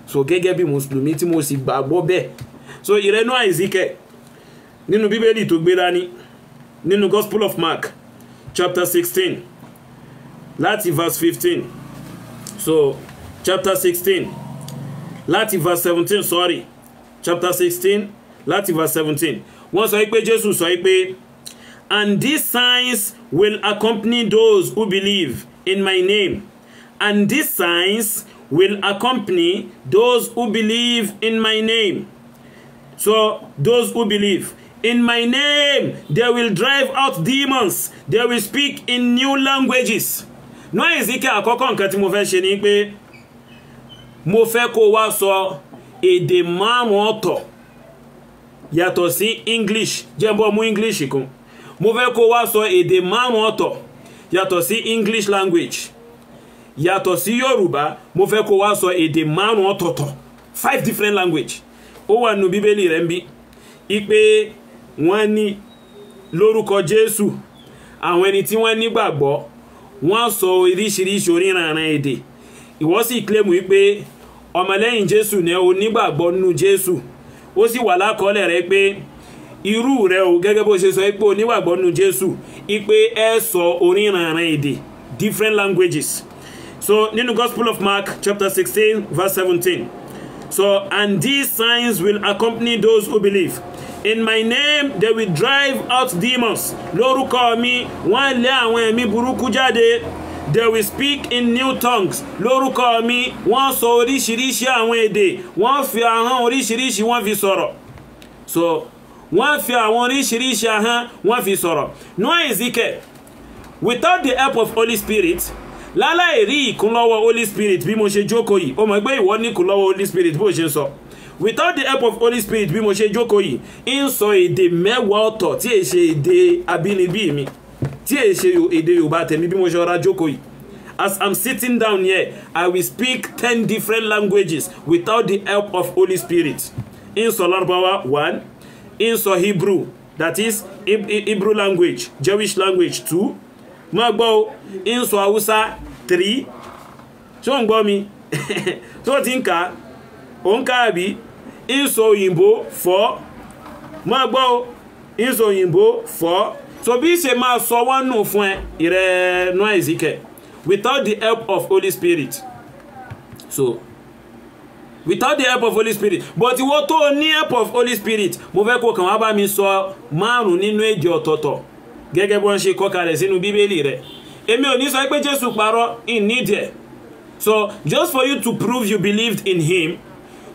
so gẹ́gẹ́ bí mùsùlùmí tí mo sì gbàgbọ́ bẹ́ẹ̀ so ìrẹ́nú àìsíkẹ̀ nínú bíbélì tó gbé dání nínú Gospel of Mark chapter sixteen láti verse fifteen so chapter sixteen láti verse seventeen sorry chapter sixteen láti verse seventeen wọ́n sọ pé Jésù sọ pé and these signs will accompany those who believe in my name and these signs will accompany those who believe in my name so those who believe In my name, they will drive out demons. They will speak in new languages. Noah Ezekiel àkọ́kọ́ nǹkan tí mo fẹ́ ṣe ni pé mo fẹ́ kó wá sọ èdè márùn ọ̀tọ̀ yàtọ̀ sí English jẹ́bọ́ mú English kan mo fẹ́ kó wá sọ èdè márùn-ún ọ̀tọ̀ yàtọ̀ sí English language yàtọ̀ sí Yorùbá mo fẹ́ kó wá sọ èdè márùn-ún five different language ó wà nù Bíbélì rẹ̀ ń bí i wọ́n ní lórúkọ jésù àwọn ẹni tí wọ́n nígbàgbọ́ wọ́n sọ oríṣiríṣi oníranran èdè ìwọ sì kílẹ̀mù wípé ọmọlẹ́yìn jésù ni ó nígbàgbọ́ nínú jésù ó sì wà lákọọ́lẹ̀ rẹ pé irú rẹ o gẹ́gẹ́ bó ṣe sọ pé o nígbàgbọ́ nínú jésù ipe ẹ sọ oníranran èdè different languages so nínú gospel of mark chapter sixteen verse seventeen so and these signs will accompany those who believe in my name they will drive out demons lórúkọ mi wọ́n lé àwọn ẹ̀mí burúkú jáde they will speak in new tongues lórúkọ mi wọ́n sọ oríṣiríṣi àwọn èdè wọ́n fi ahọ́n oríṣiríṣi wọ́n fi sọ̀rọ̀ so wọ́n fi àwọn oríṣiríṣi ahọ́n wọ́n fi sọ̀rọ̀ Noah Ezike without the help of Holy Spirit láláì rí ìkúnlọ́wọ́ Holy Spirit bí mo ṣe jókòó yìí ó mọ̀ pé ìwọ ní ìkúnlọ́wọ́ Holy Spirit bó ṣe sọ. So without the help of Holy Spirit bí mo ṣe jókòó yìí ń sọ èdè mẹ́wàá ọ̀tọ̀ tí è ṣe èdè abínibí mi tí è ṣe èdè Yorùbá tèmi bí mo ṣe ọ̀rá jókòó yìí as I'm sitting down here I will speak ten different languages without the help of Holy Spirit ń sọ Lárúbáwá one ń sọ Hebrew that is Hebrew language Jewish language two máa gbọ́ o ń sọ Hausa three ṣó ń gbọ́ mi tó ti ń kà ó ń kà àbí ìsọ òyìnbó fọ́ máa gbọ́ o ìsọ òyìnbó fọ́ so bí ṣe máa sọ wọ́n nù fún ẹ ìrẹ́ Noah Ezike without the help of Holy Spirit so without the help of Holy Spirit but ìwọ tó ní help of Holy Spirit mo fẹ́ kó kàn wá bá mi sọ márùn nínú èdè ọ̀tọ̀ọ̀tọ̀ gẹ́gẹ́ bí wọ́n ṣe kọ kalẹ̀ sínú bíbélì rẹ̀ èmi ò ní sọ pé Jésù parọ́ in need ẹ̀ so just for you to prove you believed in him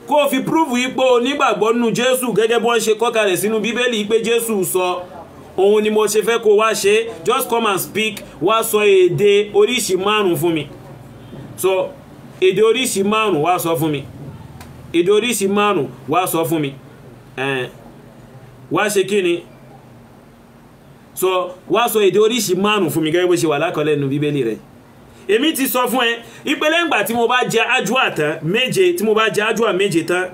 kó fi púrúfù ipò onígbàgbọ́ nínú jésù gẹ́gẹ́ bọ́n ṣe kọ́kalẹ̀ sínú bíbélì pé jésù sọ òun ni mo ṣe fẹ́ kó wá ṣe just come and speak wá sọ èdè oríṣi márùn fún mi so èdè oríṣi márùn wá sọ fún mi èdè oríṣi márùn wá sọ fún mi wá ṣe kí ni so wá sọ èdè oríṣi márùn fún mi gẹ́gẹ́ bó ṣe wà lákọọ́lẹ̀ nínú bíbélì rẹ̀ èmi ti sọ fún ẹ ìpele ńgbà tí mo bá jẹ ajwa tán méje tí mo bá jẹ ajwa méje tán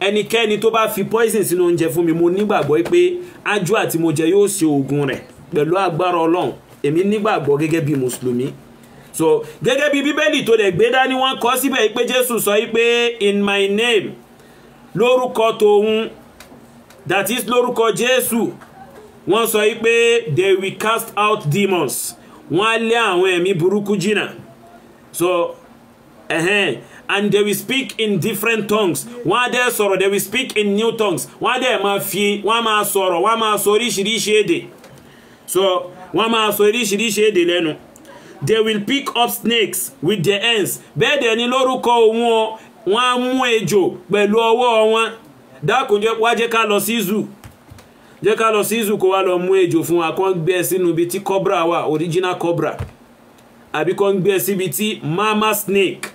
ẹnikẹ́ni tó bá fi poison sínú oúnjẹ fún mi mo nígbàgbọ́ pé ajwa tí mo jẹ yóò ṣe oògùn rẹ̀ pẹ̀lú agbára ọlọ́run èmi nígbàgbọ́ gẹ́gẹ́ bí mùsùlùmí so gẹ́gẹ́ bí bíbélì tó dẹ̀ gbé dání wọ́n kọ síbẹ̀ pé jésù sọ pé in my name lórúkọ tòun that is lórúkọ jésù wọ́n sọ pé they will cast out demons wọ́n á lé àwọn ẹ̀mí burúkú jìnà so ẹ̀hẹ́n and they will speak in different tongues wọ́n á dẹ́ sọ̀rọ̀ they will speak in new tongues wọ́n á dẹ́ máa fi wọ́n á máa sọ̀rọ̀ wọ́n á máa sọ oríṣiríṣi èdè so wọ́n á máa sọ oríṣiríṣi èdè lẹ́nu they will pick up snakes with their hands bẹ́ẹ̀ dẹ̀ ni lórúkọ òun ọ wọ́n á mú ejò pẹ̀lú ọwọ́ wọn dákùnjẹ́ wájẹ́ ká lọ sí zoo jẹ́ ká lọ sí izu kó wá lọ mú ejò fún wa kán gbé sínú ibi tí cobra wà original cobra àbí kán gbé síbi tí mama snake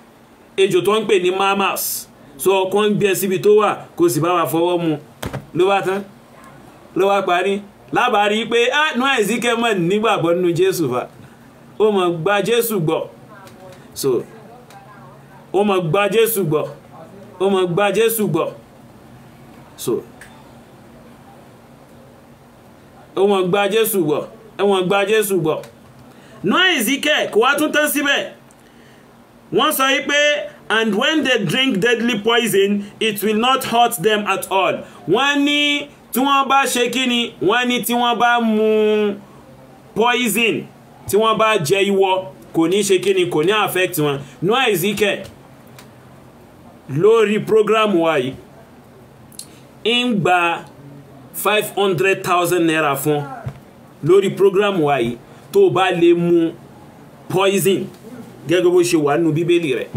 ejò tó ń pè ní mamas so kán gbé síbi tó wà kó sì bá wa fọwọ́ mu ló wá tán ló wá parí lábàárí pé ah noah ezike mọ̀ nígbàgbọ́ nínú jésù fa ó mọ̀ gba jésù gbọ́ so ó mọ̀ gba jésù gbọ́ ó mọ̀ gba jésù gbọ́ so ẹ̀wọ̀n gba jésù gbọ́ ẹ̀wọ̀n gba jésù gbọ́ Noah Ezekiel kò wá tún tán síbẹ̀ wọ́n sọ wípé and when they drink deadly poison it will not hurt them at all wọ́n ní tí wọ́n bá ṣe kí ni wọ́n ní tí wọ́n bá mu poison tí wọ́n bá jẹ ìwọ kò ní ṣe kí ni kò ní affect wọn Noah Ezekiel lórí program wa yìí ń gba five hundred thousand naira fún lórí program wa yìí tó o bá lè mu poison gẹ́gẹ́ bó ṣe wà nínú bíbélì rẹ̀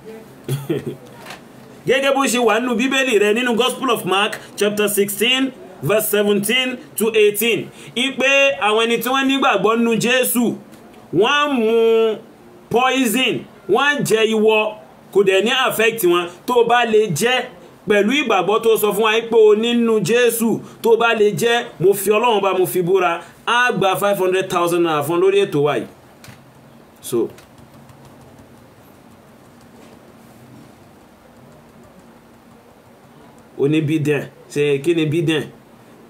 gẹ́gẹ́ bó ṣe wà nínú bíbélì rẹ̀ nínú gospel of mark chapter sixteen verse seventeen to eighteen ipe àwọn ẹni tí wọ́n nígbàgbọ́ nínú jésù wọ́n mu poison wọ́n jẹ ìwọ kò dẹ̀ ní affect wọn tó o bá lè jẹ́ pẹ̀lú ìgbàgbọ́ tó sọ fún wa pé o nínú jésù tó bá lè jẹ́ mo fi ọlọ́run bá mo fi búra á gba five hundred thousand naira fún lórí ètò wa yìí so oníbídẹ̀n ṣe kí ni bídẹ̀n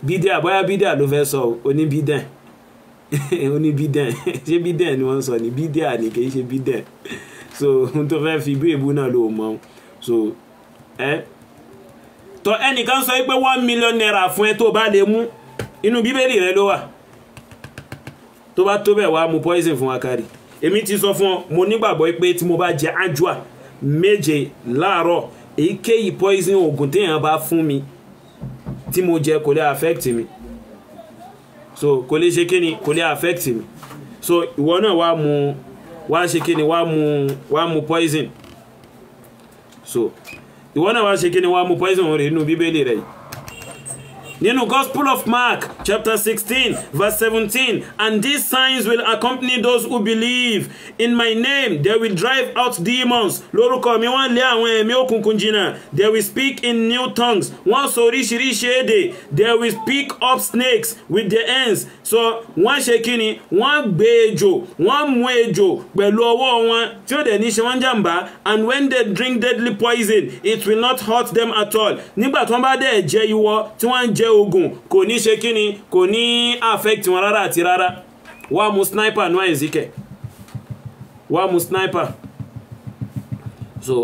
bídẹ̀ àbáyá bídẹ̀ ló fẹ́ sọ oníbídẹ̀n oníbídẹ̀n ṣé bídẹ̀n ni wọ́n sọ ní bídẹ̀ ni kì í ṣe bídẹ̀n so ohun tó fẹ́ fi bí èbú náà ló mọ so ẹ. Eh? tọ́ ẹnìkan sọ pé one million naira fún ẹ tó bá lè mú inú bíbélì rẹ ló wà tó bá tó bẹ̀ wá mu poison fún wa kárì èmi ti sọ fún ọ mo nígbàgbọ́ pé tí mo bá jẹ ajwa méje láàárọ̀ èyíkéyìí poison oògùn téèyàn bá fún mi tí mo jẹ kò lè affect mi so kò lè ṣe kíni kò lè affect mi so ìwọ náà wá mu wá ṣe kíni wá mu wá mu poison so ìwọ náà wá ṣe kí ni wá mú poison rẹ̀ nínú bíbélì rẹ̀ yìí nínú gospel of mark chapter 16, verse 17, and these signs will accompany those who believe in my name they will drive out demons lórúkọ mi wọ́n lé àwọn ẹ̀mí òkùnkùn they will speak in new tongues wọ́n sọ oríṣiríṣi èdè they will pick up snakes with their hands So wọ́n ṣe kí ni wọ́n gbé ejò wọ́n mú ejò pẹ̀lú ọwọ́ wọn tí ó dẹ̀ ní ṣe wọ́n jàǹbá and when they drink deadly poison it will not hurt them at all nígbà tí wọ́n bá dẹ̀ jẹ ìwọ tí wọ́n ń jẹ oògùn kò ní ṣe kí ni kò ní affect wọn rárá àti rárá wàá mú sniper ní àìsíkẹ̀ wàá mú sniper so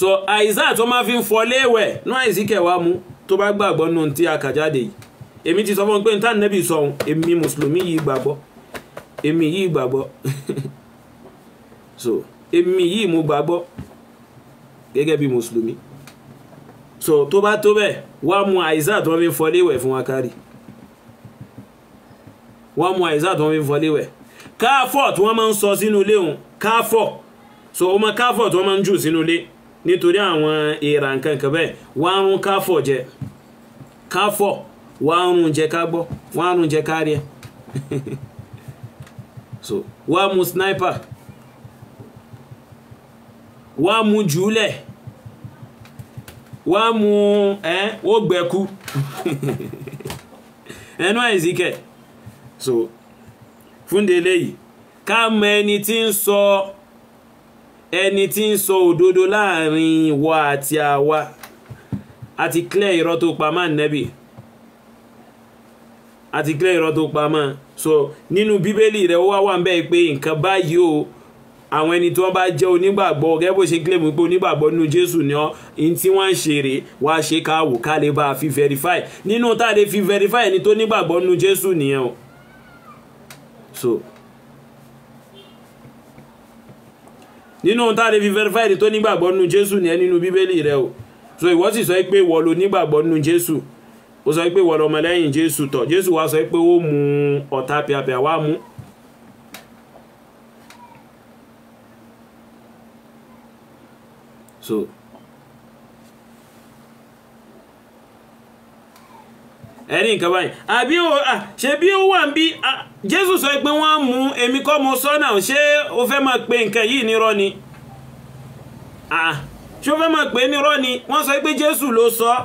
so àìsàn tó máa fi ń fọlé ẹ̀wẹ̀ ní àìsíkẹ̀ wàá mú tó bá gbàgbọ́ nù tí a kà yìí èmi ti sọ fún mi pé níta nẹ́bì sọ ohun èmi mùsùlùmí yìí gbàgbọ́ èmi yìí gbàgbọ́ so èmi yìí mo gbàgbọ́ gẹ́gẹ́ bí mùsùlùmí so tó bá tó bẹ́ẹ̀ wá mú àìsà tó ń fi fọlé wẹ̀ fún wa kárì wá mú àìsà tó ń fi fọlé wẹ̀ káfọ̀ tí wọ́n máa ń sọ sínú ilé òun káfọ̀ so ọmọ káfọ̀ tí wọ́n máa ń jù sínú ilé nítorí àwọn èèrà nǹkan kan bẹ́ẹ̀ rún káfọ̀ jẹ káfọ̀ wá rún jẹ ká gbọ́ wá rún jẹ ká rí ẹ so wá mu sniper wá mu jùúlẹ̀ wá mu ẹ ó gbẹ̀kú ẹnu àìsíkẹ̀ so fúndélé yìí ká mọ ẹni tí ń sọ ẹni tí ń sọ òdodo láàrin ìwọ àti àwa àti clear irọ́ tó pa máa nẹ́bì àti kílẹ̀ irọ́ tó pamọ́ so nínú bíbélì rẹ̀ ó wá wà ń bẹ́ẹ̀ pé nǹkan báyìí o àwọn ẹni tí wọ́n bá jẹ́ onígbàgbọ́ gẹ́gẹ́ bó ṣe kílẹ̀ mú pé onígbàgbọ́ nínú jésù ni ọ́ ní tí wọ́n ń ṣe rè wá ṣe ká wò ká lè bá a fi verify nínú tá a lè fi verify ẹni tó nígbàgbọ́ nínú jésù nìyẹn o so nínú tá a lè fi verify ẹni tó nígbàgbọ́ nínú jésù nìyẹn nínú bíbélì rẹ o so ìwọ sì sọ pé ìwọ ló nígbàgbọ́ nínú jésù ó sọ pé wọ́n ọmọlẹ́yìn jésù tọ̀ jésù wá sọ pé ó mú ọ̀tá pìàpìà wá mú so ẹ̀rí nǹkan báyìí àbí ó ṣe bí ó wà ń bí jésù sọ pé wọ́n á mú èmi kọ́ mo sọ́nà ṣé o fẹ́ máa pe nǹkan yìí nírọ́ ni ṣé o fẹ́ máa pe nírọ́ ni wọ́n sọ pé jésù ló sọ ọ́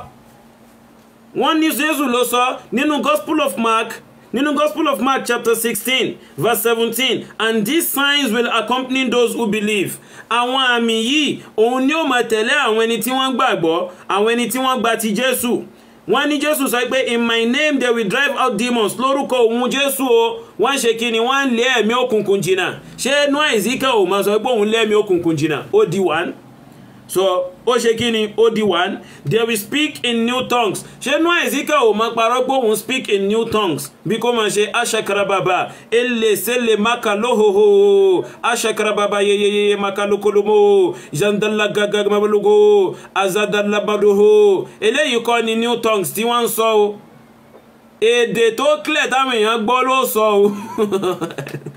wọ́n ní jésù ló sọ nínú gospel of mark nínú gospel of mark chapter sixteen verse seventeen and these signs will accompany those who believe àwọn àmì yìí òun ni ó máa tẹ̀lé àwọn ẹni tí wọ́n gbàgbọ́ àwọn ẹni tí wọ́n gba ti jésù wọ́n ní jésù sọ pé in my name they will drive out demons lórúkọ òun jésù o wọ́n ṣe kí ni wọ́n lé ẹ̀mí òkùnkùn jìnnà ṣé noah ezekiel ò máa sọ pé òun lé ẹ̀mí òkùnkùn jìnnà ó di one so ó ṣe kí ni ó di one they will speak in new tongues ṣé nua ezika ò máa parọ́ pé òun speak in new tongues bí kò máa ṣe aṣakarababa elesele maka lóhoho aṣakarababa yeyeyeye maka lókolómó jandala gaga mabologo azadala badoho eléyìí kọ́ ni new tongues tí wọ́n ń sọ o èdè tó clear táwọn èèyàn gbọ́ ló sọ o.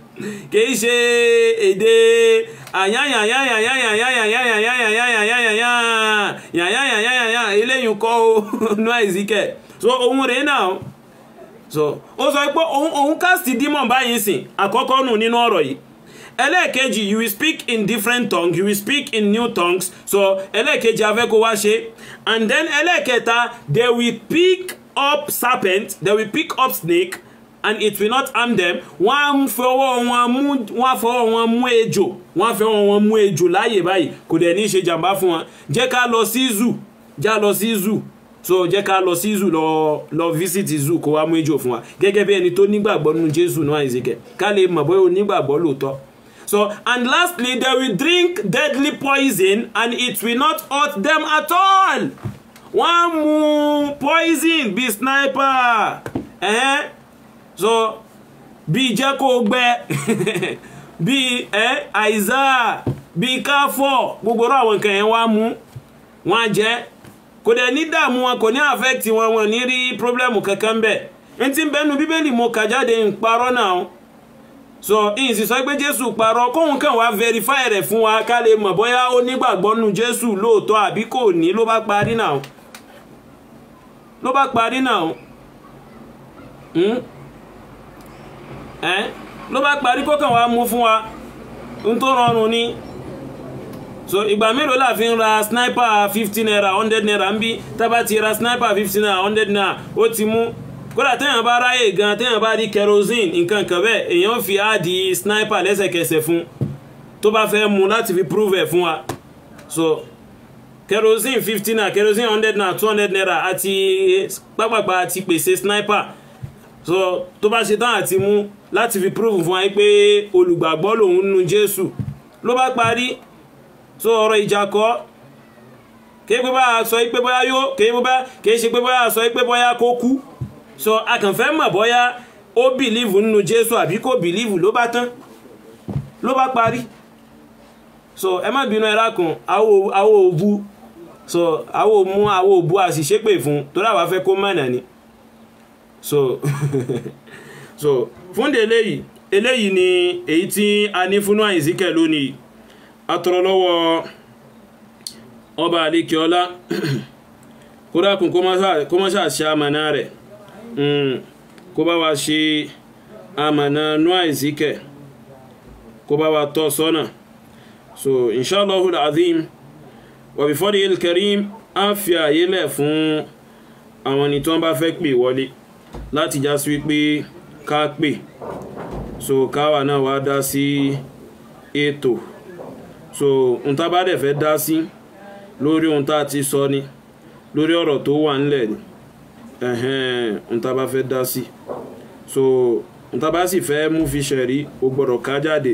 kìí ṣe èdè eléyìn kọ́ o Noah Ezekiel so ohun rèé náà so ó sọ pé òun cast demon báyìí sìn àkọ́kọ́ nù nínú ọ̀rọ̀ yìí ẹlẹ́ẹ̀kejì you will speak in different tongues you will speak in new tongues so ẹlẹ́ẹ̀kejì afẹ́kọ́ wá ṣe and then ẹlẹ́ẹ̀kẹta they will pick up serpent they will pick up snake and it will not harm them wọ́n fọwọ́ wọn mú wọ́n fọwọ́ wọn mú ejò wọ́n fọwọ́ wọn mú ejò láàyè báyìí kò dẹ̀ ní ṣe jàǹbá fún wọn jẹ́ ká lọ sí zoo já lọ sí zoo so jẹ́ ká lọ sí zoo lọ visit zoo kó wá mú ejò fún wa gẹ́gẹ́ bí ẹni tó nígbàgbọ́ nínú Jésù náà ìzìkẹ́ ká lè mọ̀ bóyá onígbàgbọ́ lóòótọ́ So, and lastly, they will drink deadly poison and it will not hurt them at all. Wọ́n mú poison bí sniper. Eh? so bí jẹ́ kó gbẹ bí ẹ àìsà bí káfọ́ gbogbo rọ àwọn nǹkan yẹn wá mú wọn jẹ́ kò dẹ̀ ní dààmú wọn kò ní àfẹ́tì wọn wọn ní rí pírọ́blẹ́mù kankan bẹ́ẹ̀ n ti bẹnu bíbélì mo kà jáde ń parọ́ náà so ìyìn sì sọ pé jésù parọ́ kóhun kàn wá verify rẹ̀ fún wa ká lè mọ̀ bóyá ó nígbàgbọ́ nu jésù lóòótọ́ àbí kò ní ló bá parí náà ló bá parí náà ẹ́ ló bá parí kókàn wá mú fún wa n tó rọrùn ni so ìgbà mélòó la fi ń ra sniper fifty naira hundred naira ń bí tábà ti ra sniper fifty naira hundred naira ó ti mú kódà téèyàn bá ráyè gan téèyàn bá rí kerosene nǹkan kan bẹ́ẹ̀ èèyàn fi áàdì sniper lẹ́sẹ̀kẹsẹ̀ fún tó bá fẹ́ mú láti fi prove ẹ̀ fún wa so kerosene fifty naira kerosene hundred naira two hundred naira àti pápápá àti pèsè sniper so tó bá ṣe tán àti mú láti fi prove fún wa pé olùgbàgbọ́ lòun nu jésù ló bá parí tó ọ̀rọ̀ ìjà kọ́ kìí pé báyà sọ pé bóyá yó kìí ṣe pé bóyá sọ pé bóyá kó kú so akànfẹ́ mọ̀ bóyá ó bìlíìfù nínú jésù àbí kò bìlíìfù ló bá tán ló bá parí so ẹ má bínú ẹra kan àwọ òbu so àwọ mú àwọ òbu àṣìṣépè fún torí àwa fẹ́ kó mọ̀nà ni so so fúndé eléyìí eléyìí ni èyí tí a ní fún Noah Ezekiel lónìí atọrọ lọ́wọ́ ọba àlékiọlá kó dákun kó mọ́ṣà ṣe àmàna rẹ̀ hmm, kó bá wa ṣe àmàna Noah Ezekiel kó bá wa tọ́ sọ́nà so inshallahul azim wa bi fadhil karim á fi àyè lẹ̀ fún àwọn ẹni fẹ́ pè wọlé láti já sí wípé ká pè so káwa náà wá dá sí ètò so ohun tá a bá dẹ̀ fẹ́ dá sí lórí ohun tá a ti sọ ni lórí ọ̀rọ̀ tó wà ńlẹ̀ ni ohun tá bá fẹ́ dá sí so ohun tá a bá sì fẹ́ mú fi ṣẹ̀rí o gbọ́dọ̀ ká jáde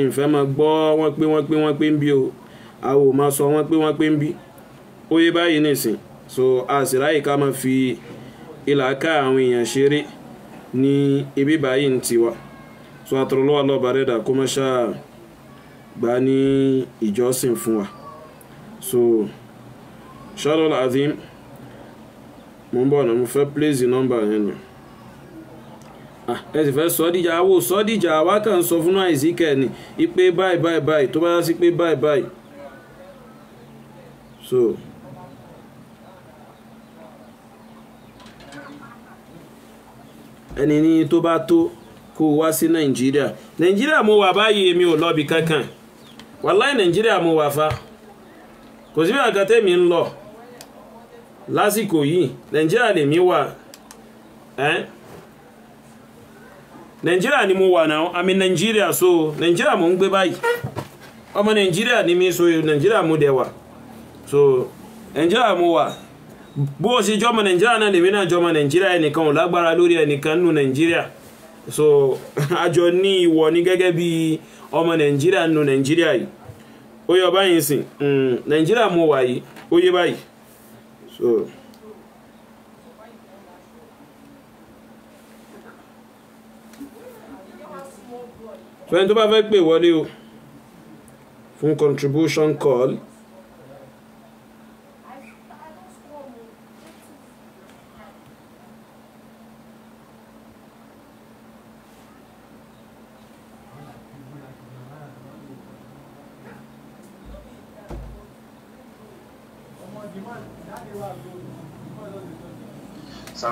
ìfẹ́ máa gbọ́ wọ́n pé wọ́n pé wọ́n pé ń bí o àwọn máa sọ wọ́n pé wọ́n pé ń bí ó yé báyìí nìsín so àṣìráyè ká máa fi ìlàkà àwọn èèyàn ṣeré. Ni ibi báyìí ń tiwa so àtọ̀rọ̀lọ́wọ́ lọ́ba rẹ̀dà kó mọ́ṣá gbà ní ìjọsìn fún wa so shalol azim mo ń bọ̀ ọ̀nà mo fẹ́ pléèsì nọ́mbà yẹn nù ah, ẹ sì fẹ́ sọ́díjà wo sọ́díjà wa kàn sọ fún àìsíkẹ́ ni ipe báyìí báyìí báyìí tó bá yá sí pé báyìí báyìí so. ẹni ní tó bá tó kó wá sí nàìjíríà nàìjíríà mo wà báyìí èmi ò lọ́bi kankan wàláì nàìjíríà mo wà fa kò síbi àkàtẹ́ mi ń lọ lásìkò yìí nàìjíríà mi wà nàìjíríà ni mo wà náà àmì nàìjíríà so nàìjíríà mo ń gbé báyìí ọmọ nàìjíríà ni mi so nàìjíríà mo dẹ̀ wà so nàìjíríà mo wà. bó o ṣe jọmọ nàìjíríà náà lèmi náà jọmọ nàìjíríà ẹnìkan ò lágbára lórí ẹnìkan nù nàìjíríà so àjọ ní ìwọ ní gẹ́gẹ́ bí ọmọ nàìjíríà nù nàìjíríà yìí ó yọ báyìí sìn mm, nàìjíríà mo wà yìí ó yé báyìí so. fẹ́ni tó bá fẹ́ pè wọlé o fún contribution call 0244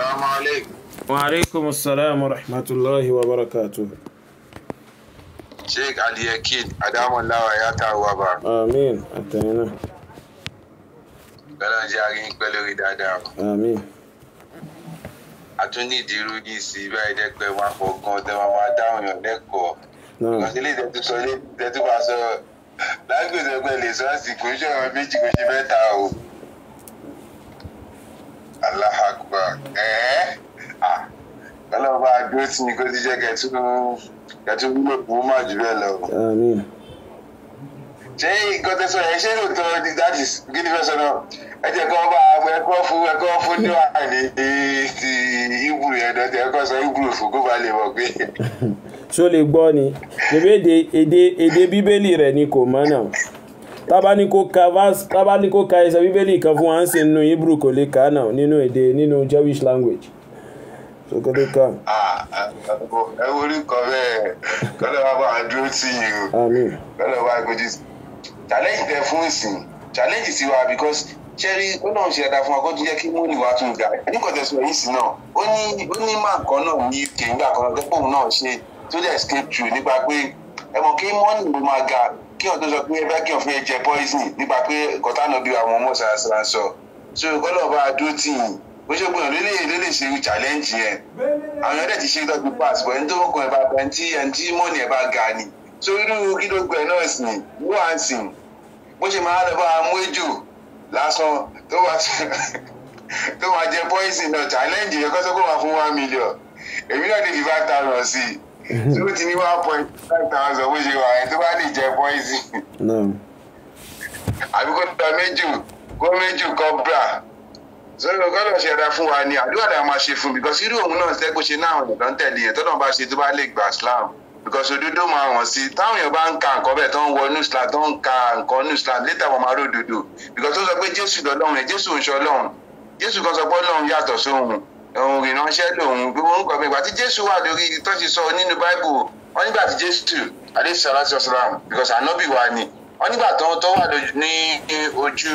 Assalamu alaikum. Wa alaikum assalam wa rahmatullahi wa barakatuh. Sheikh Aliyakin Adamun Lawa ya tàwa bá. Amin. Àtẹ̀yìnà. Bẹ́lá jẹ́ àrí pẹ́ lórí dáadáa. Amin. A tún ní ìdírú yìí sí ibà ìdẹ́pẹ́ wọn pọ̀ gan-an tẹ́ wọn máa dáhùn yàn lẹ́kọ̀ọ́. Ìgbàsílẹ̀ ìdẹ́tú sọ ilé ìdẹ́tú máa sọ lágbèsè pẹ̀lẹ́ sọ́ọ̀sì kò ń ṣọ̀rọ̀ méjì kò ṣe mẹ́ta o aláhàgbà ẹ̀ẹ́ ọlọ́ba dúró tì mí kó ti jẹ́ kẹtù wúlò kó má jù bẹ́ẹ̀ lọ. ṣé nǹkan tẹ sọ yẹn ṣé lóòótọ́ ni that is gidi fẹ́ sọ náà ẹ jẹ́ kó bá ẹ̀kọ́ fún ẹ̀kọ́ fún ní wàá ní ti ìbùrù yẹn dọ̀tí ẹ̀kọ́ sọ ìbùrù fún kó bá lè mọ̀ pé. ṣó lè gbọ́ ni èdè èdè bíbélì rẹ̀ ni kò mọ̀ náà tábà ní kó ka verse tábà bíbélì kan fún wa ń sìn nínú hebrew kò lè kà á náà nínú èdè nínú jewish language so kò ah, ah, ẹ wo orí kan bẹ́ẹ̀ kọ́lẹ̀ wá bá dúró sí i o kọ́lẹ̀ wá gbèjì challenge tẹ fún ìsìn challenge sí wa because sẹ́rí ó náà ṣe ẹ̀dá fún ọgọ́dún jẹ́ kí múni wá tún ga nígbàtẹ̀sọ yìí sì náà ó ní ó ní máa kan náà ní UK nígbà kan dẹ́pọ̀ náà ṣe tó dẹ̀ escape through nípa pé ẹ̀mọ̀ kí mọ́nì ló máa ga kí ọ̀tún sọ pé vacuum fún ẹ̀jẹ̀ poison nípa pé kọ́tánà bí àwọn ọmọ sàrànsàrà sọ so kọ́lọ̀ bá a dúró tì yín bó ṣe gbọ́dọ̀ lélẹ̀ lélẹ̀ ṣe irú challenge yẹn àwọn ẹ̀dẹ̀ ti ṣe dọ́gbì pass bọ̀ ẹni tó kọ̀ ẹ̀ bá bẹ̀ ẹni tí ẹni tí mọ́ọ̀nì ẹ̀ bá ga ni so irú kí ló gbẹ náà sì wó à ń sìn bó ṣe máa lọ bá a mú ejò lásán tó wàá tó wàá jẹ poison náà challenge yẹn kọ́sọ́kọ́ wà fún one million èmi náà ní fifty tó ti ní one point five thousand bó ṣe wà ẹ̀ tó bá lè jẹ poison. àbí kó da méjì kó méjì kọ́ bra sọ́dọ̀ gbọ́dọ̀ ṣẹ̀dá fún wa ni àdúrà dà máa ṣe fún mi because irú òun náà sẹ́kù ṣe náà nìkan tẹ̀lé yẹn tọ́nà bá ṣe tó bá lè gbà Islam because òdodo máa wọ̀n sí táwọn èèyàn bá ń ka nǹkan bẹ́ẹ̀ tó ń wọ nùsùlám tó ń ka nǹkan nùsùlám létà wọn máa rí òdodo because tó sọ pé Jésù lọ́lọ́run ẹ̀ Jésù ń ṣọlọ́run Jésù kan sọ pé Ọlọ́run yàtọ̀ sóhun òun ìránṣẹ́ lòun bí wọ́n ń gbọ́ pé ìgbà tí jésù wà lórí tó ti sọ nínú báíbù wọ́n nígbà tí jésù alayhisalatu because ànábì wa ni wọ́n nígbà tó tó wà ní ojú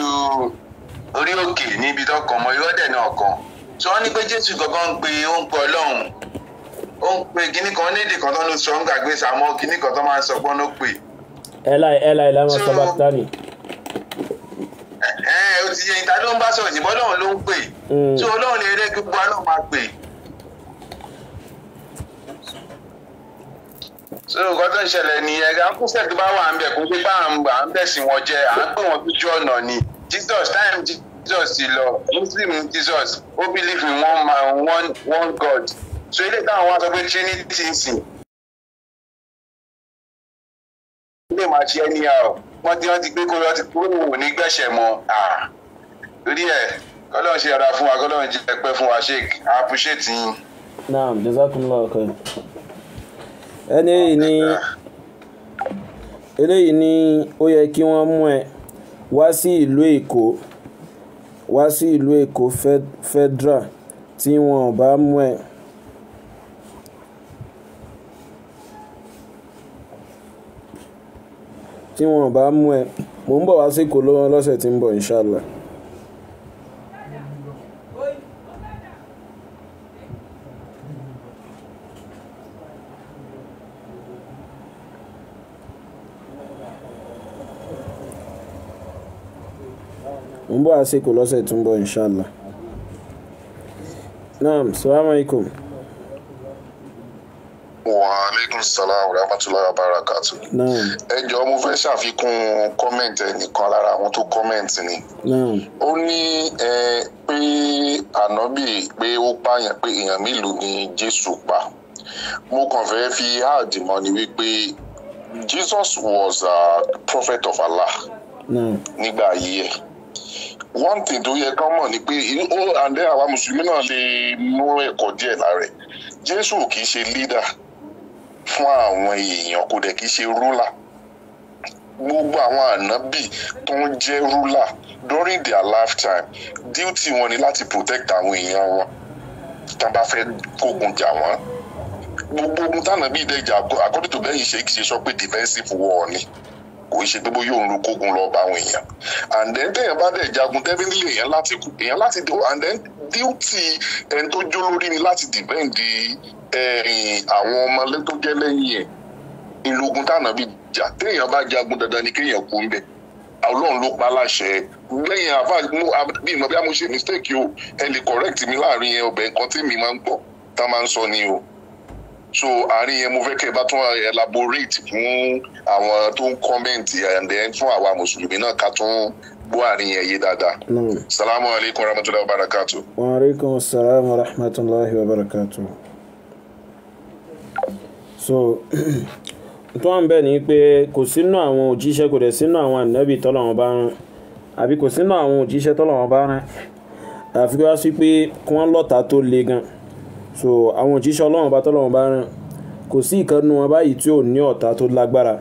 orí òkè níbi tó kàn mọ́ irọ́ náà kan so wọ́n ní pé jésù gangan ń pe ó ń pe ọlọ́run ó ń pe kíní kan léde kan tó ń sọ ń gbàgbé sàmọ́ kíní kan tó máa ń sọ gbọ́n ló pè. ẹ láì ẹ láì láì máa sọ bá tani ẹ ẹ o ti yẹ ìta ló ń bá sọ̀rọ̀ ìbọn náà ló ń pè tí mm. ọlọ́run lè rẹ́ gbogbo aná máa pè. so nǹkan tó ń ṣẹlẹ̀ nìyẹn tó bá wà ń bẹ̀ kó gbé bá à ń bẹ̀sìn wọn jẹ à ń pè wọn lójú ọ̀nà ni Jesus time Jesus ti lọ Muslim Jesus ó believe in one man one one God so ilé táwọn wá sọ pé Trinity sìn ilé màá ṣe ẹni àrò wọ́n ti wọ́n ti gbé kóró ti kúrò wò ní gbẹ̀ṣẹ̀ mọ́ lórí ẹ̀ kọ́lọ́n ṣe ara fún wa kọ́lọ́n jẹ́ pẹ́ fún wa sheik i appreciate yín. naam jazakumullahu khairan ẹni èyí ni eléyìí ni ó yẹ kí wọ́n mú ẹ wá sí ìlú èkó wá sí ìlú èkó federal tí wọn ò bá mú ẹ. tí wọn bá mú ẹ mò ń bọ̀ wá sí kò lọ́wọ́ lọ́sẹ̀ tí ń bọ̀ inshallah. mò ń bọ̀ wá sí kò lọ́sẹ̀ tí ń bọ̀ inshallah. naam salaam alaikum wa aleykum salaam rahmatulahi wa barakatu. ẹ mo fẹ́ ṣàfikún kọ́mẹ̀ntì ẹnìkan lára àwọn tó kọ́mẹ̀ntì ni. ó ní pé ànábì pé ó pààyàn pé èèyàn mélòó ni jésù pa. mo kàn fẹ́ fi àdìmọ́ ni wípé jesus was a prophet of allah nígbà ayé ẹ̀ one thing tó yẹ kán mọ̀ ni pé ó àndẹ́ àwa mùsùlùmí náà lè mú ẹ̀kọ́ díẹ̀ lára ẹ̀ jésù kì í ṣe leader fún àwọn èèyàn kò dẹ̀ kí ṣe rúlà gbogbo àwọn ànábì tó ń jẹ́ rúlà during their lifetime duty wọn ni láti protect àwọn èèyàn wọn tí wọ́n bá fẹ́ kógun jà wọ́n gbogbo ogun tànàbí dẹ̀ jà according to bẹ́ẹ̀ yìí ṣe kì í ṣe sọ pé defensive war ni kò ṣe pé bóyá òun ló kógun lọ bá àwọn èèyàn and then téèyàn bá dẹ̀ jagun definitely èèyàn láti kú èèyàn láti dé and then duty ẹni tó jó lórí ni láti defend ẹ̀rìn eh, àwọn ọmọ tó jẹ́ lẹ́yìn ẹ̀ ìlógun tànà bí jà téèyàn bá jagun dandan ni kéèyàn kú ń bẹ̀ ọlọ́run ló pa láṣẹ lẹ́yìn àbá bí ìmọ̀ bí a mo ṣe mistake o ẹ lè correct mi láàrin ọbẹ̀ nǹkan tí mi máa ń gbọ́ tá máa ń sọ ni o so àárín yẹn mo fẹ́ kẹ́ ẹ bá tún elaborate fún àwọn tó ń comment and then fún àwa mùsùlùmí náà ká tún gbọ́ àárín yẹn yé dáadáa. salamu alaykum rahmatulahi wa barakatu. wa aleykum salaam wa rahmatulahi wa barakatu. so tó ń bẹ̀ ni pé kò sínú àwọn òjíṣẹ́ kò dẹ̀ sínú àwọn ànábì tọ́lọ́run bá rán àbí kò sínú àwọn òjíṣẹ́ tọ́lọ́run bá rán àfikún wá sí pé kí wọ́n lọ́ta tó le gan-an so àwọn òjíṣẹ́ ọlọ́run bá tọ́lọ́run bá rán kò sí ìkànnì wọn báyìí tí ò ní ọ̀tá tó lágbára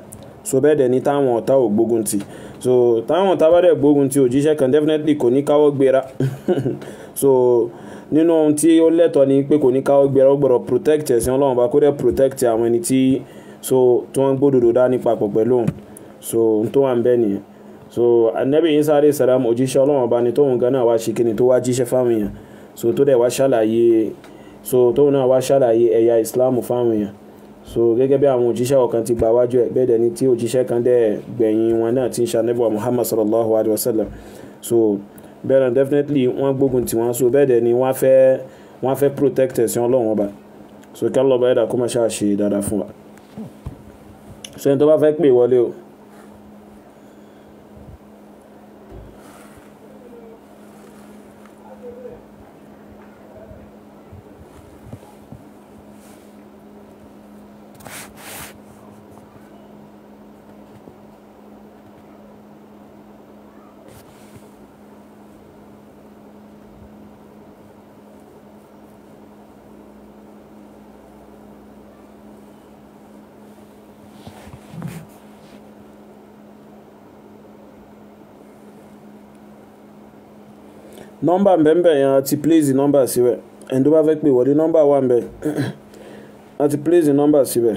so bẹ́ẹ̀ dẹ̀ ni táwọn ọ̀tá ò gbógun tì so táwọn ọ̀tá bá dẹ̀ gbógun tì òjíṣẹ́ kan definitely kò ní káwọ́ gbéra so nínú ohun tí ó lẹ́tọ̀ọ́ ni pé kò ní káwọ́ gbéra ó gbọ́dọ̀ protect ẹ̀sìn ọlọ́run bá kó dẹ̀ protect àwọn ẹni tí so tí wọ́n gbódòdó dá nípa pọ̀ pẹ̀lú òun so ohun tó wà ń bẹ nìyẹn so anabi isa alayhi salam òjíṣẹ́ ọlọ́run ọba ni tóun gan náà wá ṣe kíni tó wá jíṣẹ́ fáwọn èèyàn so tó dẹ̀ wá ṣàlàyé so tóun náà wá ṣàlàyé ẹ̀yà ìsìláàmù fáwọn èèyàn so gẹ́gẹ́ bí àwọn òjíṣẹ́ ọ̀kan ti gba wájú ẹ̀ bẹ́ẹ̀ dẹ̀ ni tí òjíṣẹ́ kan dẹ̀ gbẹ̀yìn wọn náà ti ń ṣànẹ́bọ̀ Muhammad sallallahu alayhi wa sallam so bẹ́ẹ̀ náà definitely wọ́n gbógun tì wọ́n so bẹ́ẹ̀ dẹ̀ ni wọ́n fẹ́ wọ́n fẹ́ protect ẹ̀sìn ọlọ́run ọba so kí wọ́n lọ́ọ́ bá ẹ̀dá kó má ṣáà ṣe dáadáa fún wa so ẹni tó bá fẹ́ pè wọlé o nọ́mbà bẹ́ẹ̀nbẹ́ yẹn a ti pléèsì nọ́mbà síbẹ̀ ẹni tó bá fẹ́ pè wọlé nọ́mbà wà ń bẹ̀ a ti pléèsì nọ́mbà síbẹ̀.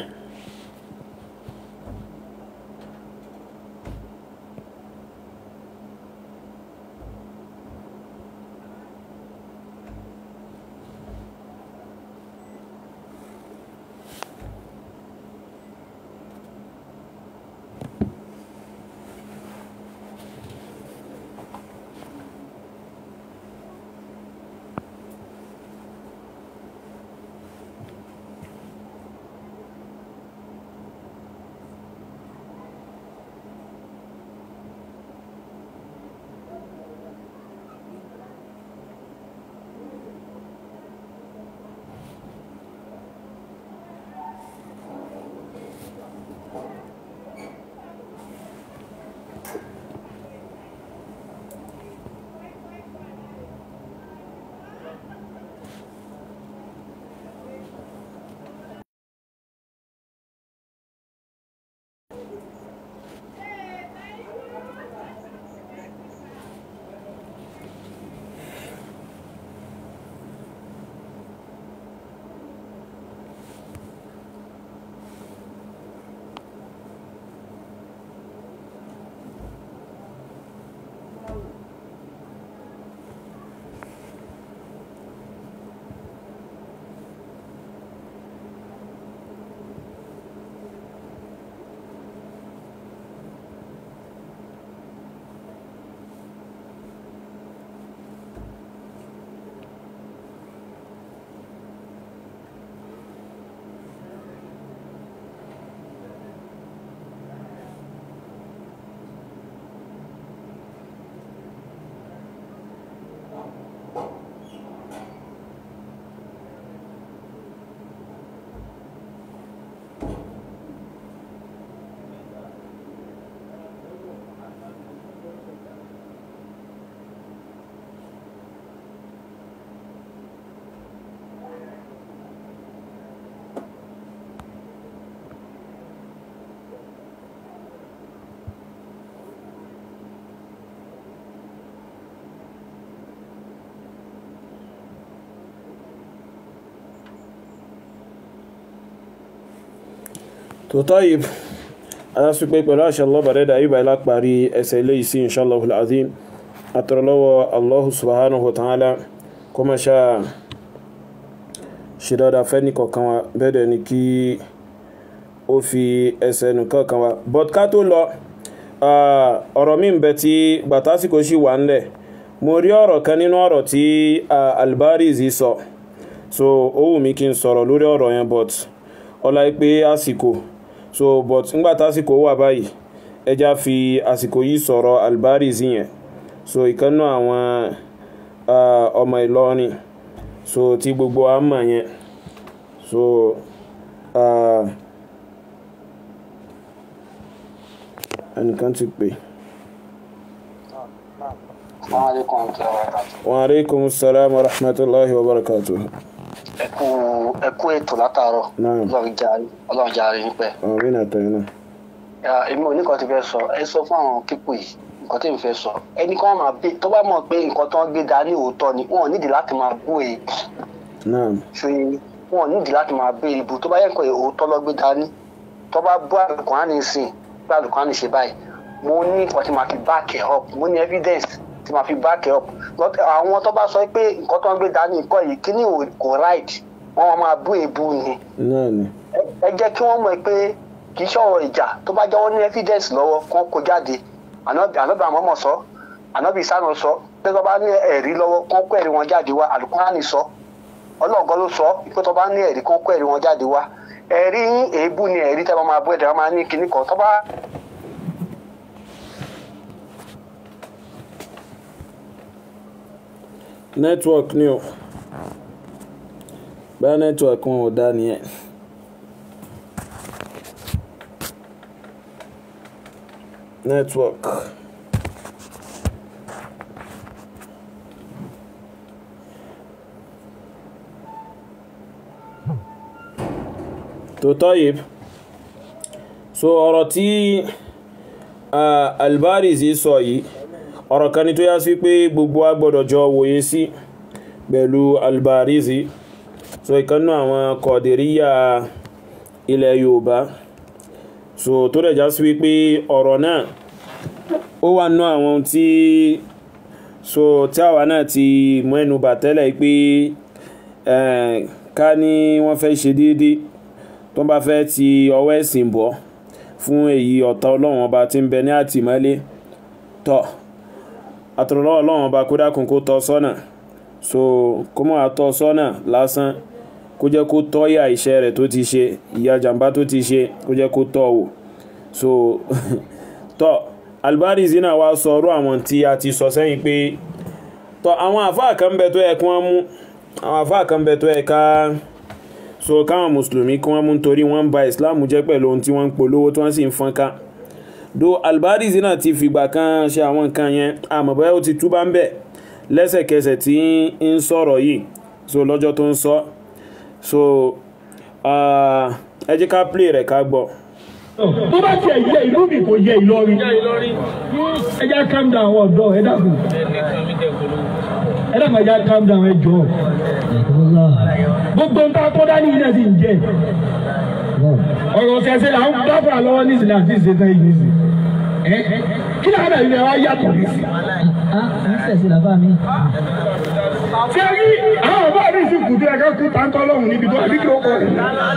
tòótọ́yìb adásù pé pẹ̀lú àṣà lọ́bàrẹ́dà ibà ilá parí ẹsẹ̀ ilé yìí sí inshallah al-azim àtọ̀rọ̀lọ́wọ́ allahu subhanahu wa ta'ala kó máa ṣá ṣe dáadáa fẹ́ ní kọ̀ọ̀kan wa bẹ́ẹ̀ ni kí ó fi ẹsẹ̀ nìkan kan wa but ká tó lọ ọ̀rọ̀ mi ń bẹ tí gbàtásìkò ṣì wà ń lẹ̀ mo rí ọ̀rọ̀ kan nínú ọ̀rọ̀ tí albarizi sọ so ó wù mí kí n sọ̀rọ̀ lórí ọ̀rọ̀ yẹn but ọlá pé àsìkò so but ńgbà tásìkò wà báyìí ẹja fi àsìkò yìí sọ̀rọ̀ Albaariz yẹn so ìkànnà àwọn ọmọ Ìlọrin so tí gbogbo wa mọ̀ yẹn so ẹnìkan ti pè. wa alaikum salaam wa rahmatulahi wa barakatuh kú ẹkú ètò látàárọ̀ Ọlọ́run jàre yín pẹ́. ọ̀rẹ́ náà tẹ̀yìn náà. èmi ò ní kan ti fẹ́ sọ ẹ sọ fún àwọn kíkù yìí nǹkan tí mi fẹ́ sọ ẹnì kan máa bí tó bá mọ̀ pé nǹkan tó ń gbé dání òótọ́ ni wọn ò nídìí láti máa bú e. ṣe wọn ò nídìí láti máa bú ìbú tó bá yẹ kó òótọ́ lọ gbé dání tó bá bú àlùkùránì sìn bá àlùkùránì ṣe báyìí mo ní nǹkan tí màá fi back ẹ̀ up mo ní evidence tí màá fi back ẹ̀ up àwọn tó bá sọ pé nǹkan tó ń gbé dání nǹkan yìí kíní kò right wọn máa bú èébú ni ẹ jẹ́ kí wọ́n mọ̀ pé kì í ṣọ̀rọ̀ ìjà tó bá jẹ́wọ́ ní evidence lọ́wọ́ kán kó jáde ànábì àmọ́mọ́ sọ sọ pé ní ẹ̀rí lọ́wọ́ kán kó wọn jáde wá àlùkùránì sọ ọlọ́ọ̀gọ́ ni bẹ́ẹ̀ nẹ́tíwọ̀kì wọn ò dá nìyẹn. network tó tọ́yìb so ọ̀rọ̀ tí albarizi sọ yìí ọ̀rọ̀ kan ni tó yá sí pé gbogbo agbọ́dọ̀ jọ wòye sí pẹ̀lú albarizi. So, so ìkan náà àwọn kọ̀dìríyà ilẹ̀ yorùbá so tó dẹ̀ já sí wípé ọ̀rọ̀ náà ó wà nú àwọn tí so tí àwa náà ti mú ẹnu bà tẹ́lẹ̀ pé ká ní wọ́n fẹ́ ṣe déédéé tó bá fẹ́ ti ọwọ́ ẹ̀sìn bọ́ fún èyí ọ̀tá ọlọ́run ọba tí ń bẹ ní àtìmọ́lé tọ̀ àtọ̀rọ̀lọ́wọ́ ọlọ́run ọba kó dákun tọ́ sọ́nà so kó mọ̀ àtọ́ sọ́nà lásán kó jẹ́ kó tọ́ yà iṣẹ́ rẹ̀ tó ti ṣe ìyà jàǹbá tó ti ṣe kó jẹ́ kó tọ́ wò so tọ́ Albarizi zina wa sọ ọ̀rọ̀ àwọn tí a ti sọ sẹ́yìn pé tọ́ àwọn àfáà kan bẹ tó yẹ kí wọ́n mú àwọn àfáà kan bẹ tó yẹ ká so káwọn mùsùlùmí kí wọ́n mú nítorí wọ́n ń ba ìsìláàmù jẹ́ pẹ̀lú ohun tí wọ́n ń polówó tí wọ́n sì ń fọ́nká do Albarizi zina ti fìgbà kan ṣe àwọn nǹkan yẹn àmọ́ bóyá ó ti túbá ń bẹ̀ lẹ́sẹ̀kẹsẹ̀ tí ń sọ̀rọ̀ yìí so lọ́jọ́ tó ń sọ so, so uh, ẹ jẹ́ ká play rẹ̀ ká gbọ́. tó bá tiẹ̀ yẹ ìlú mi kò yẹ Ìlọrin ẹ jẹ́ calm down ọ̀dọ́ ẹ dàgbọ́ ẹ dàgbọ́ ẹ jẹ́ calm down ẹ jọ gbogbo nǹkan tó dání yìí náà sì ń jẹ ọ̀rọ̀ ọ̀sẹ̀ ṣe là ń dábàá lọ́wọ́ nísìnyí àti ìṣẹ̀tàn yìí nísìnyí kí ni àwọn ẹ̀yìn wa yàtọ̀ ní sí. n sẹ̀sì làbá mi. ṣé rí àwọn ọba mi sì kùtù ẹ̀ka kú táńkọ́ lọ́hùn níbi tó àbí kí ó kọ́ ẹ̀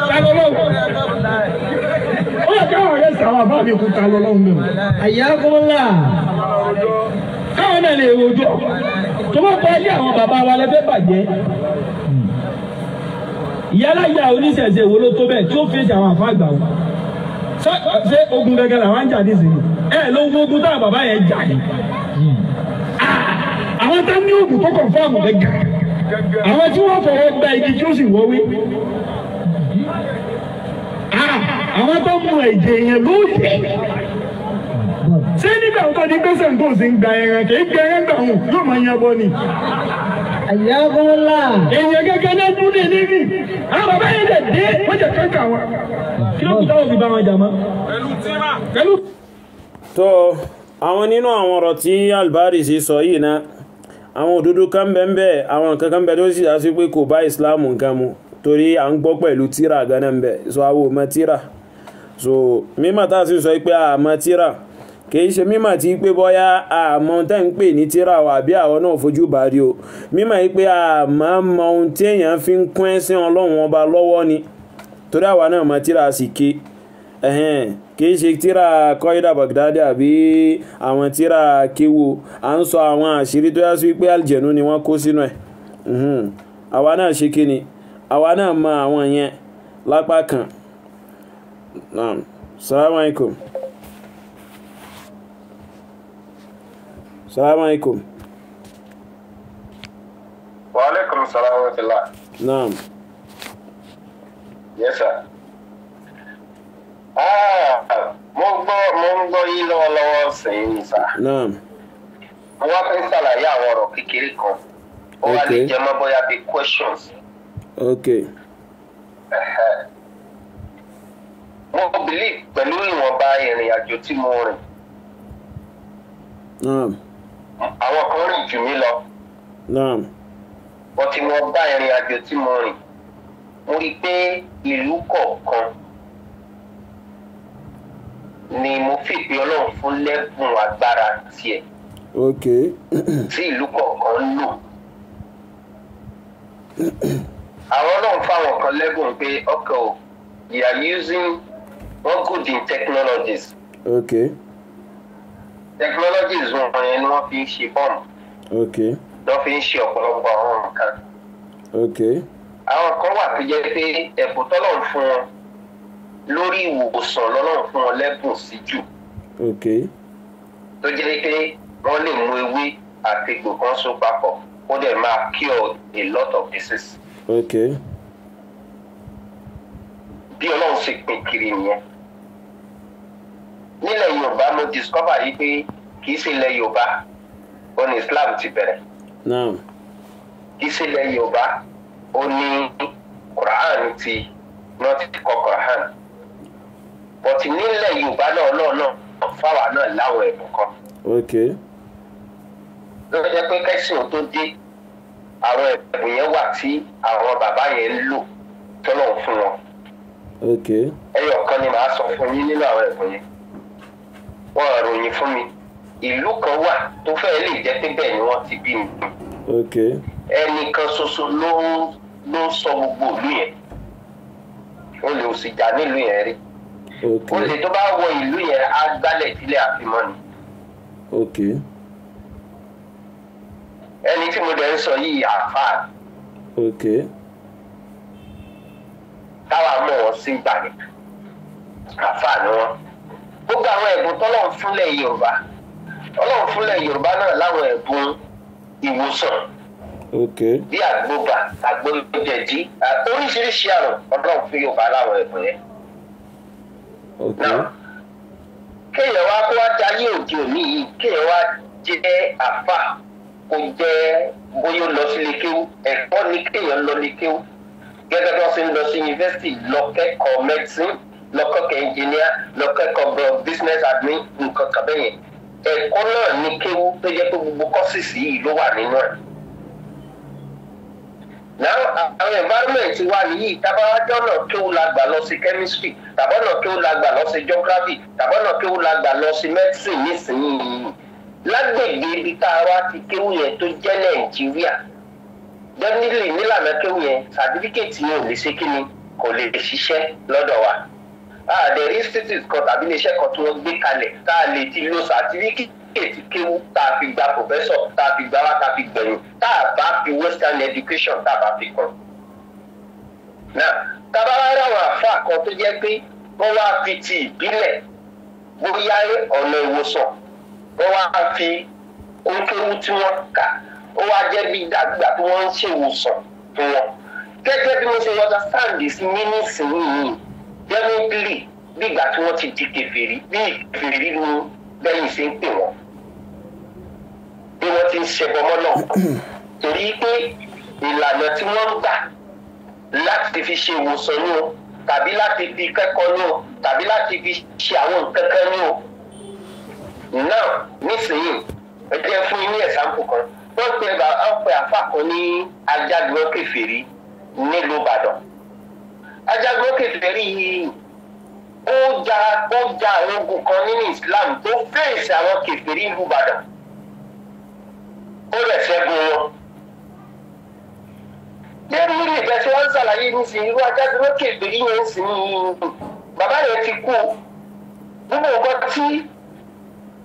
táńkọ́ lọ́hùn. ó yẹ káwọn ọ̀rẹ́ sàwọn àbá mi kú táńkọ́ lọ́hùn mi. àyà kún là káwọn náà lè rojọ́ tó bá kọ ilé àwọn bàbá wa lẹ́fẹ́ bàjẹ́ ìyálà ìyá oníṣẹ̀ṣẹ̀ wo ló tó bẹ́ẹ̀ tí ó fèsì àwọn àfọ àgbà wọn ṣé ogun gẹ́gẹ́ la ń jà nísìnyí ẹ ló ń ogun táwọn bàbá yẹn jà ní. Ah, àwọn tá ní ogun tó kàn fọ́ọ̀mù gẹ́gẹ́ àwọn tí wọ́n fọwọ́ gba igi tí ó sì wọ́wé ah, àwọn tó mú ẹ̀jẹ̀ yẹn lóòjẹ́ ṣé nígbà tó di pé sẹ́ńkó sì ń gba ẹran kì í gba ẹran gbà wọn yóò máa yan bọ́ ni. àyàbọ̀ ńlá. èèyàn gẹ́gẹ́ náà dún ní níbi àwọn bàbá yẹn lè dé wọ́n jẹ kẹ́kẹ́ àwọn. kí ló kù táwọn fi bá wọn jà mọ́. pẹ̀lú tíra. pẹ̀lú. tó àwọn nínú àwọn ọ̀rọ̀ tí Albaris sọ yìí náà àwọn òdodo kan bẹ́ẹ̀ bẹ́ẹ̀ àwọn nǹkan kan bẹ́ẹ̀ tó sì dá sí pé kò bá ìsìláàmù nǹkan mu torí à ń gbọ́ pẹ̀lú tíra gan-an bẹ́ẹ̀ so àwọn ò mọ tíra so mímọ̀ tá a sì sọ pé àmọ́ tíra kìí ṣe mímọ̀ tí pé bọ́yá àmọ́ tẹ́ ń pè ní tíra ọ àbí àwọn náà fojú bá rí o mímọ̀ yìí pé àmọ́ mọ fi ń kún ẹ̀sìn ọlọ́run ọba lọ́wọ́ ni torí àwa náà mọ tíra sì ké kìí ṣe tíra kọ́ídà àbí àwọn tíra kéwo à ń àwọn àṣírí tó yá sí ni wọ́n kó sínú ẹ̀ àwa náà ṣe kí ni náà mọ àwọn yẹn lápá kan. salaam aleykum. wa aleykum salaam wa rahmatulah. naam. yes sir. ah mo gbọ́ mo ń gbọ́ yín lọ́wọ́lọ́wọ́ sẹ́yìn sá. naam. mo wá fẹ́ ṣàlàyé àwọn ọ̀rọ̀ kékeré kan. ó wá lè jẹ́ mọ́ bíi questions. okay. mo believe pẹ̀lú ìwọ̀nba ìrìn àjò tí mo rìn. naam. Um àwọn kan rìn jù mí lọ. wọ́n ti wọ́n bá ìrìn àjò tí mo rìn mo rí i pé ìlú kọ̀ọ̀kan ni mo fi ọlọ́run fún lẹ́bùn agbára tiẹ̀. ok. tí ìlú kọ̀ọ̀kan ń lò. àwọn ọlọ́run fáwọn kan lẹ́bùn pé ọkọ̀ o you are using one good in technologies. okay technology zoom yẹn ni wọ́n fi ń ṣe bọ́ọ̀mù. ok. lọ́ fi ń ṣe ọ̀pọ̀lọpọ̀ àwọn nǹkan. ok. àwọn kan wà tó jẹ́ pé ẹ̀bùn tọ́lọ̀ ń fún wọn lórí ìwòsàn lọ́lọ́run fún wọn lẹ́bùn sí jù. ok. tó jẹ́ pé wọ́n lè mú ewé àti egbò kan so papọ̀ ó dẹ̀ máa cure a lot of diseases. ok. bí ọlọ́run ṣe pín kiri nìyẹn nílẹ̀ yorùbá mo discover yìí pé kì í ṣe ilẹ̀ yorùbá ó ní islam ti bẹ̀rẹ̀ kì í ṣe ilẹ̀ yorùbá ó ní quran ti náà ti kọ quran but nílẹ̀ yorùbá náà náà náà fáwa náà láwọn ẹ̀bùn kan. okay. ló jẹ́ pé kẹ́sìn tó dé àwọn ẹ̀bùn yẹn wà tí àwọn bàbá yẹn ń lò tọ́lọ̀ fún wọn. okay. ẹyọ kan ni màá sọ fún yín nínú àwọn ẹ̀bùn yẹn wọn àròyìn fún mi ìlú kan wà tó fẹ́ẹ́ lè jẹ́ pé bẹ́ẹ̀ ni wọ́n ti bí mi. ẹnìkan ṣoṣo ló ló sọ gbogbo ìlú yẹn olè ò sì jà nílùú yẹn rí olè tó bá wọ ìlú yẹn á gbálẹ̀ sílẹ̀ àfimọ́ ni. ẹni tí mo dẹ̀ ń sọ yìí àfáà táwa mọ̀ wọ́n sí gbàgbé àfáà ni wọ́n gbogbo àwọn ẹ̀bùn tọ́lọ́run fúnlẹ̀ yorùbá ọlọ́run fúnlẹ̀ yorùbá náà láwọn ẹ̀bùn ìwòsàn bí àgbógbà àgbójẹ̀dí oríṣiríṣi àrùn ọlọ́run fún yorùbá láwọn ẹ̀bùn yẹn. kéèyàn wá kó wá dayé òde òní yìí kéèyàn wá jẹ́ àfà kó jẹ́ bóyá lọ sílé kéwú ẹ̀kọ́ ni kéèyàn lọ ní kéwú gẹ́gẹ́ bí wọ́n ṣe ń lọ sí yunifásitì lọ kẹ́kọ̀ọ́ mẹ́tírín lọ́kọ̀kẹ́ engineer lọ́kọ̀kọ́ business admin nǹkan kan bẹ́yẹn ẹ̀kọ́ náà ní kéwú tó jẹ́ pé gbogbo kọ́sìsì yìí ló wà nínú ẹ̀. Now àwọn environment wa nìyí tábàwá jọ́nà kéwú la gbà lọ sí chemistry tàbọ̀nà kéwú la gbà lọ sí geography tàbọ̀nà kéwú la gbà lọ sí medicine nísìnyìí lágbègbè ibi tá a wá ti kéwú yẹn tó jẹ́ Nàìjíríà definitely nílànà kéwú yẹn certificate yẹn ò lè ṣe kí ni kò lè ṣiṣẹ́ lọ́dọ̀ wa àdẹ̀rí ah, institute kan tàbí iléeṣẹ́ kan tí gbé kalẹ̀ tá a lè ti lo sàtífíkèétì kéwú tá a fi gba professor tá a fi gba wá tá a fi gbẹ̀yìn tá a bá fi western education tá a bá fi kàn. náà tábàárà àwọn àfa kan tó jẹ́ pé wọ́n wá fi ti ìbílẹ̀ bóyá ọ̀nà ìwòsàn wọ́n wá fi ókéwú tí wọ́n kà ó wá jẹ́ bí dàgbà tí wọ́n ń ṣèwòsàn fún wọn. gẹ́gẹ́ bí mo ṣe understand this meaning sí yìí dẹ́míbìlì bí ìgbà tí wọ́n ti di kèfèrí bí ìkèfèrí ni bẹ́yìn ṣe ń pè wọ́n bí wọ́n ti ń ṣẹbọ mọ́ náà torí pé ìlànà tí wọ́n ń gbà láti fi ṣe ìwòsàn ní o tàbí láti fi kẹ́kọ̀ọ́ ní o tàbí láti fi ṣe àwọn nǹkan kan ní o náà nísìnyí ẹ jẹ́ fún yín ní ẹ̀sánpù kan wọ́n pe àfa kan ní ajáde wọn kèfèrí nílùú Ìbàdàn. Ajagun Kèfèrí yìí ó ja ó ja àwọn ogun kan nínú Islam tó fèsì àwọn kèfèrí ìlú Ìbàdàn ó lè ṣẹ́gun wọn. lẹ́nu rí ìgbà tí wọ́n ń ṣàlàyé nísìnyí irú Ajagun Kèfèrí yẹn ń sìn ní bàbá yẹn ti kú gbogbo nǹkan tí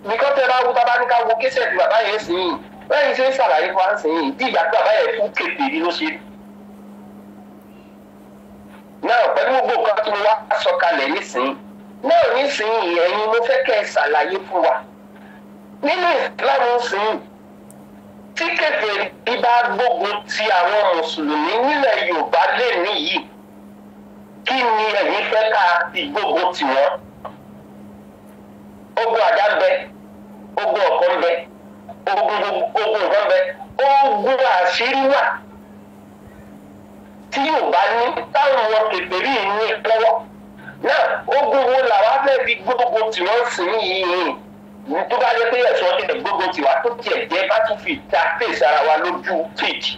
nìkan tẹ́ wú tá ní ká wo kí sẹ́ẹ̀dì bàbá yẹn sìn yìí lẹ́yìn tí ń ṣàlàyé fún wa sìn yìí bí ìyá tí bàbá yẹn kú kèfèrí ló ṣe rí náà pẹ̀lú gbogbo nǹkan tí mo wá sọ̀kalẹ̀ nísìnyí náà nísìnyí ẹ̀yin mo fẹ́ kẹ́ ẹ ṣàlàyé fún wa nínú Islam nísìnyí tí kèfèrí bá gbógun ti àwọn mùsùlùmí nílẹ̀ Yorùbá lè níyì kí ni ẹ̀yin fẹ́ ká ti gbógun tì wọ́n ogun àdá ń bẹ ogun ọ̀kọ́ ń bẹ ogun ogun nǹkan ń bẹ ogun àṣírí wà tí yóò bá ní táwọn wọn kèbèrè ní lọ́wọ́ náà ogun wo làwa fẹ́ fi gbogbo tí wọ́n sìn yìí ni tó bá yẹ pé ẹ̀sọ́ tẹ̀ gbogbo tiwa tó tiẹ̀ jẹ́ bá tún fi ta fèsì ara wa lójú fèjì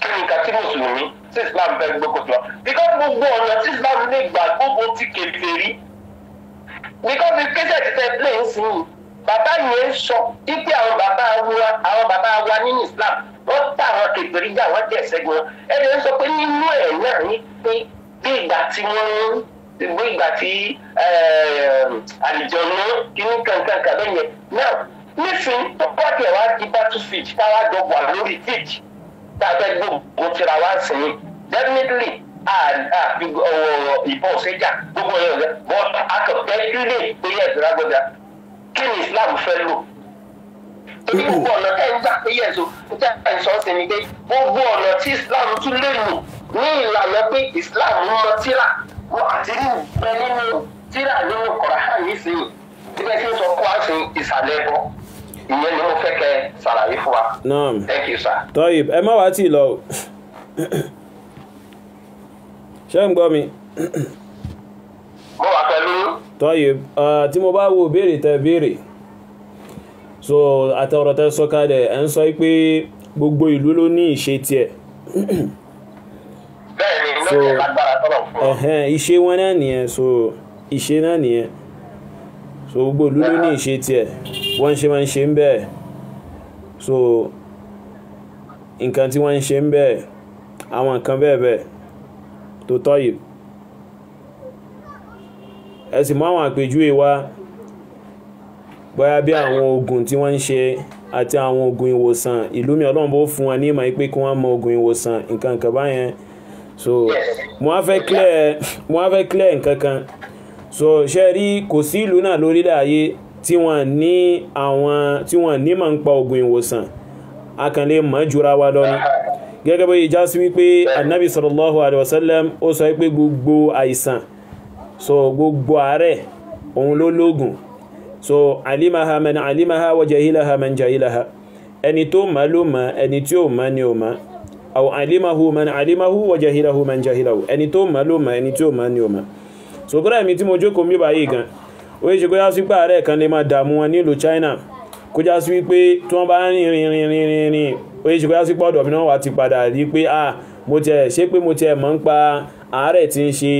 kí ni kàtí mùsùlùmí tí Islam fẹ́ gbogbo tiwa because gbogbo ọ̀nà tí Islam lè gbà gbogbo ti kèbèrè because kẹ́sẹ̀ ti fẹ́ play yìí bàbá yẹn ń sọ wípé àwọn bàbá wa àwọn bàbá wa nínú Islam wọ́n tà àwọn kèfèrí jà wọ́n jẹ́ ìṣẹ́gun wọn ẹni ń sọ pé nínú ẹ̀ náà ní pé bí ìgbà tí wọ́n ń gbé ìgbà tí àlìjọ̀nù kínní kankan kan lóyè náà nísìnyí tó pàtì ẹ̀ wá di battlefield táwa jọ wà lórí field tá a fẹ́ gbogbo tira wá sìn definitely ìbọn ṣẹjà gbogbo ẹ̀yọ̀ rẹ̀ bọ́ọ̀lù akọ̀tẹ́ sílẹ̀ pé ẹ̀sìn lágbọ́dá kí ni Islam fẹ́ lò torí gbogbo ọ̀nà tẹ́ ń gbà pé yẹn so tẹ́ ń sọ sí ni pé gbogbo ọ̀nà tí Islam tún lè lò ní ìlànà pé Islam ń mọ tíra wọn àti rí ìgbẹ́ nínú tíra nínú Kọ̀ọ̀hán nísìnyí níbẹ̀ tí ń sọ kó àṣẹ ìsàlẹ̀ bọ́ ìyẹn ni mo fẹ́ kẹ́ ṣàlàyé fún wa. thank you sir. tọ́yì ẹ má wá tì lọ o ṣé ń gbọ́ mi. mo wà pẹ̀lú tọ́yì tí mo bá wo béèrè tẹ béèrè so àtọ̀rọ̀ tẹ sọ kalẹ̀ ẹ̀ ń sọ pé gbogbo ìlú ló ní ìṣe tiẹ̀ so ìṣe wọn náà nìyẹn so ìṣe náà nìyẹn so gbogbo ìlú ló ní ìṣe tiẹ̀ wọ́n ṣe máa ń ṣe ń bẹ́ẹ̀ so nǹkan tí wọ́n ń ṣe ń bẹ́ẹ̀ àwọn nǹkan bẹ́ẹ̀ bẹ́ẹ̀ tó tọ́yì ẹ sì mú àwọn àpèjúwe wá bóyá bí àwọn oògùn tí wọ́n ń ṣe àti àwọn oògùn ìwòsàn ìlú mi ọlọ́run fún wọn ní ìmọ̀ pé kí wọ́n mọ oògùn ìwòsàn nǹkan nǹkan báyẹn so mo á fẹ́ clear nǹkan kan so ṣe rí kò sí ìlú náà lórílẹ̀ ayé tí wọ́n ní àwọn tí wọ́n ní mọ̀ ń pa oògùn ìwòsàn a mọ̀ jura wa lọ gẹ́gẹ́ bó yẹ sí wípé anabi sallallahu alayhi wa ó sọ pé gbogbo àìsàn so gbogbo àárẹ̀ òun ló lóògùn so alimaha man alimaha wa jahilaha man jahilaha ẹni tó mọ̀ ló mọ̀ ẹni tí ò mọ̀ ni ò mọ̀ aw alimahu man alimahu wa jahilahu man jahilahu ẹni tó mọ̀ ló mọ̀ ẹni tí ò mọ̀ ni ò mọ̀ so kúrẹ́ mi tí mo jókòó mi báyìí gan ó yẹ ṣe kó yá sí pé àárẹ̀ kan lè máa dààmú wọn nílùú China kó já sí wípé tí wọ́n bá rìn rìn rìn rìn rìn rìn ó yẹ ṣe kó yá sí pé ọ̀dọ̀ mi náà wà ti padà rí pé ah mo tiẹ̀ ṣé pé mo tiẹ̀ mọ̀ ń pa àárẹ̀ tí ń ṣe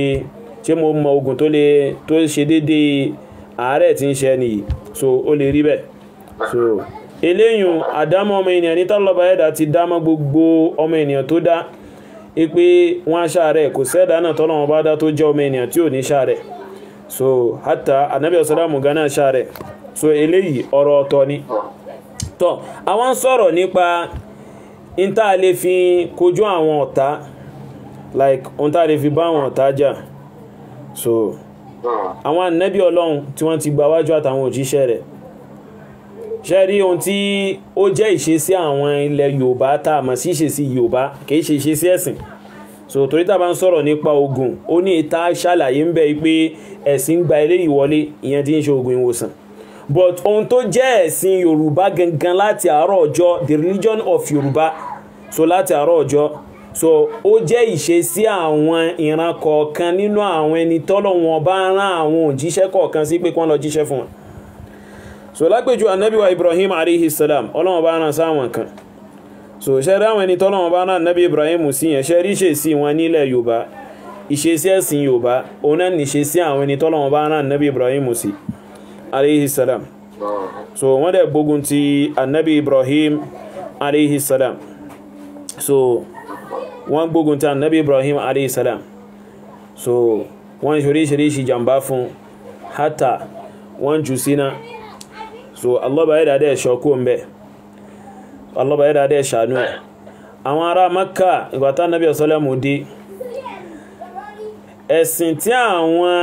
ṣé mo mọ oògùn tó lè tó ṣe déédéé àárẹ̀ tí ń ṣe nìyí so ó lè rí bẹ́ẹ̀ so eléyìn àdámọ́ ọmọ ènìyàn ní tọ́lọ́ba ẹ̀dá ti dámọ́ gbogbo ọmọ ènìyàn tó dá ipe wọn aṣáàrẹ̀ kò sẹ́dá náà tọ́lọ́wọ́n bá dá tó jẹ́ ọmọ ènìyàn tí ò ní ṣáàrẹ̀ so hata anabi ọ̀sálàmù gánà ṣáàrẹ̀ so eléyìí ọ̀rọ̀ ọ̀tọ̀ ni tọ́ àwọn sọ̀rọ̀ nípa n tá a lè fi kojú àwọn ọ̀tá like n tá a lè fi bá àwọn ọ̀tá jà so àwọn ànábì ọlọ́run tí wọ́n ti gba wájú àtàwọn òjíṣẹ́ rẹ̀ ṣe rí ohun tí ó jẹ́ ìṣesí àwọn ilẹ̀ yorùbá tá a mọ̀ sí ìṣesí yorùbá kìí ṣe ìṣesí ẹ̀sìn so torí tá a bá ń sọ̀rọ̀ nípa ogun ó ní ìta ṣàlàyé ń bẹ pé ẹ̀sìn gba eléyìí wọlé ìyẹn tí ń ṣe ogun ìwòsàn but ohun tó jẹ́ ẹ̀sìn yorùbá gangan láti àárọ̀ ọjọ́ the religion of yorùbá so láti àárọ̀ ọjọ́ so ó jẹ́ ìṣesí àwọn ìran kọ̀ọ̀kan nínú àwọn ẹni tọ́lọ́wọ́n bá rán àwọn òjíṣẹ́ kọ̀ọ̀kan sí pé kí wọ́n lọ jíṣẹ́ fún wọn so lápèjú anábíwa Ibrahim alayhi salam ọlọ́wọ́n bá rán sáwọn kan so ṣe ráwọn ẹni tọ́lọ́wọ́n bá rán anábí Ibrahim sí yẹn ṣe rí ṣèṣì wọn nílẹ̀ Yorùbá ìṣesí ẹ̀sìn Yorùbá òun náà níṣesí àwọn ẹni tọ́lọ́wọ́n bá rán anábí Ibrahim sí alayhi salam so wọ́n dẹ̀ gbógun ti anábí Ibrahim alayhi salam so wọ́n gbógun ta nabi ibrahim alayhi salam so wọ́n ṣoríṣiríṣi jàmbá fún hátà wọ́n jù síná so allọ́ba yẹ́ dáadẹ́ ṣọ́kú ń bẹ́ allọ́ba yẹ́ dáadẹ́ ṣàánú ẹ̀ àwọn ará makka ìgbàtà nabi ọ̀sọ́lẹ́mù dé ẹ̀sìn tí àwọn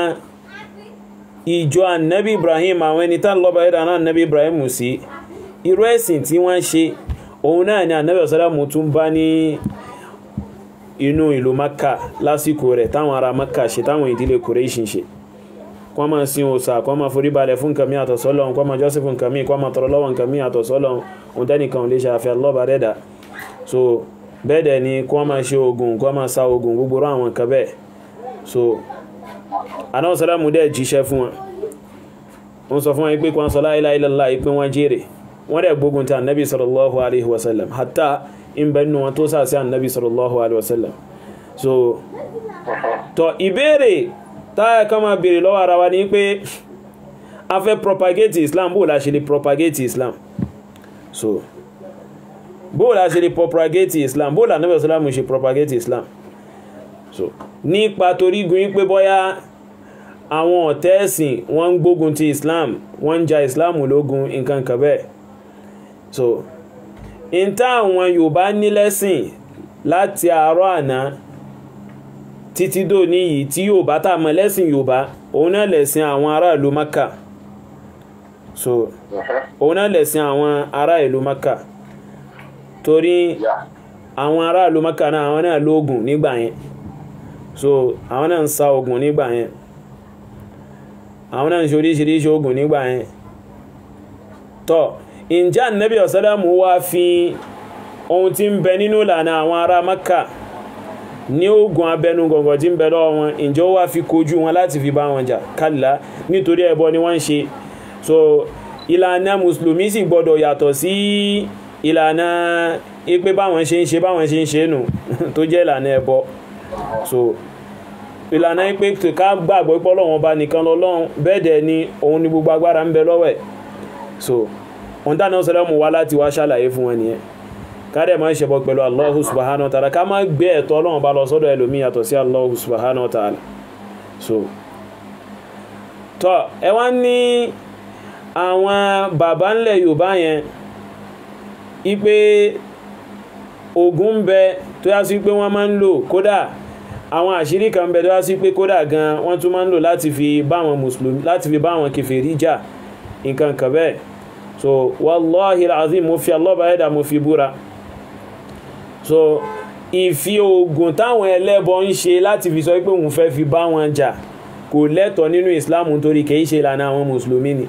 ìjọ annabi ibrahim àwọn ẹni tá lọ́ba yẹ́ dáná annabi ibrahim sí irú ẹ̀sìn tí wọ́n ṣe òun náà ni annabi ọ̀sọ́lẹ́mù tún bá ní inú ìlú maka lásìkò rẹ̀ táwọn ará maka ṣe táwọn ìdílé kùrẹ́ṣì ṣe kọ́ máa sin òòṣà kọ́ máa forí balẹ̀ fún nǹkan mi àtọ̀ sọ́lọ́hun kọ́ máa jọ́sìn fún nǹkan mi tọrọ lọ́wọ́ nǹkan mi òun tẹ́nìkan ò lè ṣe àfihàn lọ́ba rẹ̀dà so bẹ́ẹ̀ dẹ̀ ni kọ́ máa ṣe oògùn kọ́ máa sa oògùn gbogbo rán àwọn nǹkan bẹ́ẹ̀ so anáwó sọ́lámù dẹ̀ jíṣẹ́ fún wọn wọ́n sọ fún wọn pé kí sọ la ilaha illallah pé wọ́n jèrè wọ́n dẹ̀ gbógun ti sallallahu alaihi wasallam, hatta ń bẹ nínú wọn tó sà sí sallallahu alaihi wasallam, so to ìbéèrè táyà kan máa béèrè lọ́wọ́ ara wa ni pé a fẹ́ propagate islam bó la ṣe lè propagate islam so bó la ṣe lè propagate islam bó la nọ́bẹ̀ sọ́lámù ṣe propagate islam so nípa torí gun pé bọ́yá àwọn ọ̀tẹ́ẹ̀sìn wọ́n ń gbógun ti islam wọ́n ń ja islam lógun nǹkan kan bẹ́ẹ̀ so n táwọn Yorùbá ní lẹ́sìn láti àárọ̀ àná títí dòní yìí tí Yorùbá tá a mọ̀ lẹ́sìn Yorùbá òun náà lẹ̀sìn àwọn ará ìlú Maka so òun náà lẹ̀sìn àwọn ará ìlú Maka torí àwọn ará ìlú Maka náà àwọn náà lóògùn nígbà yẹn so àwọn náà ń sa oògùn nígbà yẹn àwọn náà ń ṣe oríṣiríṣi oògùn nígbà yẹn tọ́. So, ǹjẹ́ ànábì ọ̀sálàmù wá fi ohun tí ń bẹ nínú ìlànà àwọn ará Mákà ní ogun abẹnu gọ̀ngọ̀ tí ń bẹ lọ́wọ́ wọn ǹjẹ́ wá fi kojú wọn láti fi bá wọn jà kálá nítorí ẹbọ ni wọ́n ń ṣe so ìlànà mùsùlùmí sì gbọ́dọ̀ yàtọ̀ sí ìlànà ipe báwọn ṣe ń ṣe báwọn ṣe ń ṣe nù tó jẹ́ ìlànà ẹbọ so ìlànà ipe ká gbàgbọ́ pé Ọlọ́run ọba nìkan lọ́lọ́run bẹ́ẹ̀ dẹ̀ ni òun ni gbogbo agbára ń bẹ lọ́wẹ̀ so òun dáná sọlọ́mù wá láti wá ṣàlàyé fún wọn nìyẹn káàdì máa ń ṣẹbọ pẹ̀lú Allahu subhanahu wa ta'ala ká má gbé ẹ̀tọ́ ọlọ́run bá lọ sọ́dọ̀ ẹlòmíì yàtọ̀ sí Allahu subhanahu wa ta'ala so tọ́ ẹ wá ní àwọn bàbá ńlẹ̀ Yorùbá yẹn ipe ogun ń bẹ tó yá sí pé wọ́n máa ń lò kódà àwọn àṣírí kan bẹ tó yá sí pé kódà gan wọ́n tún máa ń lò láti fi bá àwọn mùsùlùmí láti jà nǹkan kan bẹ́ẹ̀ so wàláhi alazim mo fi Allah bá ẹ̀dá mo fi búra so ìfi oògùn táwọn ẹlẹ́bọ ń ṣe láti fi sọ pé òun fẹ́ fi bá wọn jà kò lẹ́tọ̀ọ́ nínú Islam nítorí kìí ṣe ìlànà àwọn mùsùlùmí ni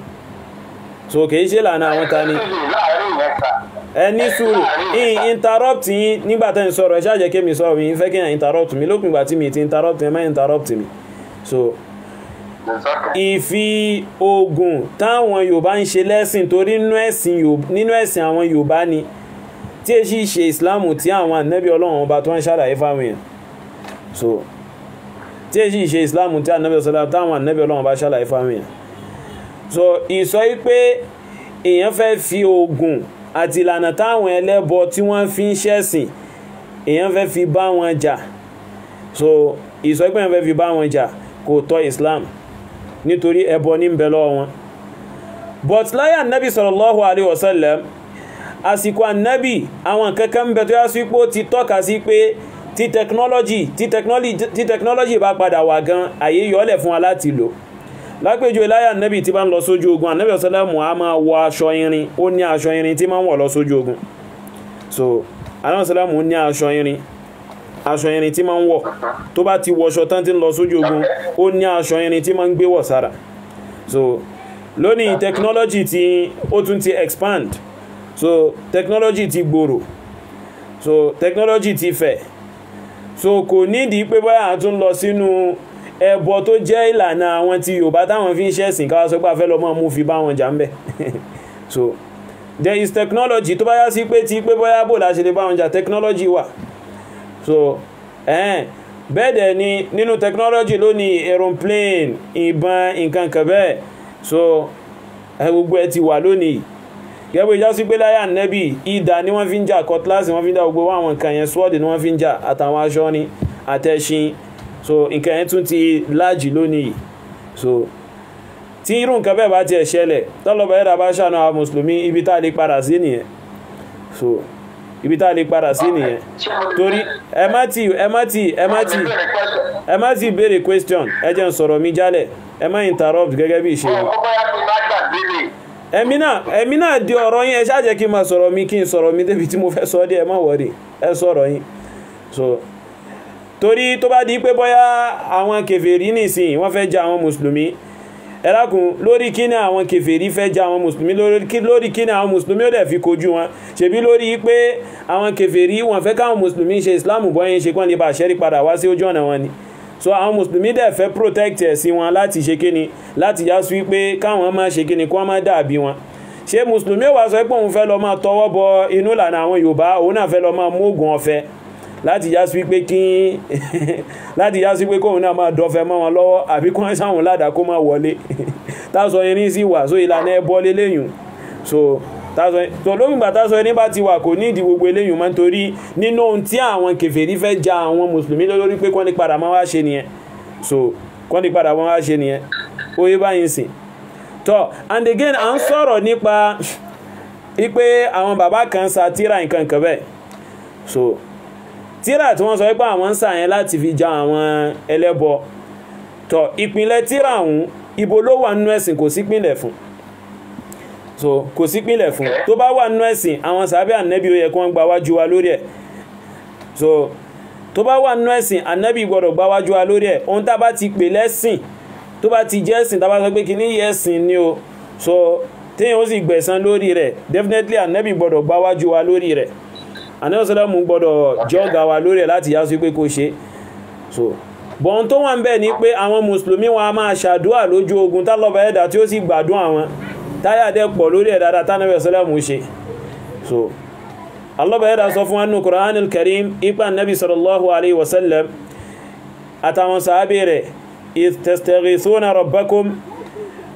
so kìí ṣe ìlànà àwọn ta ni ẹ ní sùúrù in interrupt yín nígbà tẹ́ ń sọ̀rọ̀ ẹ ṣáà kémi sọ̀rọ̀ yín fẹ́ kí n interrupt mi lópin ìgbà tí mi ti interrupt ẹ má interrupt mi so ìfi oògùn táwọn yorùbá ń ṣe lẹ́sìn torí nínú ẹ̀sìn àwọn yorùbá ni tí èsì ṣe ìsìláàmù tí àwọn ànábì ọlọ́run ọba tó ń ṣàlàyé fáwọn èèyàn so tí èsì ṣe ìsìláàmù tí ànábì ọlọ́run táwọn ànábì ọlọ́run ọba ṣàlàyé fáwọn èèyàn so ìsọ yìí pé èèyàn fẹ́ fi oògùn àti ìlànà táwọn ẹlẹ́bọ tí wọ́n fi ń ṣẹ̀sìn èèyàn fẹ́ fi bá wọn jà so ìsọ yìí pé èèyàn fẹ́ fi bá wọn jà kò tọ́ islam nítorí ẹbọ ní bẹ lọ́wọ́ wọn but láyà nábì sallallahu alaihi wasallam àsìkò ànábì àwọn kankan ń bẹ tó yá sí pé ó ti tọ́ka sí pé tí technology tí technology tí technology bá padà wà gan àyè yọlẹ̀ fún wa láti lò lápèjú láyà nábì tí bá ń lọ sójú ogun ànábì sallallahu a máa wọ aṣọ irin ó ní aṣọ irin tí máa ń wọ̀ lọ sójú ogun so ànábì sallallahu ní aṣọ irin aṣọ irin tí máa ń wọ̀ tó bá ti wọṣọ tán tí ń lọ sójú ogun ó ní aṣọ irin tí máa ń gbé wọ̀ sára so lónìí technology tí ó tún ti expand so technology ti gbòòrò so technology ti fẹ̀ so kò nídìí pé báyà a tún lọ sínú ẹbọ tó jẹ́ ìlànà àwọn tí Yorùbá táwọn fi ń ṣẹ̀sìn káwá sọ pé a fẹ́ mú fi bá wọn jà ń bẹ̀ so there is technology tó bá yá sí pé ti pé bóyá bò láṣẹ lè bá wọn jà technology wà so ẹ̀ẹ́n eh, bẹ́ẹ̀ dẹ̀ ni nínú technology lónìí aeroplane ìbọn nǹkan kan bẹ́ẹ̀ so gbogbo ẹ ti wà lónìí gẹ́gbẹ́ ìjà sí pé láyà nẹ́bì ìdá ni wọ́n fi ń jà kọ́tíláàsì wọ́n fi ń jà gbogbo àwọn nǹkan yẹn swọ́ọ̀dì ni wọ́n fi ń jà àtàwọn aṣọ ni àtẹ̀sìn so nǹkan yẹn tún ti láàjì lónìí so tí irú nǹkan bẹ́ẹ̀ bá tiẹ̀ ṣẹlẹ̀ tọ́lọ́bà ẹ̀dá bá ṣàánú àwọn mùsùlùmí ibi tá a lè padà sí nìyẹn so ibi tá a lè padà sí nìyẹn torí ẹ má ti ẹ má ti ẹ má ti ẹ má ti béèrè question ẹ jẹ́ n sọ̀rọ̀ mi jálẹ̀ ẹ má interrupt gẹ́gẹ́ bí ìṣe wọn ẹ̀mí náà ẹ̀mí náà di ọ̀rọ̀ yín ẹ ṣáà jẹ́ kí n máa sọ̀rọ̀ mi kí n sọ̀rọ̀ mi débi tí mo fẹ́ sọ dé ẹ má wọ̀rì ẹ sọ̀rọ̀ yín so torí tó bá di pé bóyá àwọn kèfèrí nìsín wọ́n fẹ́ ja àwọn mùsùlùmí ẹ̀rákùn lórí kí ni àwọn kèfèrí fẹ́ ja àwọn mùsùlùmí lórí kí ni àwọn mùsùlùmí ó dẹ̀ fi kojú wọn ṣebí lórí pé àwọn kèfèrí wọn fẹ́ káwọn mùsùlùmí ṣe ìsìláàmù bọ́yìn ṣe kán ní bá àṣẹ́rí padà wá sí ojú ọ̀nà wọn ni so àwọn mùsùlùmí dẹ̀ fẹ́ protect ẹ̀sìn wọn láti ṣe kíni láti já sí pé káwọn máa ṣe kíni kí wọ́n máa dàbí wọn ṣé mùsùlùmí ó wá sọ pé òun fẹ́ lọ máa tọwọ́ bọ inú ìlànà àwọn Yorùbá òun náà fẹ́ lọ máa mú oògùn ọ̀fẹ́ láti já sí wípé kí láti já sí wípé kóun náà máa dọ́fẹ́ mọ́ wọn lọ́wọ́ àbí kí wọ́n sáwọn ládàá kó máa wọlé táṣọ irin sì wà so ìlànà ẹbọ lélẹ́yìn so táṣọ tó lómìgbà táṣọ irin bá ti wà kò ní ìdí gbogbo eléyìn mọ́ nítorí nínú ohun tí àwọn kèfèrí fẹ́ ja àwọn mùsùlùmí lórí pé kọ́ni padà máa wá ṣe nìyẹn so kọ́ni padà máa wá ṣe nìyẹn ó yé báyìí sìn tọ́ and again à ń sọ̀rọ̀ nípa ipe àwọn bàbá kan sa tíra nǹkan kan bẹ́ẹ̀ so tíra tí wọ́n sọ pé àwọn ń sà yẹn láti fi ja àwọn ẹlẹ́bọ tọ̀ ìpínlẹ̀ tíra ọ̀hún ibo ló wà nínú ẹ̀sìn kò sí fún so kò sí pínlẹ̀ fún tó bá wà nínú ẹ̀sìn àwọn sàbẹ̀ ànẹ́bí ó yẹ kí wọ́n gba wájú wa lórí ẹ̀ so tó bá wà nínú ẹ̀sìn ànẹ́bí gbọ́dọ̀ gba wájú wa lórí ẹ̀ ohun tá a bá ti pè lẹ́sìn tó bá ti jẹ́ tá bá sọ pé kí ní so téèyàn ó sì gbẹ̀san lórí rẹ̀ definitely ànẹ́bí gbọ́dọ̀ gba wájú wa lórí rẹ̀ anẹ́sọ́lẹ́mù gbọ́dọ̀ jọ́gà wa lórí ẹ̀ láti yá sí pé kó ṣe so bọ́n tó wà ń bẹ̀ ni pé àwọn mùsùlùmí wọn a máa ṣàdúà lójú ogun tálọ́bà ẹ̀dà tí ó sì gbàdún àwọn táyà pọ̀ lórí ẹ̀ tánẹ́sọ́lẹ́mù ṣe so alọ́bà ẹ̀dà sọ fún wọn nù Qur'anul Karim ipa nabi sallallahu alayhi wa sallam àtàwọn sàábẹ̀ rẹ̀ idh tastaghithuna rabbakum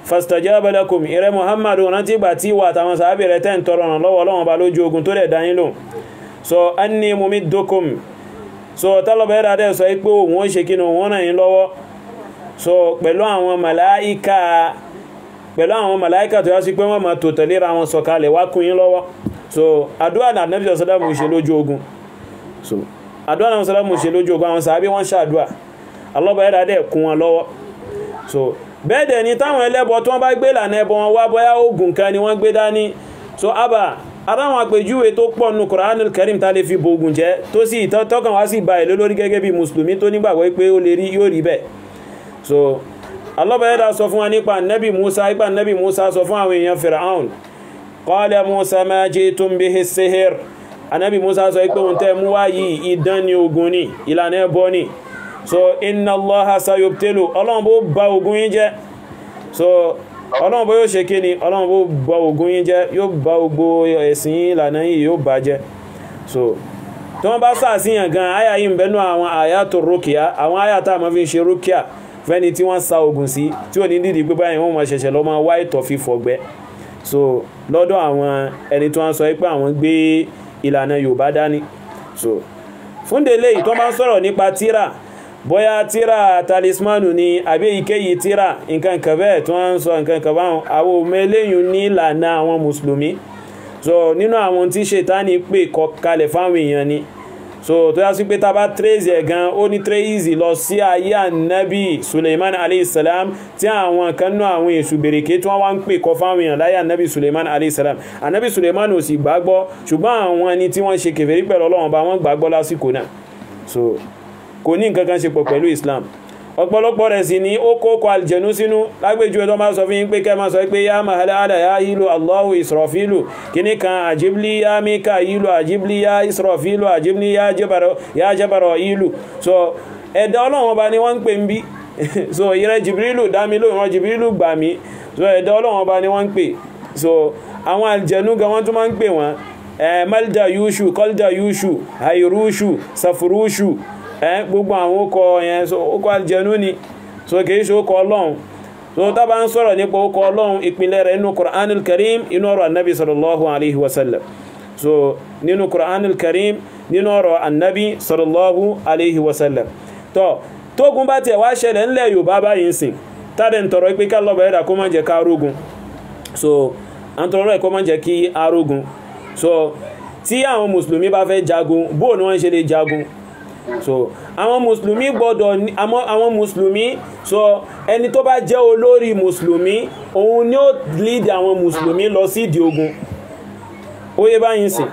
fastajaba lakum ìrẹ́ muhammadu rántí gbà tí wà àtàwọn sàábẹ̀ rẹ̀ tẹ́ ń tọrọ ọ̀nà lọ́wọ́ ba lójú ogun tó dẹ̀ dáyín lóhùn so anni mumiddukum so tálọ́bẹ̀ rà dẹ̀ sọ pé òun ó ṣe kí ni òun ràn yín lọ́wọ́ so pẹ̀lú àwọn màláíkà pẹ̀lú àwọn màláíkà tó yá sí pé wọ́n máa tò tẹ̀léra wọn sọ̀kalẹ̀ wá kún yín so àdúrà náà nẹ́bí sọ́dá mú ṣe lójú ogun so àdúrà náà sọ́dá mú ṣe lójú ogun àwọn sàábí wọ́n ṣàdúrà alọ́bẹ̀ rà dẹ̀ kún wọn lọ́wọ́ so bẹ́ẹ̀ dẹ̀ ni táwọn ẹlẹ́bọ tí wọ́n bá gbé lànà ẹbọ wọn wá bóyá ogun kan ni wọ́n gbé dání so abba aráwọn àpèjúwe tó pọ̀ nù Qur'anul Karim ta lè fi bògùn jẹ́ tó sì tọ́kàn wá sí ba ẹ̀ lólórí gẹ́gẹ́ bí mùsùlùmí tó nígbàgbọ́ pé ó lè rí yóò rí bẹ́ẹ̀ so alọ́bàáyẹ́dà sọ fún wa nípa nẹ́bì Musa ipa nẹ́bì Musa sọ fún àwọn èèyàn Fir'aun qala Musa ma jitum bihi sihir anẹ́bì Musa sọ pé òun tẹ́ mú wá yìí idán ni ogun ni ìlànà ẹbọ ni so inna Allaha sayubtilu ọlọ́run bó ba ogun yín jẹ́ so ọlọ́run bó yóò ṣe kí ni ọlọ́run bó bá ogun yín jẹ́ yóò bá gbogbo ẹ̀sìn yín ìlànà yín yóò bá jẹ́ so tí wọ́n bá sàṣìyàn gan àyà yìí ń bẹ́nu àwọn àyà tó rókìá àwọn àyà tá a máa fi ń ṣe rókìá fẹ́ni tí wọ́n sa oògùn sí tí ò ní dídì pé báyìí wọ́n máa ṣẹ̀ṣẹ̀ lọ́ máa wá ìtọ̀ fífọ̀ gbẹ so lọ́dọ̀ àwọn ẹni tí wọ́n sọ pé àwọn gbé ìlànà Yorùbá dání so fúndélé yìí tí wọ́n bá ń bóyá tíra talismanu ni àbí èyíkéyìí tíra nǹkan kan bẹ́ẹ̀ tí wọ́n ń sọ nǹkan kan báwọn àwọn ọmọ ní ìlànà àwọn mùsùlùmí so nínú àwọn tí ṣètánì pè kọ kalẹ̀ fáwọn èèyàn ni so tó yá sí pé tá a bá trace ẹ̀ gan ó ní trace lọ sí ayé ànábì suleiman aleyhisselam tí àwọn kan náà àwọn èṣù bèrèké tí wọ́n wá ń pè kọ fáwọn èèyàn láyé ànábì suleiman aleyhisselam ànábì suleiman ò sì gbàgbọ́ ṣùgbọ́n àwọn ẹni tí wọ́n ṣe kèfèrí pẹ̀lú ọlọ́run bá wọ́n gbàgbọ́ lásìkò náà so kò ní nǹkan kan ṣe pọ̀ pẹ̀lú Islam ọ̀pọ̀lọpọ̀ rẹ̀ sì ní ó kókò aljẹ̀nú sínú lágbèjú ẹ̀tọ́ máa sọ fi ń pé kẹ́ máa sọ pé yá mahalada yá hílò allahu israfilu kìní kan àjíblí yá mika hílò àjíblí yá israfilu àjíblí yá jẹbarọ hílò so ẹ̀dá ọlọ́run ọba ni wọ́n ń pè ń bí so ìrẹ́ jibrilu dámi ló ìran jibrilu gbà mí so ẹ̀dá ọlọ́run ọba ni wọ́n ń pè so àwọn aljẹ̀nú gan wọ́n tún máa ń pè wọ́n eh, malda yushu kọlda yushu hayrushu safurushu gbogbo àwọn okọ̀ yẹn okọ̀ àlìjẹnú ni so kìí ṣe okọ̀ ọlọ́run so tá bá ń sọ̀rọ̀ nípa okọ̀ ọlọ́run ìpínlẹ̀ rẹ̀ nínú Qur'anul Karim inú ọ̀rọ̀ anabi sallallahu alayhi wa sallam so nínú Qur'anul Karim nínú ọ̀rọ̀ anabi sallallahu alayhi wa sallam tó tógun bá tiẹ̀ wá ṣẹlẹ̀ ńlẹ̀ Yorùbá báyìí ń sìn tádẹ̀ ń tọrọ pé lọ́bàá ẹ̀dà kó má jẹ́ ká rógun so à ń tọrọ ẹ̀kọ́ má jẹ́ kí arógun so tí àwọn mùsùlùmí bá fẹ́ jagun bóò ni wọ́n ṣe lè jagun so àwọn mùsùlùmí gbọ́dọ̀ àwọn mùsùlùmí so ẹni tó bá jẹ́ olórí mùsùlùmí òun ni ó lead àwọn mùsùlùmí lọ sí ìdí ogun ó báyìí sìn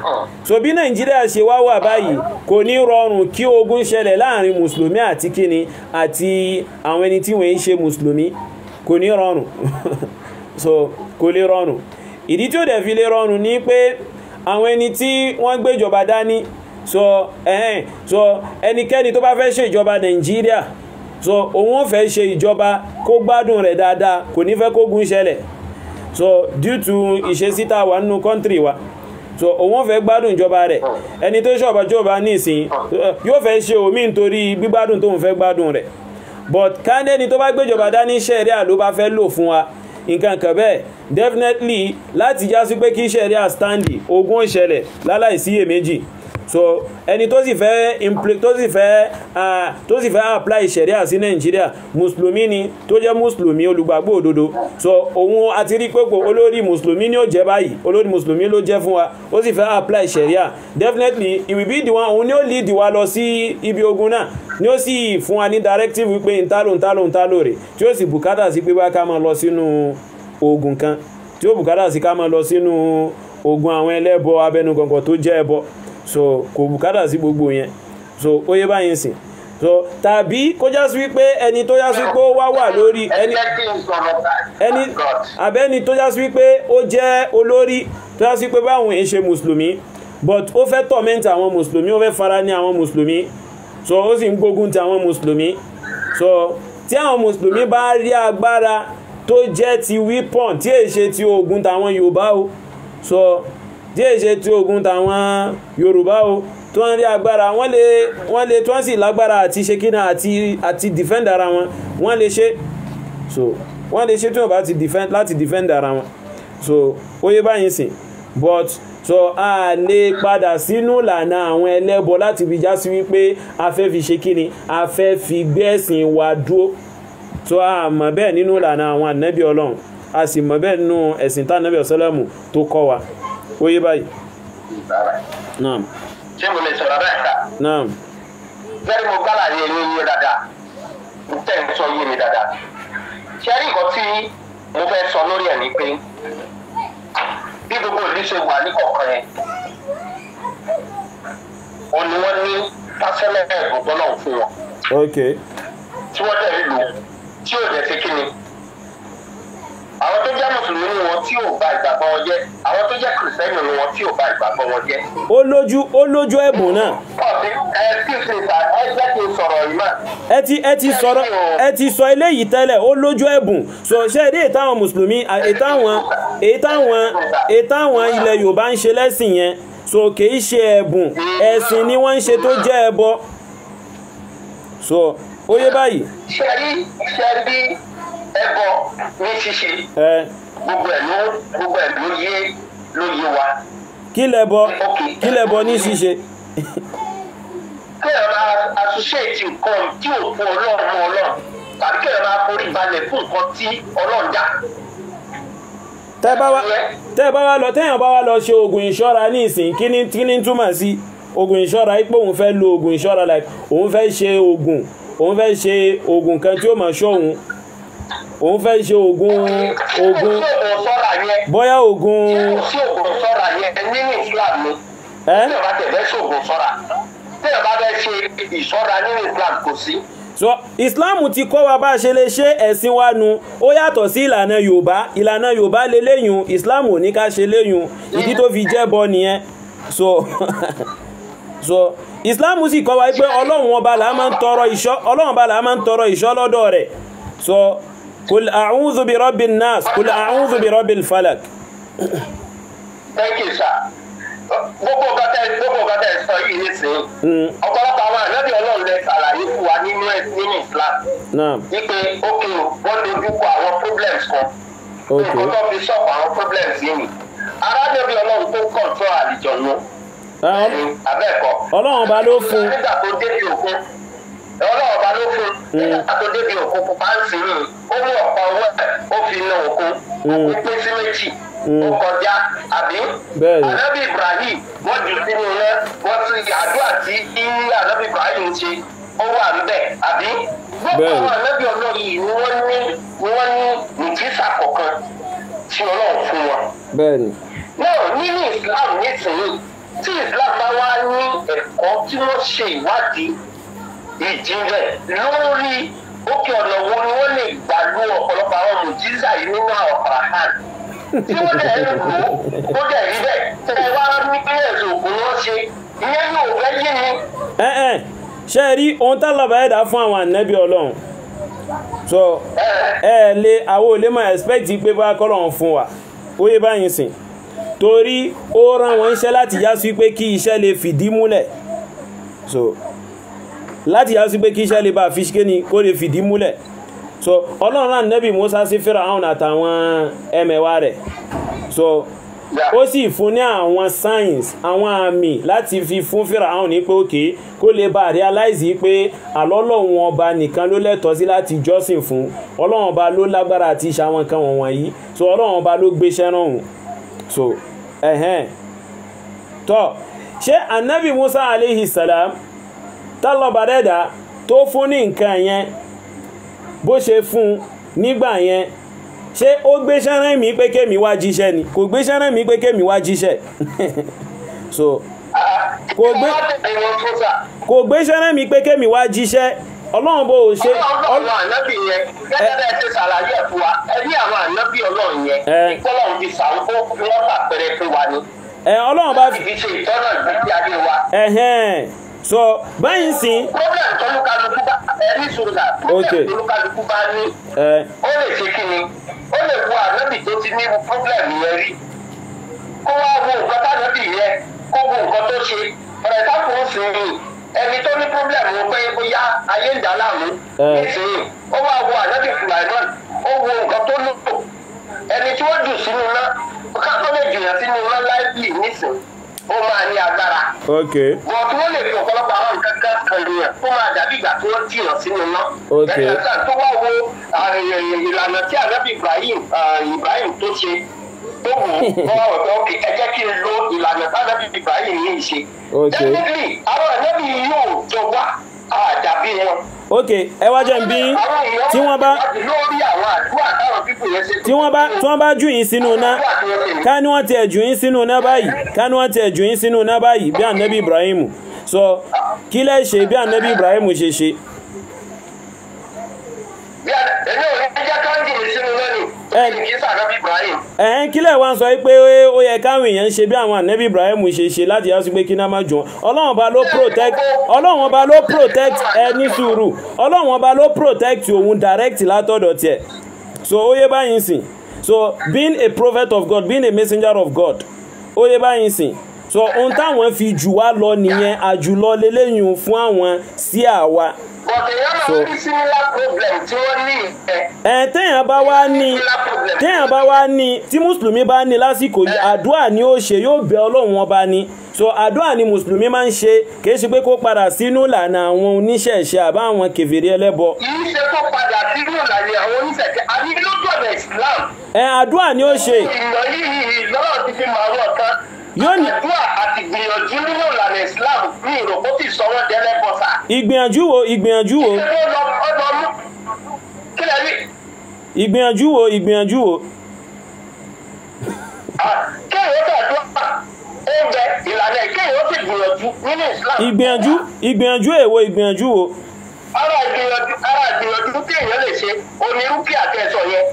so bí nàìjíríà ṣe wá wà báyìí kò ní rọrùn kí ogun ṣẹlẹ̀ láàrin mùsùlùmí àti kíni àti àwọn ẹni tí wọ́n ń ṣe mùsùlùmí kò ní rọrùn so kò lè rọrùn ìdí tí ó dẹ̀ fi lè rọrùn ni pé àwọn ẹni tí wọ́n gbéjọba dání so ẹ̀hẹ́n eh, so ẹnikẹ́ni tó bá fẹ́ ṣe ìjọba nàìjíríà so òun fẹ́ ṣe ìjọba kó gbádùn rẹ̀ dáadáa kò ní fẹ́ kógun ṣẹlẹ̀ so due to ìṣesí tá a wà nínú country wa so òun fẹ́ gbádùn ìjọba rẹ̀ ẹni tó ṣọ̀bà jọba nísìn yóò fẹ́ ṣe omi nítorí gbígbádùn tóun fẹ́ gbádùn rẹ̀ but kánẹ́ni tó bá gbéjọba dání ṣẹ̀ríà ló bá fẹ́ lò fún wa nǹkan kan bẹ́ẹ̀ definitely láti já sí pé kí ṣẹ̀ríà standi ogun ìṣẹ̀lẹ̀ láláìsíyèméjì so ẹni tó sì fẹ́ implement tó sì fẹ́ tó sì fẹ́ apply sharia sí nàìjíríà mùsùlùmí ni tó jẹ́ mùsùlùmí olùgbàgbọ́ òdodo so òun àti rí pé olórí mùsùlùmí ni ó jẹ́ báyìí olórí mùsùlùmí ló jẹ́ fún wa ó sì fẹ́ apply sharia definitely it will be the one òun ni ó lead wa lọ sí ibi ogun náà ni ó sì fún wa ní directive wípé ntalo ntalo ntalo rẹ̀ tí ó sì bùkátà sí pé bá ká máa lọ sínú ogun kan tí ó bùkátà sí ká máa lọ sínú ogun àwọn ẹlẹ́bọ abẹnugangan tó jẹ́ ẹbọ so kò bùkátà sí gbogbo yẹn so ó yé báyìí sìn so tàbí kó já sí wípé ẹni tó já sí pé ó wá wà lórí ẹni ẹni abẹ́ni tó já sí wípé ó jẹ́ olórí tó já sí pé báwọn èèyàn ṣe mùsùlùmí but ó fẹ́ torment àwọn mùsùlùmí ó fẹ́ fara ní àwọn mùsùlùmí so ó sì ń gbógun ti àwọn mùsùlùmí so tí àwọn mùsùlùmí bá rí agbára tó jẹ́ ti weapon tí èṣe ti ogun tàwọn yorùbá o so tí èyí ṣe tí ogun tàwọn yorùbá o tí wọ́n rí agbára wọ́n lè wọ́n lè tí wọ́n sì lágbára àti ṣe kíná àti defend ara wọn wọ́n lè ṣe so wọ́n lè ṣe tí wọ́n bá ti defend láti defend ara wọn so ó yé báyìí sìn but so a lè padà sínú ìlànà àwọn ẹlẹ́bọ láti fi já sí wípé a fẹ́ fi ṣe kíni a fẹ́ fi gbẹ́sìn wa dúró so a mọ̀ bẹ́ẹ̀ nínú ìlànà àwọn ànábì ọlọ́run a sì mọ̀ bẹ́ẹ̀ nínú ẹ̀sìn tá ànábì tó kọ́ wa ó bye. báyìí. naam. ṣé mo lè sọ̀rọ̀ bẹ́ẹ̀ ká. naam. bẹ́ẹ̀ mo gbá láàyè ní iye dáadáa mo tẹ̀ ń sọ iye mi dáadáa. ṣé rí nǹkan tí mo fẹ́ sọ lórí ẹ̀ ní pé bí gbogbo ìlú ṣe wà ní kọ̀ọ̀kan yẹn òun ni wọ́n ní àwọn tó jẹ́ mùsùlùmí wọn tí ò bà ìgbàgbọ́ wọn jẹ́ àwọn tó jẹ́ kìrìsìtẹ́nì wọn tí ò bà ìgbàgbọ́ wọn jẹ́. ó lójú ó lójú ẹ̀bùn náà. ọ̀sìn ẹ ti ṣe ìta ẹ jẹ́ kí n sọ̀rọ̀ yìí mọ́. ẹ ti ẹ ti sọ̀rọ̀ ẹ ti sọ eléyìí tẹ́lẹ̀ ó lójú ẹ̀bùn sọ ṣe èdè ìtàwọn mùsùlùmí ìtàwọn ìtàwọn ìtàwọn ilẹ̀ Yorùbá ń ṣe lẹ́sìn yẹn so kì ṣe ẹ̀bùn ẹ̀sìn ni wọ́n ń ṣe tó jẹ́ ẹbọ so ó yé báyìí. ṣe rí ẹbọ ní ṣíṣe gbogbo ẹ̀ ló gbogbo ẹ̀ ló yé ló yé wa. kí lẹbọ kí lẹbọ ní ṣíṣe. kéèyàn máa associate nǹkan tí ò fún ọlọ́run mọ́ ọlọ́run tàbí kéèyàn máa forí balẹ̀ fún nǹkan tí ọlọ́run dá tẹ́ bá wá lọ tẹ́yàn bá wá lọ ṣe oògùn ìṣọ́ra ní ìsìn kí ní kí ní túmọ̀ sí oògùn ìṣọ́ra ipò òun fẹ́ lo oògùn ìṣọ́ra like òun fẹ́ ṣe oògùn òun fẹ́ ṣe oògùn kan tí ó máa ṣọ́ òun fẹ́ ṣe oògùn oògùn bóyá oògùn. ṣé oògùn sọ́ra yẹn nínú Islam ni. ẹ́ tí ìjọba tẹ̀lé ṣoògùn sọ́ra tí ìjọba bẹ́ẹ̀ ṣe ìṣọ́ra nínú Islam kò sí. so Islam ti kọ́ wa bá a ṣe lè ṣe ẹ̀sìn wa nu ó yàtọ̀ sí ìlànà Yorùbá ìlànà Yorùbá lè léyùn Islam ò ní ká ṣe léyùn ìdí tó fi jẹ́ bọ nìyẹn so so Islam sì kọ́ wa pé ọlọ́run ọba là máa ń tọrọ ìṣọ́ ọlọ́run ọba là máa ń tọrọ ìṣọ́ lọ́dọ̀ rẹ̀ so قل أعوذ برب الناس قل أعوذ برب الفلك thank you sir gbogbo kata gbogbo kata sọ yìí nísìnyí hmm. ọ̀pọ̀lọpọ̀ àwọn ànábì ọlọ́run lè ṣàlàyé fún wa nínú ẹ̀ nínú Islam wípé ókè o wọ́n dojú kọ àwọn problems kan nǹkan tó fi sọ̀kọ̀ àwọn problems yìí ni arábìnrin ọlọ́run tó ń control àlìjọ̀nù abẹ́ẹ̀kọ́ ọlọ́run ọba ló fún nígbà tó dé ní òkun ọlọ́run ọba ló fún hmm. nígbà tó débi òkú pupa ń sìn yìí ó mú ọ̀pá owó ẹ̀ ó fi na òkú hmm. ó pín sí méjì hmm. ó kọjá àbí ànábì Ibrahim wọ́n jù sínú iná wọ́n ti àdúrà tí ànábì Ibrahim ń ṣe ó wà níbẹ̀ àbí gbogbo àwọn ànábì ọlọ́run yìí ni wọ́n ní wọ́n ní nìjísà kọ̀ọ̀kan tí ọlọ́run fún wọn. náà nínú Islam nísìnyí tí Islam bá wá ní ẹ̀kọ́ tí wọ́n ṣe ìwádìí ìjìnlẹ̀ lórí òkè ọ̀nà wo ni wọ́n lè gbà lu ọ̀pọ̀lọpọ̀ àwọn mùjíza yìí nínú àwọn farahàn tí wọ́n dẹ̀ ń kú ó dẹ̀ rí bẹ́ẹ̀ tẹ̀ wá ní pé ẹ̀sùn òkú wọn ṣe ìyẹn yóò fẹ́ yé mi. ẹ ẹ ṣe rí ohun tá lọ́ba ẹ̀dá fún àwọn ànábì ọlọ́run so ẹ lè àwọn olè máa expect pé bá kọ́lọ̀ ń fún wa ó yé báyìí sìn torí ó rán wọn iṣẹ́ láti yá sí pé kí iṣẹ́ lè fìdí múlẹ̀ so láti yá sí pé kí iṣẹ́ lè bá fi ṣe ní kó lè fìdí múlẹ̀ so ọlọ́run náà nẹ́bí Musa sí Fíráùn àtàwọn ẹmẹ̀wá rẹ̀ so ó sì fún ní àwọn signs àwọn àmì láti fi fún Fíráùn ní pé òkè kó lè bá realize pé àlọ́lọ́run ọba nìkan ló lẹ́tọ̀ọ́ sí láti jọ́sìn fún ọlọ́run ọba ló lágbára àti ìṣàwọn kan wọ̀nyí so ọlọ́run ọba ló gbéṣẹ́ náà so ẹ̀hẹ́n tọ́ ṣé anabi Musa aleyhi salam tálọ́ba dẹ́dà tó fún ní nǹkan yẹn bó ṣe fún nígbà yẹn ṣé ó gbé sẹ́rẹ́ mi pé kémi wá jíṣẹ́ ni kò gbé sẹ́rẹ́ mi pé kémi wá jíṣẹ́ so kò gbé kò gbé sẹ́rẹ́ mi pé kémi wá jíṣẹ́ ọlọ́run bó o ṣe. ọlọ́run ànábì yẹn gẹ́gẹ́ ẹ ti ṣàlàyé ẹ̀ fún wa ẹ rí àwọn ànábì ọlọ́run yẹn ìkọlọ́run ti ṣàǹfó lọ́pàá pẹrẹ fún wa ni. ọlọ́run bá fi ṣe ìtọ́nà ìgbésí ayé wa so báyìí sìn. problem tolúkálukú bá ẹni sùúrùdà problem tolúkálukú bá ní ó lè ṣe kí ni ó lè wo ànábì tó ti ní problem yẹn rí kó wá wo nǹkan tánábì yẹn kó wo nǹkan tó ṣe ọ̀rẹ́ táwọn sì ń rìn ẹni tó ní problem wo pé bóyá ayé ń dà láàmú nísìnyí ó wá wo ànábì fúlàìmọ́n ó wo nǹkan tó lò ẹni tí wọ́n jù sínú náà ká tó lè jù yàn sínú náà láìpì nísìnyí ó máa ní agbára. ok. wọ́n tí wọ́n lè fi ọ̀pọ̀lọpọ̀ àwọn nǹkan kan kan lè yàn ó máa dàbí ìgbà tí wọ́n jìyàn sínú iná. ẹ̀ka tó wá wo ìlànà tí ànábì Ibrahim Ibrahim tó ṣe tó wù ú bọ́ ọ̀dọ́ òkè ẹ jẹ́ kí n lo ìlànà tí ànábì Ibrahim ní ìṣe. ok definitely àwọn ànábì yóò jọ wá àdàbí ah, wọn. ok ẹ wá jẹ́ bí tí wọ́n bá tí wọ́n bá tí wọ́n bá jù yín sínú iná ká ní wọ́n tiẹ̀ jù yín sínú iná báyìí ká ní wọ́n tiẹ̀ jù yín sínú iná báyìí bí ànábì Ibrahim sọ kí lẹ́ ṣe bí ànábì Ibrahim ṣe ṣe èmi ò ní jẹ́ sọ pé ó yẹ káwọn èèyàn ń ṣe bí àwọn ànábì Ibrahim ṣe ṣe láti yásí pé kí náà má jùwọ́n ọlọ́run ọba ló protect ọlọ́run ọba ló protect ẹni sùúrù ọlọ́run ọba ló protect òun direct látọ̀dọ̀ tiẹ̀ so ó yẹ báyìí sìn so being a prophet of God being a messenger of God ó yẹ báyìí sìn so ohun táwọn fi jù wá lọ nìyẹn àjùlọ lélẹ́yìn fún àwọn sí àwa. Si ẹ téèyàn bá wá ní téèyàn bá wá ní tí mùsùlùmí bá ní lásìkò yìí eh. àdúrà ni ó ṣe yóò bẹ ọlọ́run ọba ni so àdúrà ni mùsùlùmí máa ń ṣe kì í ṣe pé kó padà sínú ìlànà àwọn oníṣẹ̀ṣe àbá àwọn kèfèrí ẹlẹ́bọ. kì í ṣe kó padà sínú ìlànà àwọn oníṣẹ̀ṣe àbí lójú ọ̀nà Islam. ẹ eh, àdúrà ni ó ṣe. ìlọ yìí ìlọ́rọ̀ ti fi màá rọ̀ kan àdúrà àti ìgbìyànjú nínú ìlànà Islam ní ìròkó tí sọ̀rọ̀ dẹ́lẹ́ bọ́sà. ìgbìyànjú wo ìgbìyànjú wo. ìgbìyànjú wo ìgbìyànjú wo. kéèyàn tàdúrà oúnjẹ ìlànà kéèyàn sì gbìyànjú ìgbìyànjú ìgbìyànjú èwo ìgbìyànjú wo. ara ìgbìyànjú ara ìgbìyànjú lè ṣe onírúkì àtẹ̀sọ̀ yẹn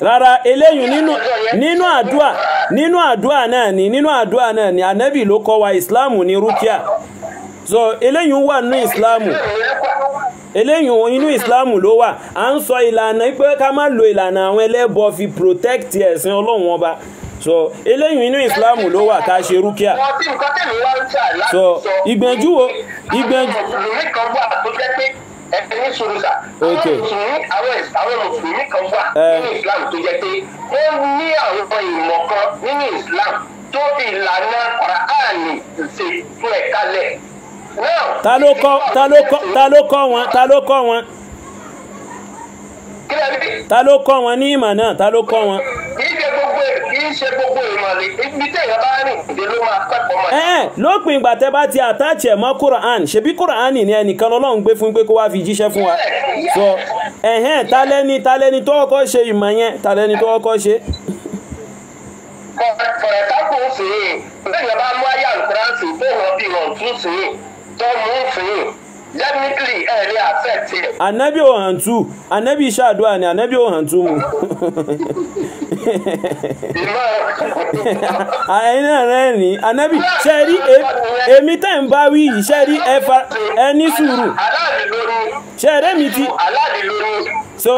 rárá eléyìí nínú nínú àdúà nínú àdúà náà ni nínú àdúà náà ni ànábì ló kọ́ wa ìsìláàmù ní rúkìá so eléyìí wà nínú ìsìláàmù eléyìí inú ìsìláàmù ló wà à ń sọ ìlànà pé ká má lo ìlànà àwọn ẹlẹ́bọ fi protect ẹ̀sìn ọlọ́run ọba so eléyìí inú ìsìláàmù ló wà ká ṣe rúkìá so ìgbẹ̀jú wo ìgbẹ̀jú ẹni sòròsà àwọn mùsùlùmí àwọn mùsùlùmí kan wà nínú Islam tó jẹ pé wọ́n ní àwọn ìmọ̀ kan nínú Islam tó fi ìlànà Kùránì ṣètò ẹ̀ kalẹ̀. ta ló kọ́ wọn ta ló kọ́ wọn. ta ló kọ́ wọn ní ìmọ̀ ta ló kọ́ wọn. ṣe gbogbo ìmọ̀ rẹ̀ ibi tí èèyàn bá rìn ìdè ló máa kẹ́kọ̀ọ́ mọ́. ẹ lópin ìgbà tẹ bá ti àtàchẹ mọ́ Quran ṣebí Quran ni ẹnìkan gbé fún kó wá fi fún wa ẹhẹn talẹni talẹni tó ṣe yẹn talẹni tó ṣe. fọ̀rẹ̀ fèé bẹ́ẹ̀ ni mú ayé àlùkò definitely ẹ lè accept ẹ. anabi ohantu anabi ṣàdúrà ni anabi ohantu mu. ẹyin náà rẹ ní anabi ṣẹ́rí èmi tẹ̀ ń bá wí yìí ṣẹ́rí ẹ ní sùúrù ṣẹ́rí èmi ti. so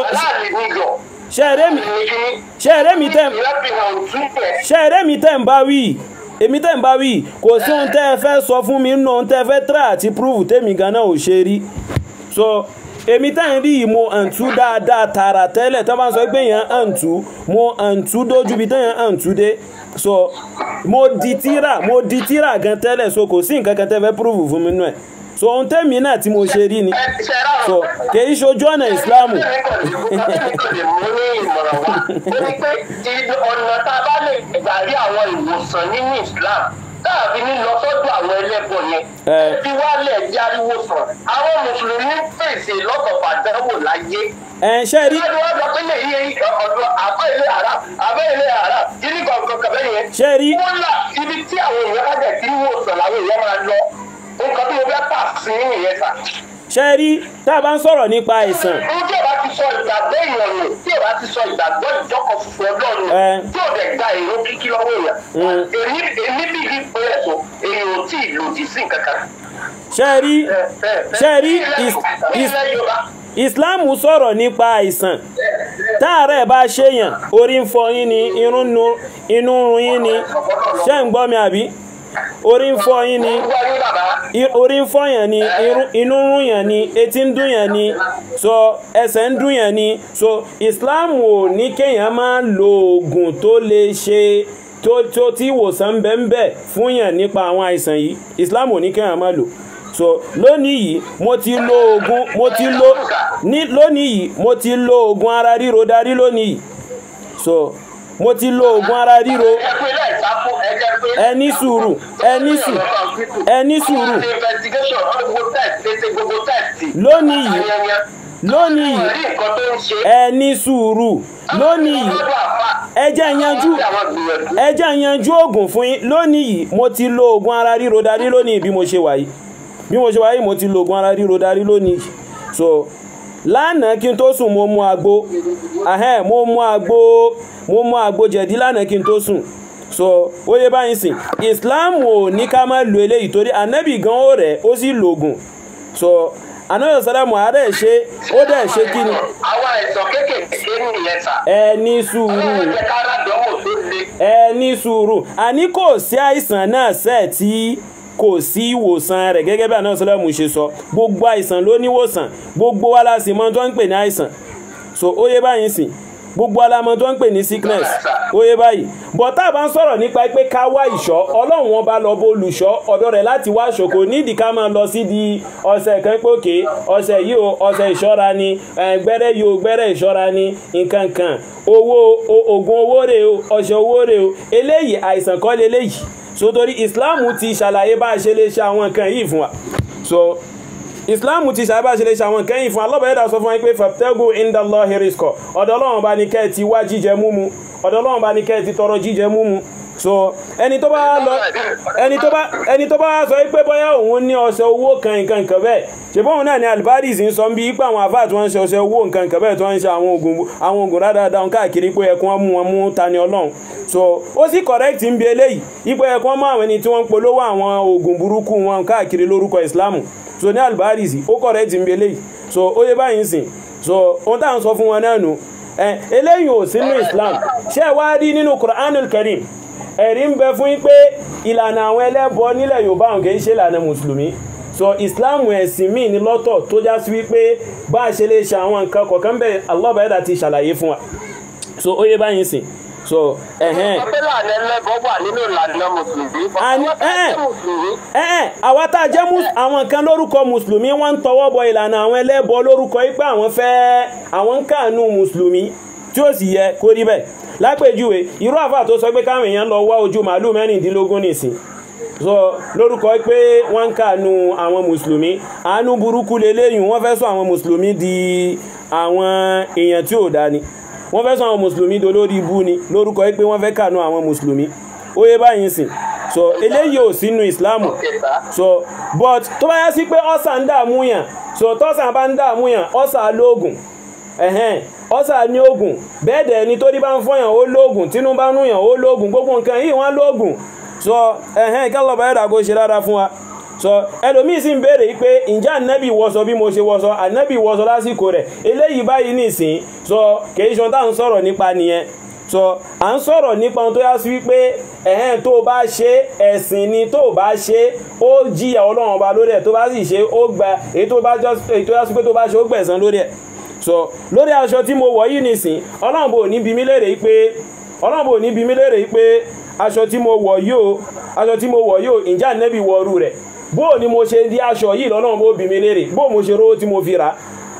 ṣẹ́rí èmi tẹ̀ ń bá wí yìí èmi tẹ́ ń bá wí kò sí ohun tẹ́ ẹ fẹ́ sọ fún mi nínú ohun tẹ́ ẹ fẹ́ try àti prove tèmi ganan ò ṣe rí so èmi tá ń rí ìmọ̀ àǹtú dáadáa tààrà tẹ́lẹ̀ tó bá ń sọ pé èèyàn àǹtú mo àǹtú dójú bí téèyàn àǹtú dé so mo di tíra mo di tíra gan tẹ́lẹ̀ so kò sí nǹkan kan tẹ́ fẹ́ prove fún mi nù ẹ̀ so ohun tẹ́mi náà tí mo ṣe rí ni so kì í ṣojú ọ̀nà ìsìláàmù. ọ̀nà tá a bá lè gbà àwọn ìwòsàn nínú ìsìláàmù káàbí ní lọ sọ́dọ̀ àwọn ẹlẹ́bọ yẹn. fi wálẹ̀ di ariwo sàn àwọn mùsùlùmí fèsì lọ́tọ̀ fàdánwò láyé. ẹ ṣe rí. wọ́n wá lọ pé lè yí ọ̀dọ̀ àbẹ́ ilé ara àbẹ́ ilé ara yìí ní kọ̀ọ̀kan kàbẹ́ yẹn. rí. wọ́n là ibi tí àwọn èèyàn bá jẹ̀ sí ìwòsàn làwọn èèyàn máa lọ nǹkan tó fẹ́ pà sí nìyẹn sà. ṣe rí tá a bá ń sọ̀rọ̀ nípa ẹ̀sán. ní tí o bá ti sọ ìgbàgbọ́ èèyàn nù tí o bá ti sọ ìgbàgbọ́ ìjọkọ̀ fúnfún ọlọ́run tí o dẹ̀ gba èrò kíkí lọ́wọ́ èèyàn èmi bí i pé ẹ̀sùn èèyàn ò tí ì lòdì sí nǹkan ṣe rí ṣe rí Islam sọ̀rọ̀ nípa àìsàn táàrẹ̀ bá ṣèyàn orí ń fọ ni inú ń run yín ni ṣé ń gbọ́ mi àbí orí ń fọ́ yín ni orí ń fọ́ yàn ni inú rún yàn ni etí ń dún yàn ni so ẹsẹ̀ ń dún yàn ni so Islam ò ní kéèyàn máa lo oògùn tó lè ṣe tó tó tí ìwòsàn bẹ́ẹ̀ fún yàn nípa àwọn àìsàn yìí Islam ò ní kéèyàn máa lò so lónìí yìí mo ti lo oògùn mo ti lo ní lónìí yìí mo ti lo oògùn ara ríro darí lónìí yìí so mo ti lo oògùn ara ríro ẹ ní sùúrù ẹ ní sùúrù ẹ ní sùúrù lónìí yìí lónìí yìí ẹ ní sùúrù lónìí yìí ẹ yanjú ẹ yanjú oògùn fún yín lónìí yìí mo ti lo oògùn ara ríro darí lónìí bí mo ṣe wà yìí bí mo ṣe wà yìí mo ti lo oògùn ara ríro darí lónìí so lánàá kí n tó sùn mo mu àgbo mo mu àgbo mo mu jẹ̀dí lánàá kí n tó sùn so ó báyìí sìn Islam ò ní ká má lu eléyìí torí ànábì gan ó rẹ̀ ó sì lògùn so ànábì sàlámù ààrẹ ṣe ó dẹ̀ ṣe kí ni. àwọn àìsàn kéékèèké sà. ẹ ní sùúrù ẹ ní sùúrù àní kò sí àìsàn náà sẹ́ẹ̀ tí. kò sí ìwòsàn rẹ̀ gẹ́gẹ́ bí àná sọlọ́mù ṣe sọ gbogbo àìsàn ló níwòsàn gbogbo wa la sì mọ̀ tó ń pè ní àìsàn so ó yé báyìí sìn gbogbo alamọ tó ń pè ní sickness ó yé báyìí bọ́ tá a bá ń sọ̀rọ̀ nípa pé ká wá ìṣọ́ ọlọ́run wọn bá lọ bó olùṣọ́ ọ̀dọ̀ rẹ̀ láti wá ṣòkò nídìí ká máa lọ sí di ọṣẹ kan pòkè ọṣẹ yìí o ọṣẹ ìṣọ́ra ni eh, gbẹ́rẹ́ yìí o gbẹ́rẹ́ ìṣọ́ra ni nǹkan kan owó oògùn owó rè o ọṣẹ owó rè o eléyìí àìsàn kọ́ lélẹ́yìí so torí islam ti ṣàlàyé bá a ṣe lè ṣe àwọn nǹkan yìí fún wa so islam ti sábà ṣe lè ṣàwọn kẹ́yìn fún alọ́bàáyédà sọ fún wa pé fàbtẹ́gù indallahi rizqa ti wá jíjẹ múmu ọ̀dọ̀ bá ní kẹ́ ti tọrọ jíjẹ múmu so ẹni tó bá sọ pé bóyá òun ni alibadis ń sọ bí ipa àwọn àfáà tí wọ́n ń ṣe ọṣẹ owó nǹkan bẹ́ẹ̀ tí wọ́n ń ṣe àwọn oògùn àwọn káàkiri pé ẹkún wọn wọn mú tani ọlọ́run so ó sì correct ń bi eléyìí ẹkún àwọn ẹni tí wọ́n ń polówó àwọn oògùn so ní albaris ó correct ń belé so ó yẹ báyìí sìn so ohun tá à ń sọ fún wọn náà nù ẹ eléyìí ò sínú islam ṣé ẹ wáá rí nínú quranul karim ẹ̀rí ń bẹ fún yín pé ìlànà àwọn ẹlẹ́bọ nílẹ̀ yorùbá àwọn kì í ṣe ìlànà mùsùlùmí so islam ẹ̀sìn míì ní lọ́tọ̀ tó já sí wípé bá a ṣe lè ṣe àwọn nǹkan kọ̀ọ̀kan bẹ́ẹ̀ Allah bá ti ṣàlàyé fún wa so ó yẹ báyìí sìn so ẹ̀hẹ́n. ìpínlẹ̀ ẹlẹ́bọ wà nínú ìlànà mùsùlùmí. àwa tá a jẹ́ àwọn kan lórúkọ mùsùlùmí wọ́n ń tọwọ́ bọ ìlànà àwọn ẹlẹ́bọ lórúkọ yìí pé àwọn fẹ́ àwọn ń kàánú mùsùlùmí tí ó sì yẹ kó rí bẹ́ẹ̀ lápèjúwe irú àfà tó sọ pé káwọn èèyàn lọ wá ojú màálù mẹ́rìndínlógún nìsín so lórúkọ pé wọ́n ń kàánú àwọn mùsùlùmí àánú burúkú lélẹ́yìn wọ́n fẹ́ sọ àwọn mùsùlùmí di àwọn èèyàn tí ò dání wọ́n fẹ́ sọ àwọn mùsùlùmí dolórí ibú ni lórúkọ yìí pé wọ́n fẹ́ kànú àwọn mùsùlùmí ó yẹ báyìí sìn so eléyìí ò sínú ìsìláàmù so but tó bá yá sí pé ọ̀sà ń dààmú yàn so tọ́sà bá ń dààmú yàn ọ̀sà lóògùn ẹ̀hẹ́n ọ̀sà ní oògùn bẹ́ẹ̀ dẹ̀ ni tó dí bá ń fọyàn ó lóògùn tínú bá ń yàn ó lóògùn gbogbo nǹkan yìí wọ́n lóògùn so ẹ̀hẹ́n ìkálọ̀bá ẹ̀dà kó ṣe dáadáa fún wa so ẹlòmíì sì ń béèrè pé ǹjẹ́ ànábì wọṣọ bí mo ṣe wọṣọ ànábì wọṣọ lásìkò rẹ̀ eléyìí báyìí nìsín so kìí ṣan tá à ń sọ̀rọ̀ nípa nìyẹn so à ń sọ̀rọ̀ nípa ohun tó yá sí wípé ẹ̀hẹ́n tó bá ṣe ẹ̀sìn ni tó bá ṣe ó jìyà ọlọ́run ọba lórí ẹ̀ tó bá sì ṣe ó gba èyí tó yá sí pé tó bá ṣe ó gbẹ̀san lórí ẹ̀ so lórí aṣọ tí mo wọ̀ yìí nìsín ọlọ́run bò ní bi mí léèrè pé ọlọ́run bò ní bi mí léèrè pé aṣọ tí mo wọ̀ yìí o aṣọ tí mo wọ̀ yìí o ǹjẹ́ ànẹ́bì wọ̀ọ́rù rẹ̀ bó ni mo ṣe di aṣọ yìí lọ́lọ́run bó bi mí léèrè bó mo ṣe rówó tí mo fi rà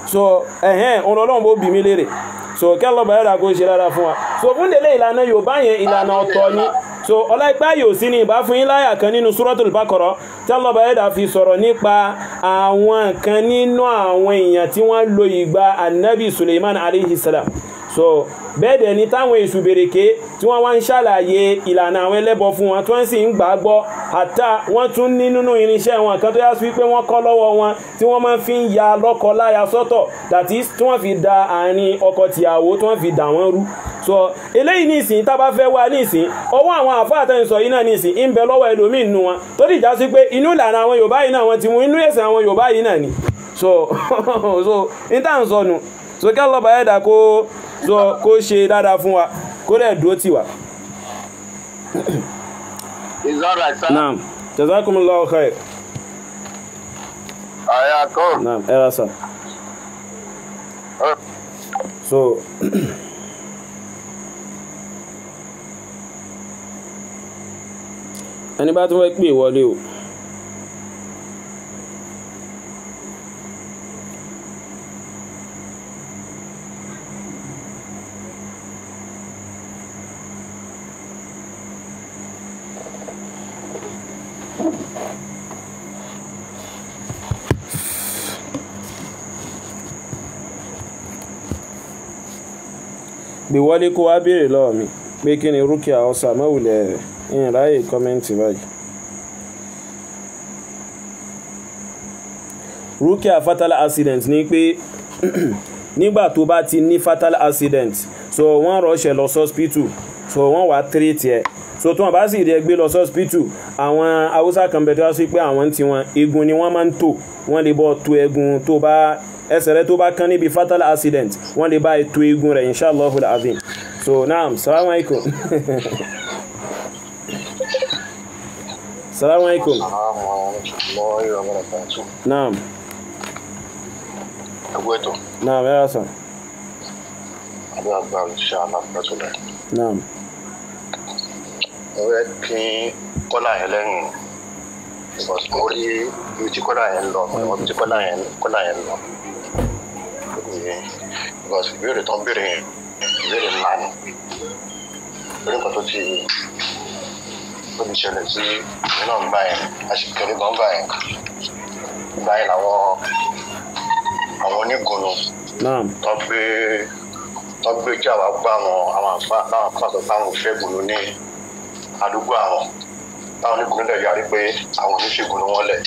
so ẹ̀hẹ́n òun lọ́lọ́run bó bi mí léèrè so kẹ́lọ́ bàrẹ́ rà kó ṣe rárá fún wa so fún délé ìlànà Yorùbá yẹn ìlànà ọ̀tọ̀ ni so ọláìpá yóò sí ní ìbá fún yín láyà kan nínú Suratul Baqara tí ọlọ́ba ẹ̀dà fi sọ̀rọ̀ nípa àwọn kan nínú àwọn èèyàn tí wọ́n lo ìgbà Annabi Suleiman alayhi salam so bẹ́ẹ̀ dẹ̀ ni táwọn èṣù bèrèké tí wọ́n wá ń ṣàlàyé ìlànà àwọn ẹlẹ́bọ fún wọn tí wọ́n sì ń gbà gbọ́ àtà wọ́n tún ní nínú irinṣẹ́ wọn kan tó yá sí wípé wọ́n kọ́ lọ́wọ́ wọn tí wọ́n máa fi ń ya lọ́kọ láya sọ́tọ̀ that is tí wọ́n fi da àárín ọkọ tìyàwó tí wọ́n fi dà wọ́n rú so eléyìí nísìn tá a bá fẹ́ wá nísìn ọwọ́ àwọn àfáà tẹ́yìn sọ yìí náà nísìn ń bẹ lọ́wọ́ ẹlòmíì nù wọn tó dìjà sí pé inú ìlànà àwọn Yorùbá yìí náà wọ́n ti mú ni so so n tá à so kí á lọ́ọ́ bàyẹ̀ kó so kó ṣe dáadáa fún wa kó dẹ̀ dúró tì wá. it's all right sir. naam jazakumullahu khair. ayakọ. naam ẹ ra sa. so. ẹni bá tún fẹ́ pè wọlé o. pé wọlé kó wá béèrè lọ́wọ́ mi pé kí ni rúkìá ọ̀sà mọ́wùlẹ̀ ń ráyè kọ́mẹ́ǹtì báyìí. rúkìá fatal accident ni pé nígbà tó bá ti ní fatal accident so wọ́n rọ̀ṣẹ̀ lọ sọ́spítù so wọ́n wá tírètì ẹ̀ so tí wọ́n bá sì rí ẹgbẹ́ lọ sọ́spítù àwọn haúsá kan bẹ̀rẹ̀ wá sí pé àwọn tiwọn eegun ni wọ́n máa ń tò wọ́n lè bọ́ to eegun tó bá ẹsẹ̀ rẹ tó bá kán níbi fatal accident wọ́n lè bá ètò eegun rẹ̀ inshallahul azim so naam salamu alaykum salamu alaykum naam ẹgbẹ́tọ̀ naam ẹ rà sàn. àbúrò àgbà ìṣe àlàbàtò rẹ̀. naam. mo fẹ́ kí kọ́là yẹn lẹ́yìn because mo rí ibi tí kọ́là yẹn lọ ibi tí kọ́là yẹn lọ nìyẹn because ìbéèrè tó ń béèrè yẹn ìbéèrè ńlá ni torí nǹkan tó ti tó ti ṣẹlẹ̀ sí èmi náà ń bá yẹn àṣekèrè gan bá yẹn bá yẹn làwọn àwọn onígunnu tó gbé tó gbé jà wá gbá àwọn àwọn àfa táwọn àfa tó táwọn òṣègùn ló ní àdúgbò àwọn táwọn onígunnu lẹ̀ yarí pé àwọn oníṣègùn ni wọ́n lẹ̀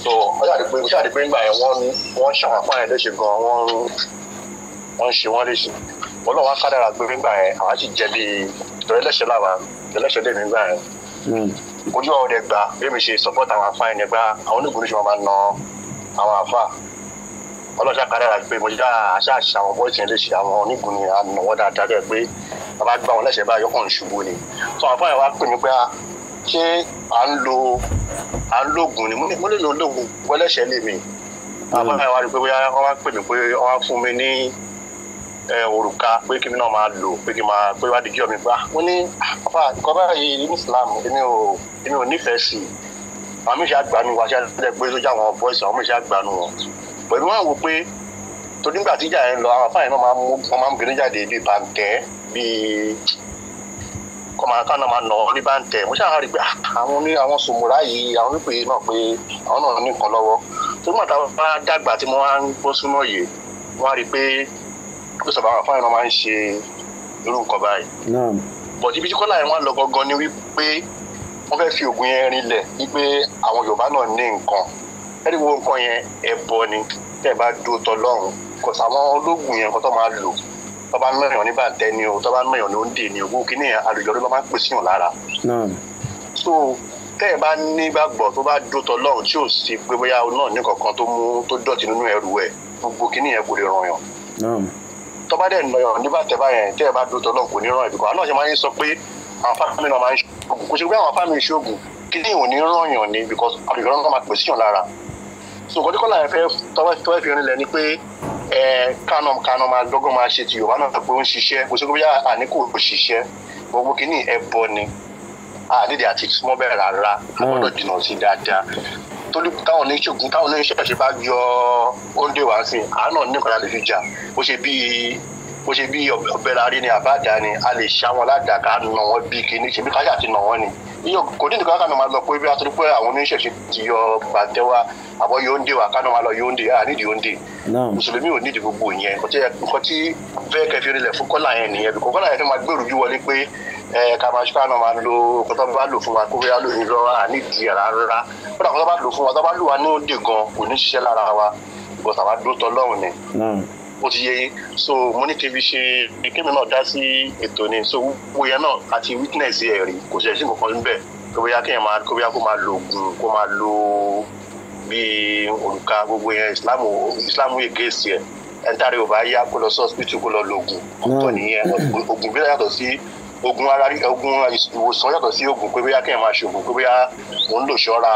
so ó ṣáà pé ó ṣáà pé nígbà yẹn wọ́n wọ́n yẹn léṣe gan wọ́n wọ́n ṣe wọ́n léṣe wọ́n lọ́wọ́ kádàrà gbé nígbà yẹn àwọn sì jẹ́ bíi ìtọ́jú ẹlẹ́ṣẹ̀ làwọn ẹlẹ́ṣẹ̀ dé nígbà yẹn hmm. ojú ọ̀rọ̀ dẹ̀ gbà bí mi ṣe support àwọn afá yẹn gba àwọn onígun oníṣẹ́ máa na àwọn afá ọlọ́ṣà kádàrà gbé mo já àṣà àṣà àwọn bọ́ọ̀sì yẹn léṣe àwọn onígun ni ànáwọ́ dáadáa dẹ̀ pé bàbá gbà wọn lẹ́sẹ̀ báyọ̀ kàn ṣubú ni so àwọn afá yẹn wá pè mí pé ṣé à ń lo à ń lògùn ni mo lè lo lògùn wẹ́lẹ́sẹ̀ lè mi àwọn ọmọ ìwádìí pé bóyá wọ́n wá pè mí pé wọ́n wá fún mi ní òrùka pé kí mi náà máa lò pé kí n máa pé wádìí jọ mi gbà wọ́n ní àpá nǹkan báyìí ní Islam èmi ò èmi ò nífẹ̀ẹ́ sí i àwọn méjì àgbàánu wa ṣe àtẹ̀lẹ́ pé sójà àwọn bọ́ìsì àwọn méjì àgbàánu wọn pẹ̀lú wọn wò pé tó nígbà tíjà yẹn lọ àwọn afáàyàn náà máa ń mú wọn máa ń gbé níjàde bíi bàǹtẹ́ bíi kọ́ máa kánà máa nà ọ́ ní báńtẹ̀ mo ṣáà rí pé ah, àwọn ní àwọn sòmùrà yìí àwọn wípé náà pé àwọn náà ní nǹkan lọ́wọ́ tó mọ̀ táwọn bá dàgbà tí mo wá ń gbọ́ súná yìí wọ́n á rí i pé ó sọ̀rọ̀ àwọn afáyàn máa ń ṣe irú nǹkan báyìí. bọ̀dí bíi kọ́lá yẹn wọ́n lọ gangan ni wípé wọ́n fẹ́ fi ògùn yẹn rinlẹ̀ wípé àwọn Yorùbá náà ní nǹkan ẹ̀rí wo nǹkan yẹn tọ́ba mẹ́rin ní bàtẹ́ ni o tọ́ba mẹ́rin ní òǹdè ni o gbogbo kí ni àlùjọ ló máa ń pèsè yàn lára. so tẹ́ ẹ bá nígbàgbọ́ tó bá dótọ́ lọ́run tí ò sí pé bóyá náà ní kankan tó mú tó dọ̀tí nínú ẹrù ẹ̀ gbogbo kí ni yẹn kò lè ràn yàn. tọ́ba dẹ̀ nà yàn nígbà tẹ́ bá yẹn tẹ́ ẹ bá dótọ́ lọ́run kò ní ràn yàn bìkọ́ àná ṣe máa ń sọ pé àwọn fámìlì náà máa ń ṣoògùn ni ò ni because àlùjọ náà máa pèsè so kọ́ni kọ́lá yẹn fẹ́ tọ́wọ́ fi rinlẹ̀ ni pé kanom kanom adọ́gọ́ máa ṣe ti yorùbá náà pé ó ń ṣiṣẹ́ kò sí kó bí àní kò ṣiṣẹ́ gbogbo kìíní ẹbọ ni àdídì àti súnmọ́ bẹ́ẹ̀ rárá a hmm. gbọ́dọ̀ jìnnà sí dáadáa torí táwọn oníṣègùn táwọn oníṣègùn ṣe bá yọ ó ń dé wá sí i àánà ní ìpàdé fi jà ó ṣe bíi bó ṣe bí ọbẹ̀ la rí ni àbájá ni a lè ṣá wọn ládàá ká nà wọn bí kíní ṣe bí káṣà ti nà wọn ni yíyọ kò ní nìkan kánà máa lọ pé bí a torí pé àwọn oníṣẹ̀ṣe ti yọ bàtẹ́wà àbọ̀ yóńdè wà kánà máa lọ yóńdè à nídìí yóńdè mùsùlùmí ò nídìí gbogbo yẹn kò tẹ́ nǹkan tí fẹ́ kẹfì rinlẹ̀ fún kọ́là yẹn nìyẹn bí kò kọ́là yẹn tó máa gbèrú ju wọlé pé kàmáṣí kánà máa lo kọ́tọ́ bá lò fún wa kó fẹ́ lò nírọ̀ à nídìí rárá kọ́tọ́ bá lò fún wa tó bá lò wá ní ó ti yẹ so money ní kí n fi ṣe kémi náà dá sí ètò ni so gbogbo yẹn náà àti witness yẹn rí kò ṣe sí kankan níbẹ̀ kó bóyá kéèyàn máa kó bóyá kó máa lo oògùn kó máa lo bíi òrùka gbogbo yẹn islam islam wey gèsì ẹ ẹntàrí ò bá yá kó lọ sí hospital kó lọ lo oògùn ọ̀tọ̀ nìyẹn oògùn bí wọ́n yàtọ̀ sí oògùn ara oògùn ìwòsàn yàtọ̀ sí oògùn pé bóyá kẹ́hìn máa ṣe oògùn pé bóyá mò ń lò ṣọ́ra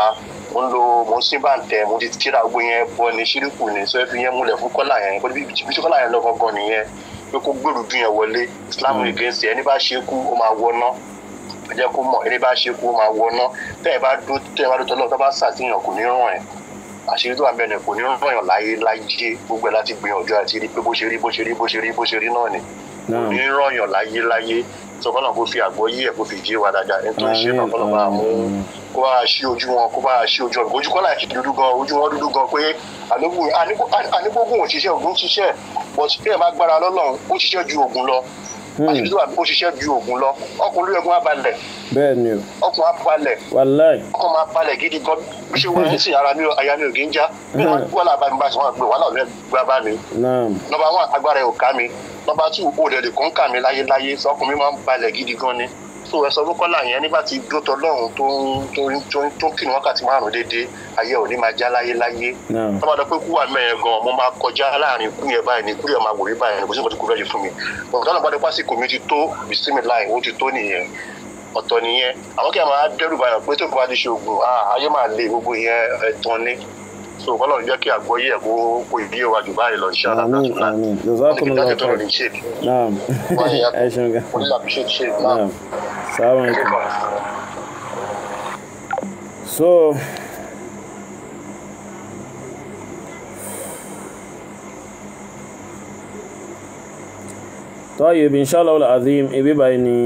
mo ń lo mo ń sin bàǹtẹ̀ mo ti tíra gbogbo yẹn bọ ní ṣírìkù ní sọ fi yẹn múlẹ̀ fún kọ́là yẹn pé bí kọ́là yẹn lọ gangan nìyẹn pé kó gbèrú dùn yẹn wọlé Islam hmm. against ẹni bá ṣe kú ó máa wọná ẹ kó mọ̀ ẹni bá ṣe kú ó máa wọná tẹ́ bá dó tẹ́ bá dó tọ́lọ́ tó bá ṣàtìyàn kò ní ràn ẹ̀ àṣírí tó wà bẹ́ẹ̀ ni kò ní ràn yàn láyé láyé gbogbo ẹ̀ láti gbìyànjú àti rí pé bó ṣe rí bó ṣe rí bó ṣe rí náà ni kò ní ràn yàn láyé láyé sọ kọ́nà kó fi àgbọ́yé ẹ̀ kó fi jí wa dáadáa ẹni tó ń ṣe náà kọ́nà máa mú kó bá ṣí ojú wọn kó bá ṣí ojú ọ̀nà ojú kọ́nà àti dúdú gan ojú wọn dúdú gan pé ànígbógun òṣìṣẹ́ ògùn ṣiṣẹ́ bọ̀ sí pé ẹ̀ má gbára lọ́lọ́run ó ṣiṣẹ́ ju ògùn lọ àṣírí hmm. wà bí kò ṣiṣẹ́ ju oògùn lọ ọkùnrin ogun abalẹ̀ bẹ́ẹ̀ni o ọkùnrin abalẹ̀ wàláì ọkọ máa balẹ̀ gidi gan bí ṣe wọ́n sì ara mi aya mi ò kí ń já hmm. bí wọ́n wọ́n làbá mi bá ṣe wọ́n pè wàhálà ọ̀lẹ́ gba bá mi nọ́mbà one agbára ẹ̀ ò ká mi nọ́mbà two olè lè kó ń kà mí láyéláyé sọkùnrin máa ń balẹ̀ gidi gan ni so ẹ sọ Bùkọ́lá yẹn nígbà tí dó tọlọ́run tó ń tó ń tó ń kìnnìún wákàtí márùn déédéé ayé ò ní máa já láyé láyé tó bá dọ pé kú wà mẹ́rin gan mo máa kọjá láàrin kú yẹn báyìí ní kú yẹn máa wò rí báyìí ní kò sí ìkọ́jú kú rẹ́jì fún mi ọ̀gá náà gbọ́dọ̀ pásíkò mi ti tó bìsímì láì ó ti tó nìyẹn ọ̀tọ̀ nìyẹn àwọn kí a máa dẹ́rù báyọ̀ pé tó bá ti ṣe ah, so kọ́lọ̀ ń jẹ́ kí àgbọ́yé ẹ̀ kó kó ìdí wa jù báyìí lọ ṣe àdàkà tó náà wọ́n ti dájú tó lòdì ṣe ẹ ṣeun gan sáwọn ẹ̀kọ́ so. tọ́yìbí inshallah al-azim ibi báyìí ni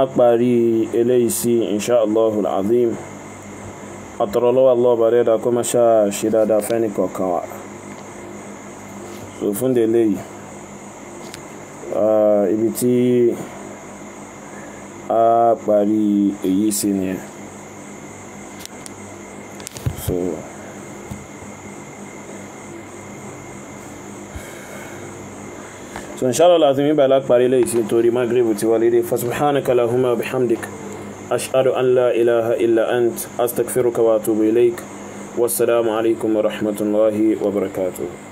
a parí eléyìí sí inshallah al àtọ̀rọ̀lọ́wọ́ àlọ́ọ̀bà rẹ̀dà kó má ṣáà ṣe dáadáa fẹ́ni kọ̀ọ̀kan wa so fún délé yìí ibi tí a parí èyí sí nìyẹn so. so inshallah lazim yi ba la parí lè ṣe torí maghrib ti wà lédè fasubhanaka lahumma bihamdika أشهد أن لا إله إلا أنت أستغفرك وأتوب إليك والسلام عليكم ورحمة الله وبركاته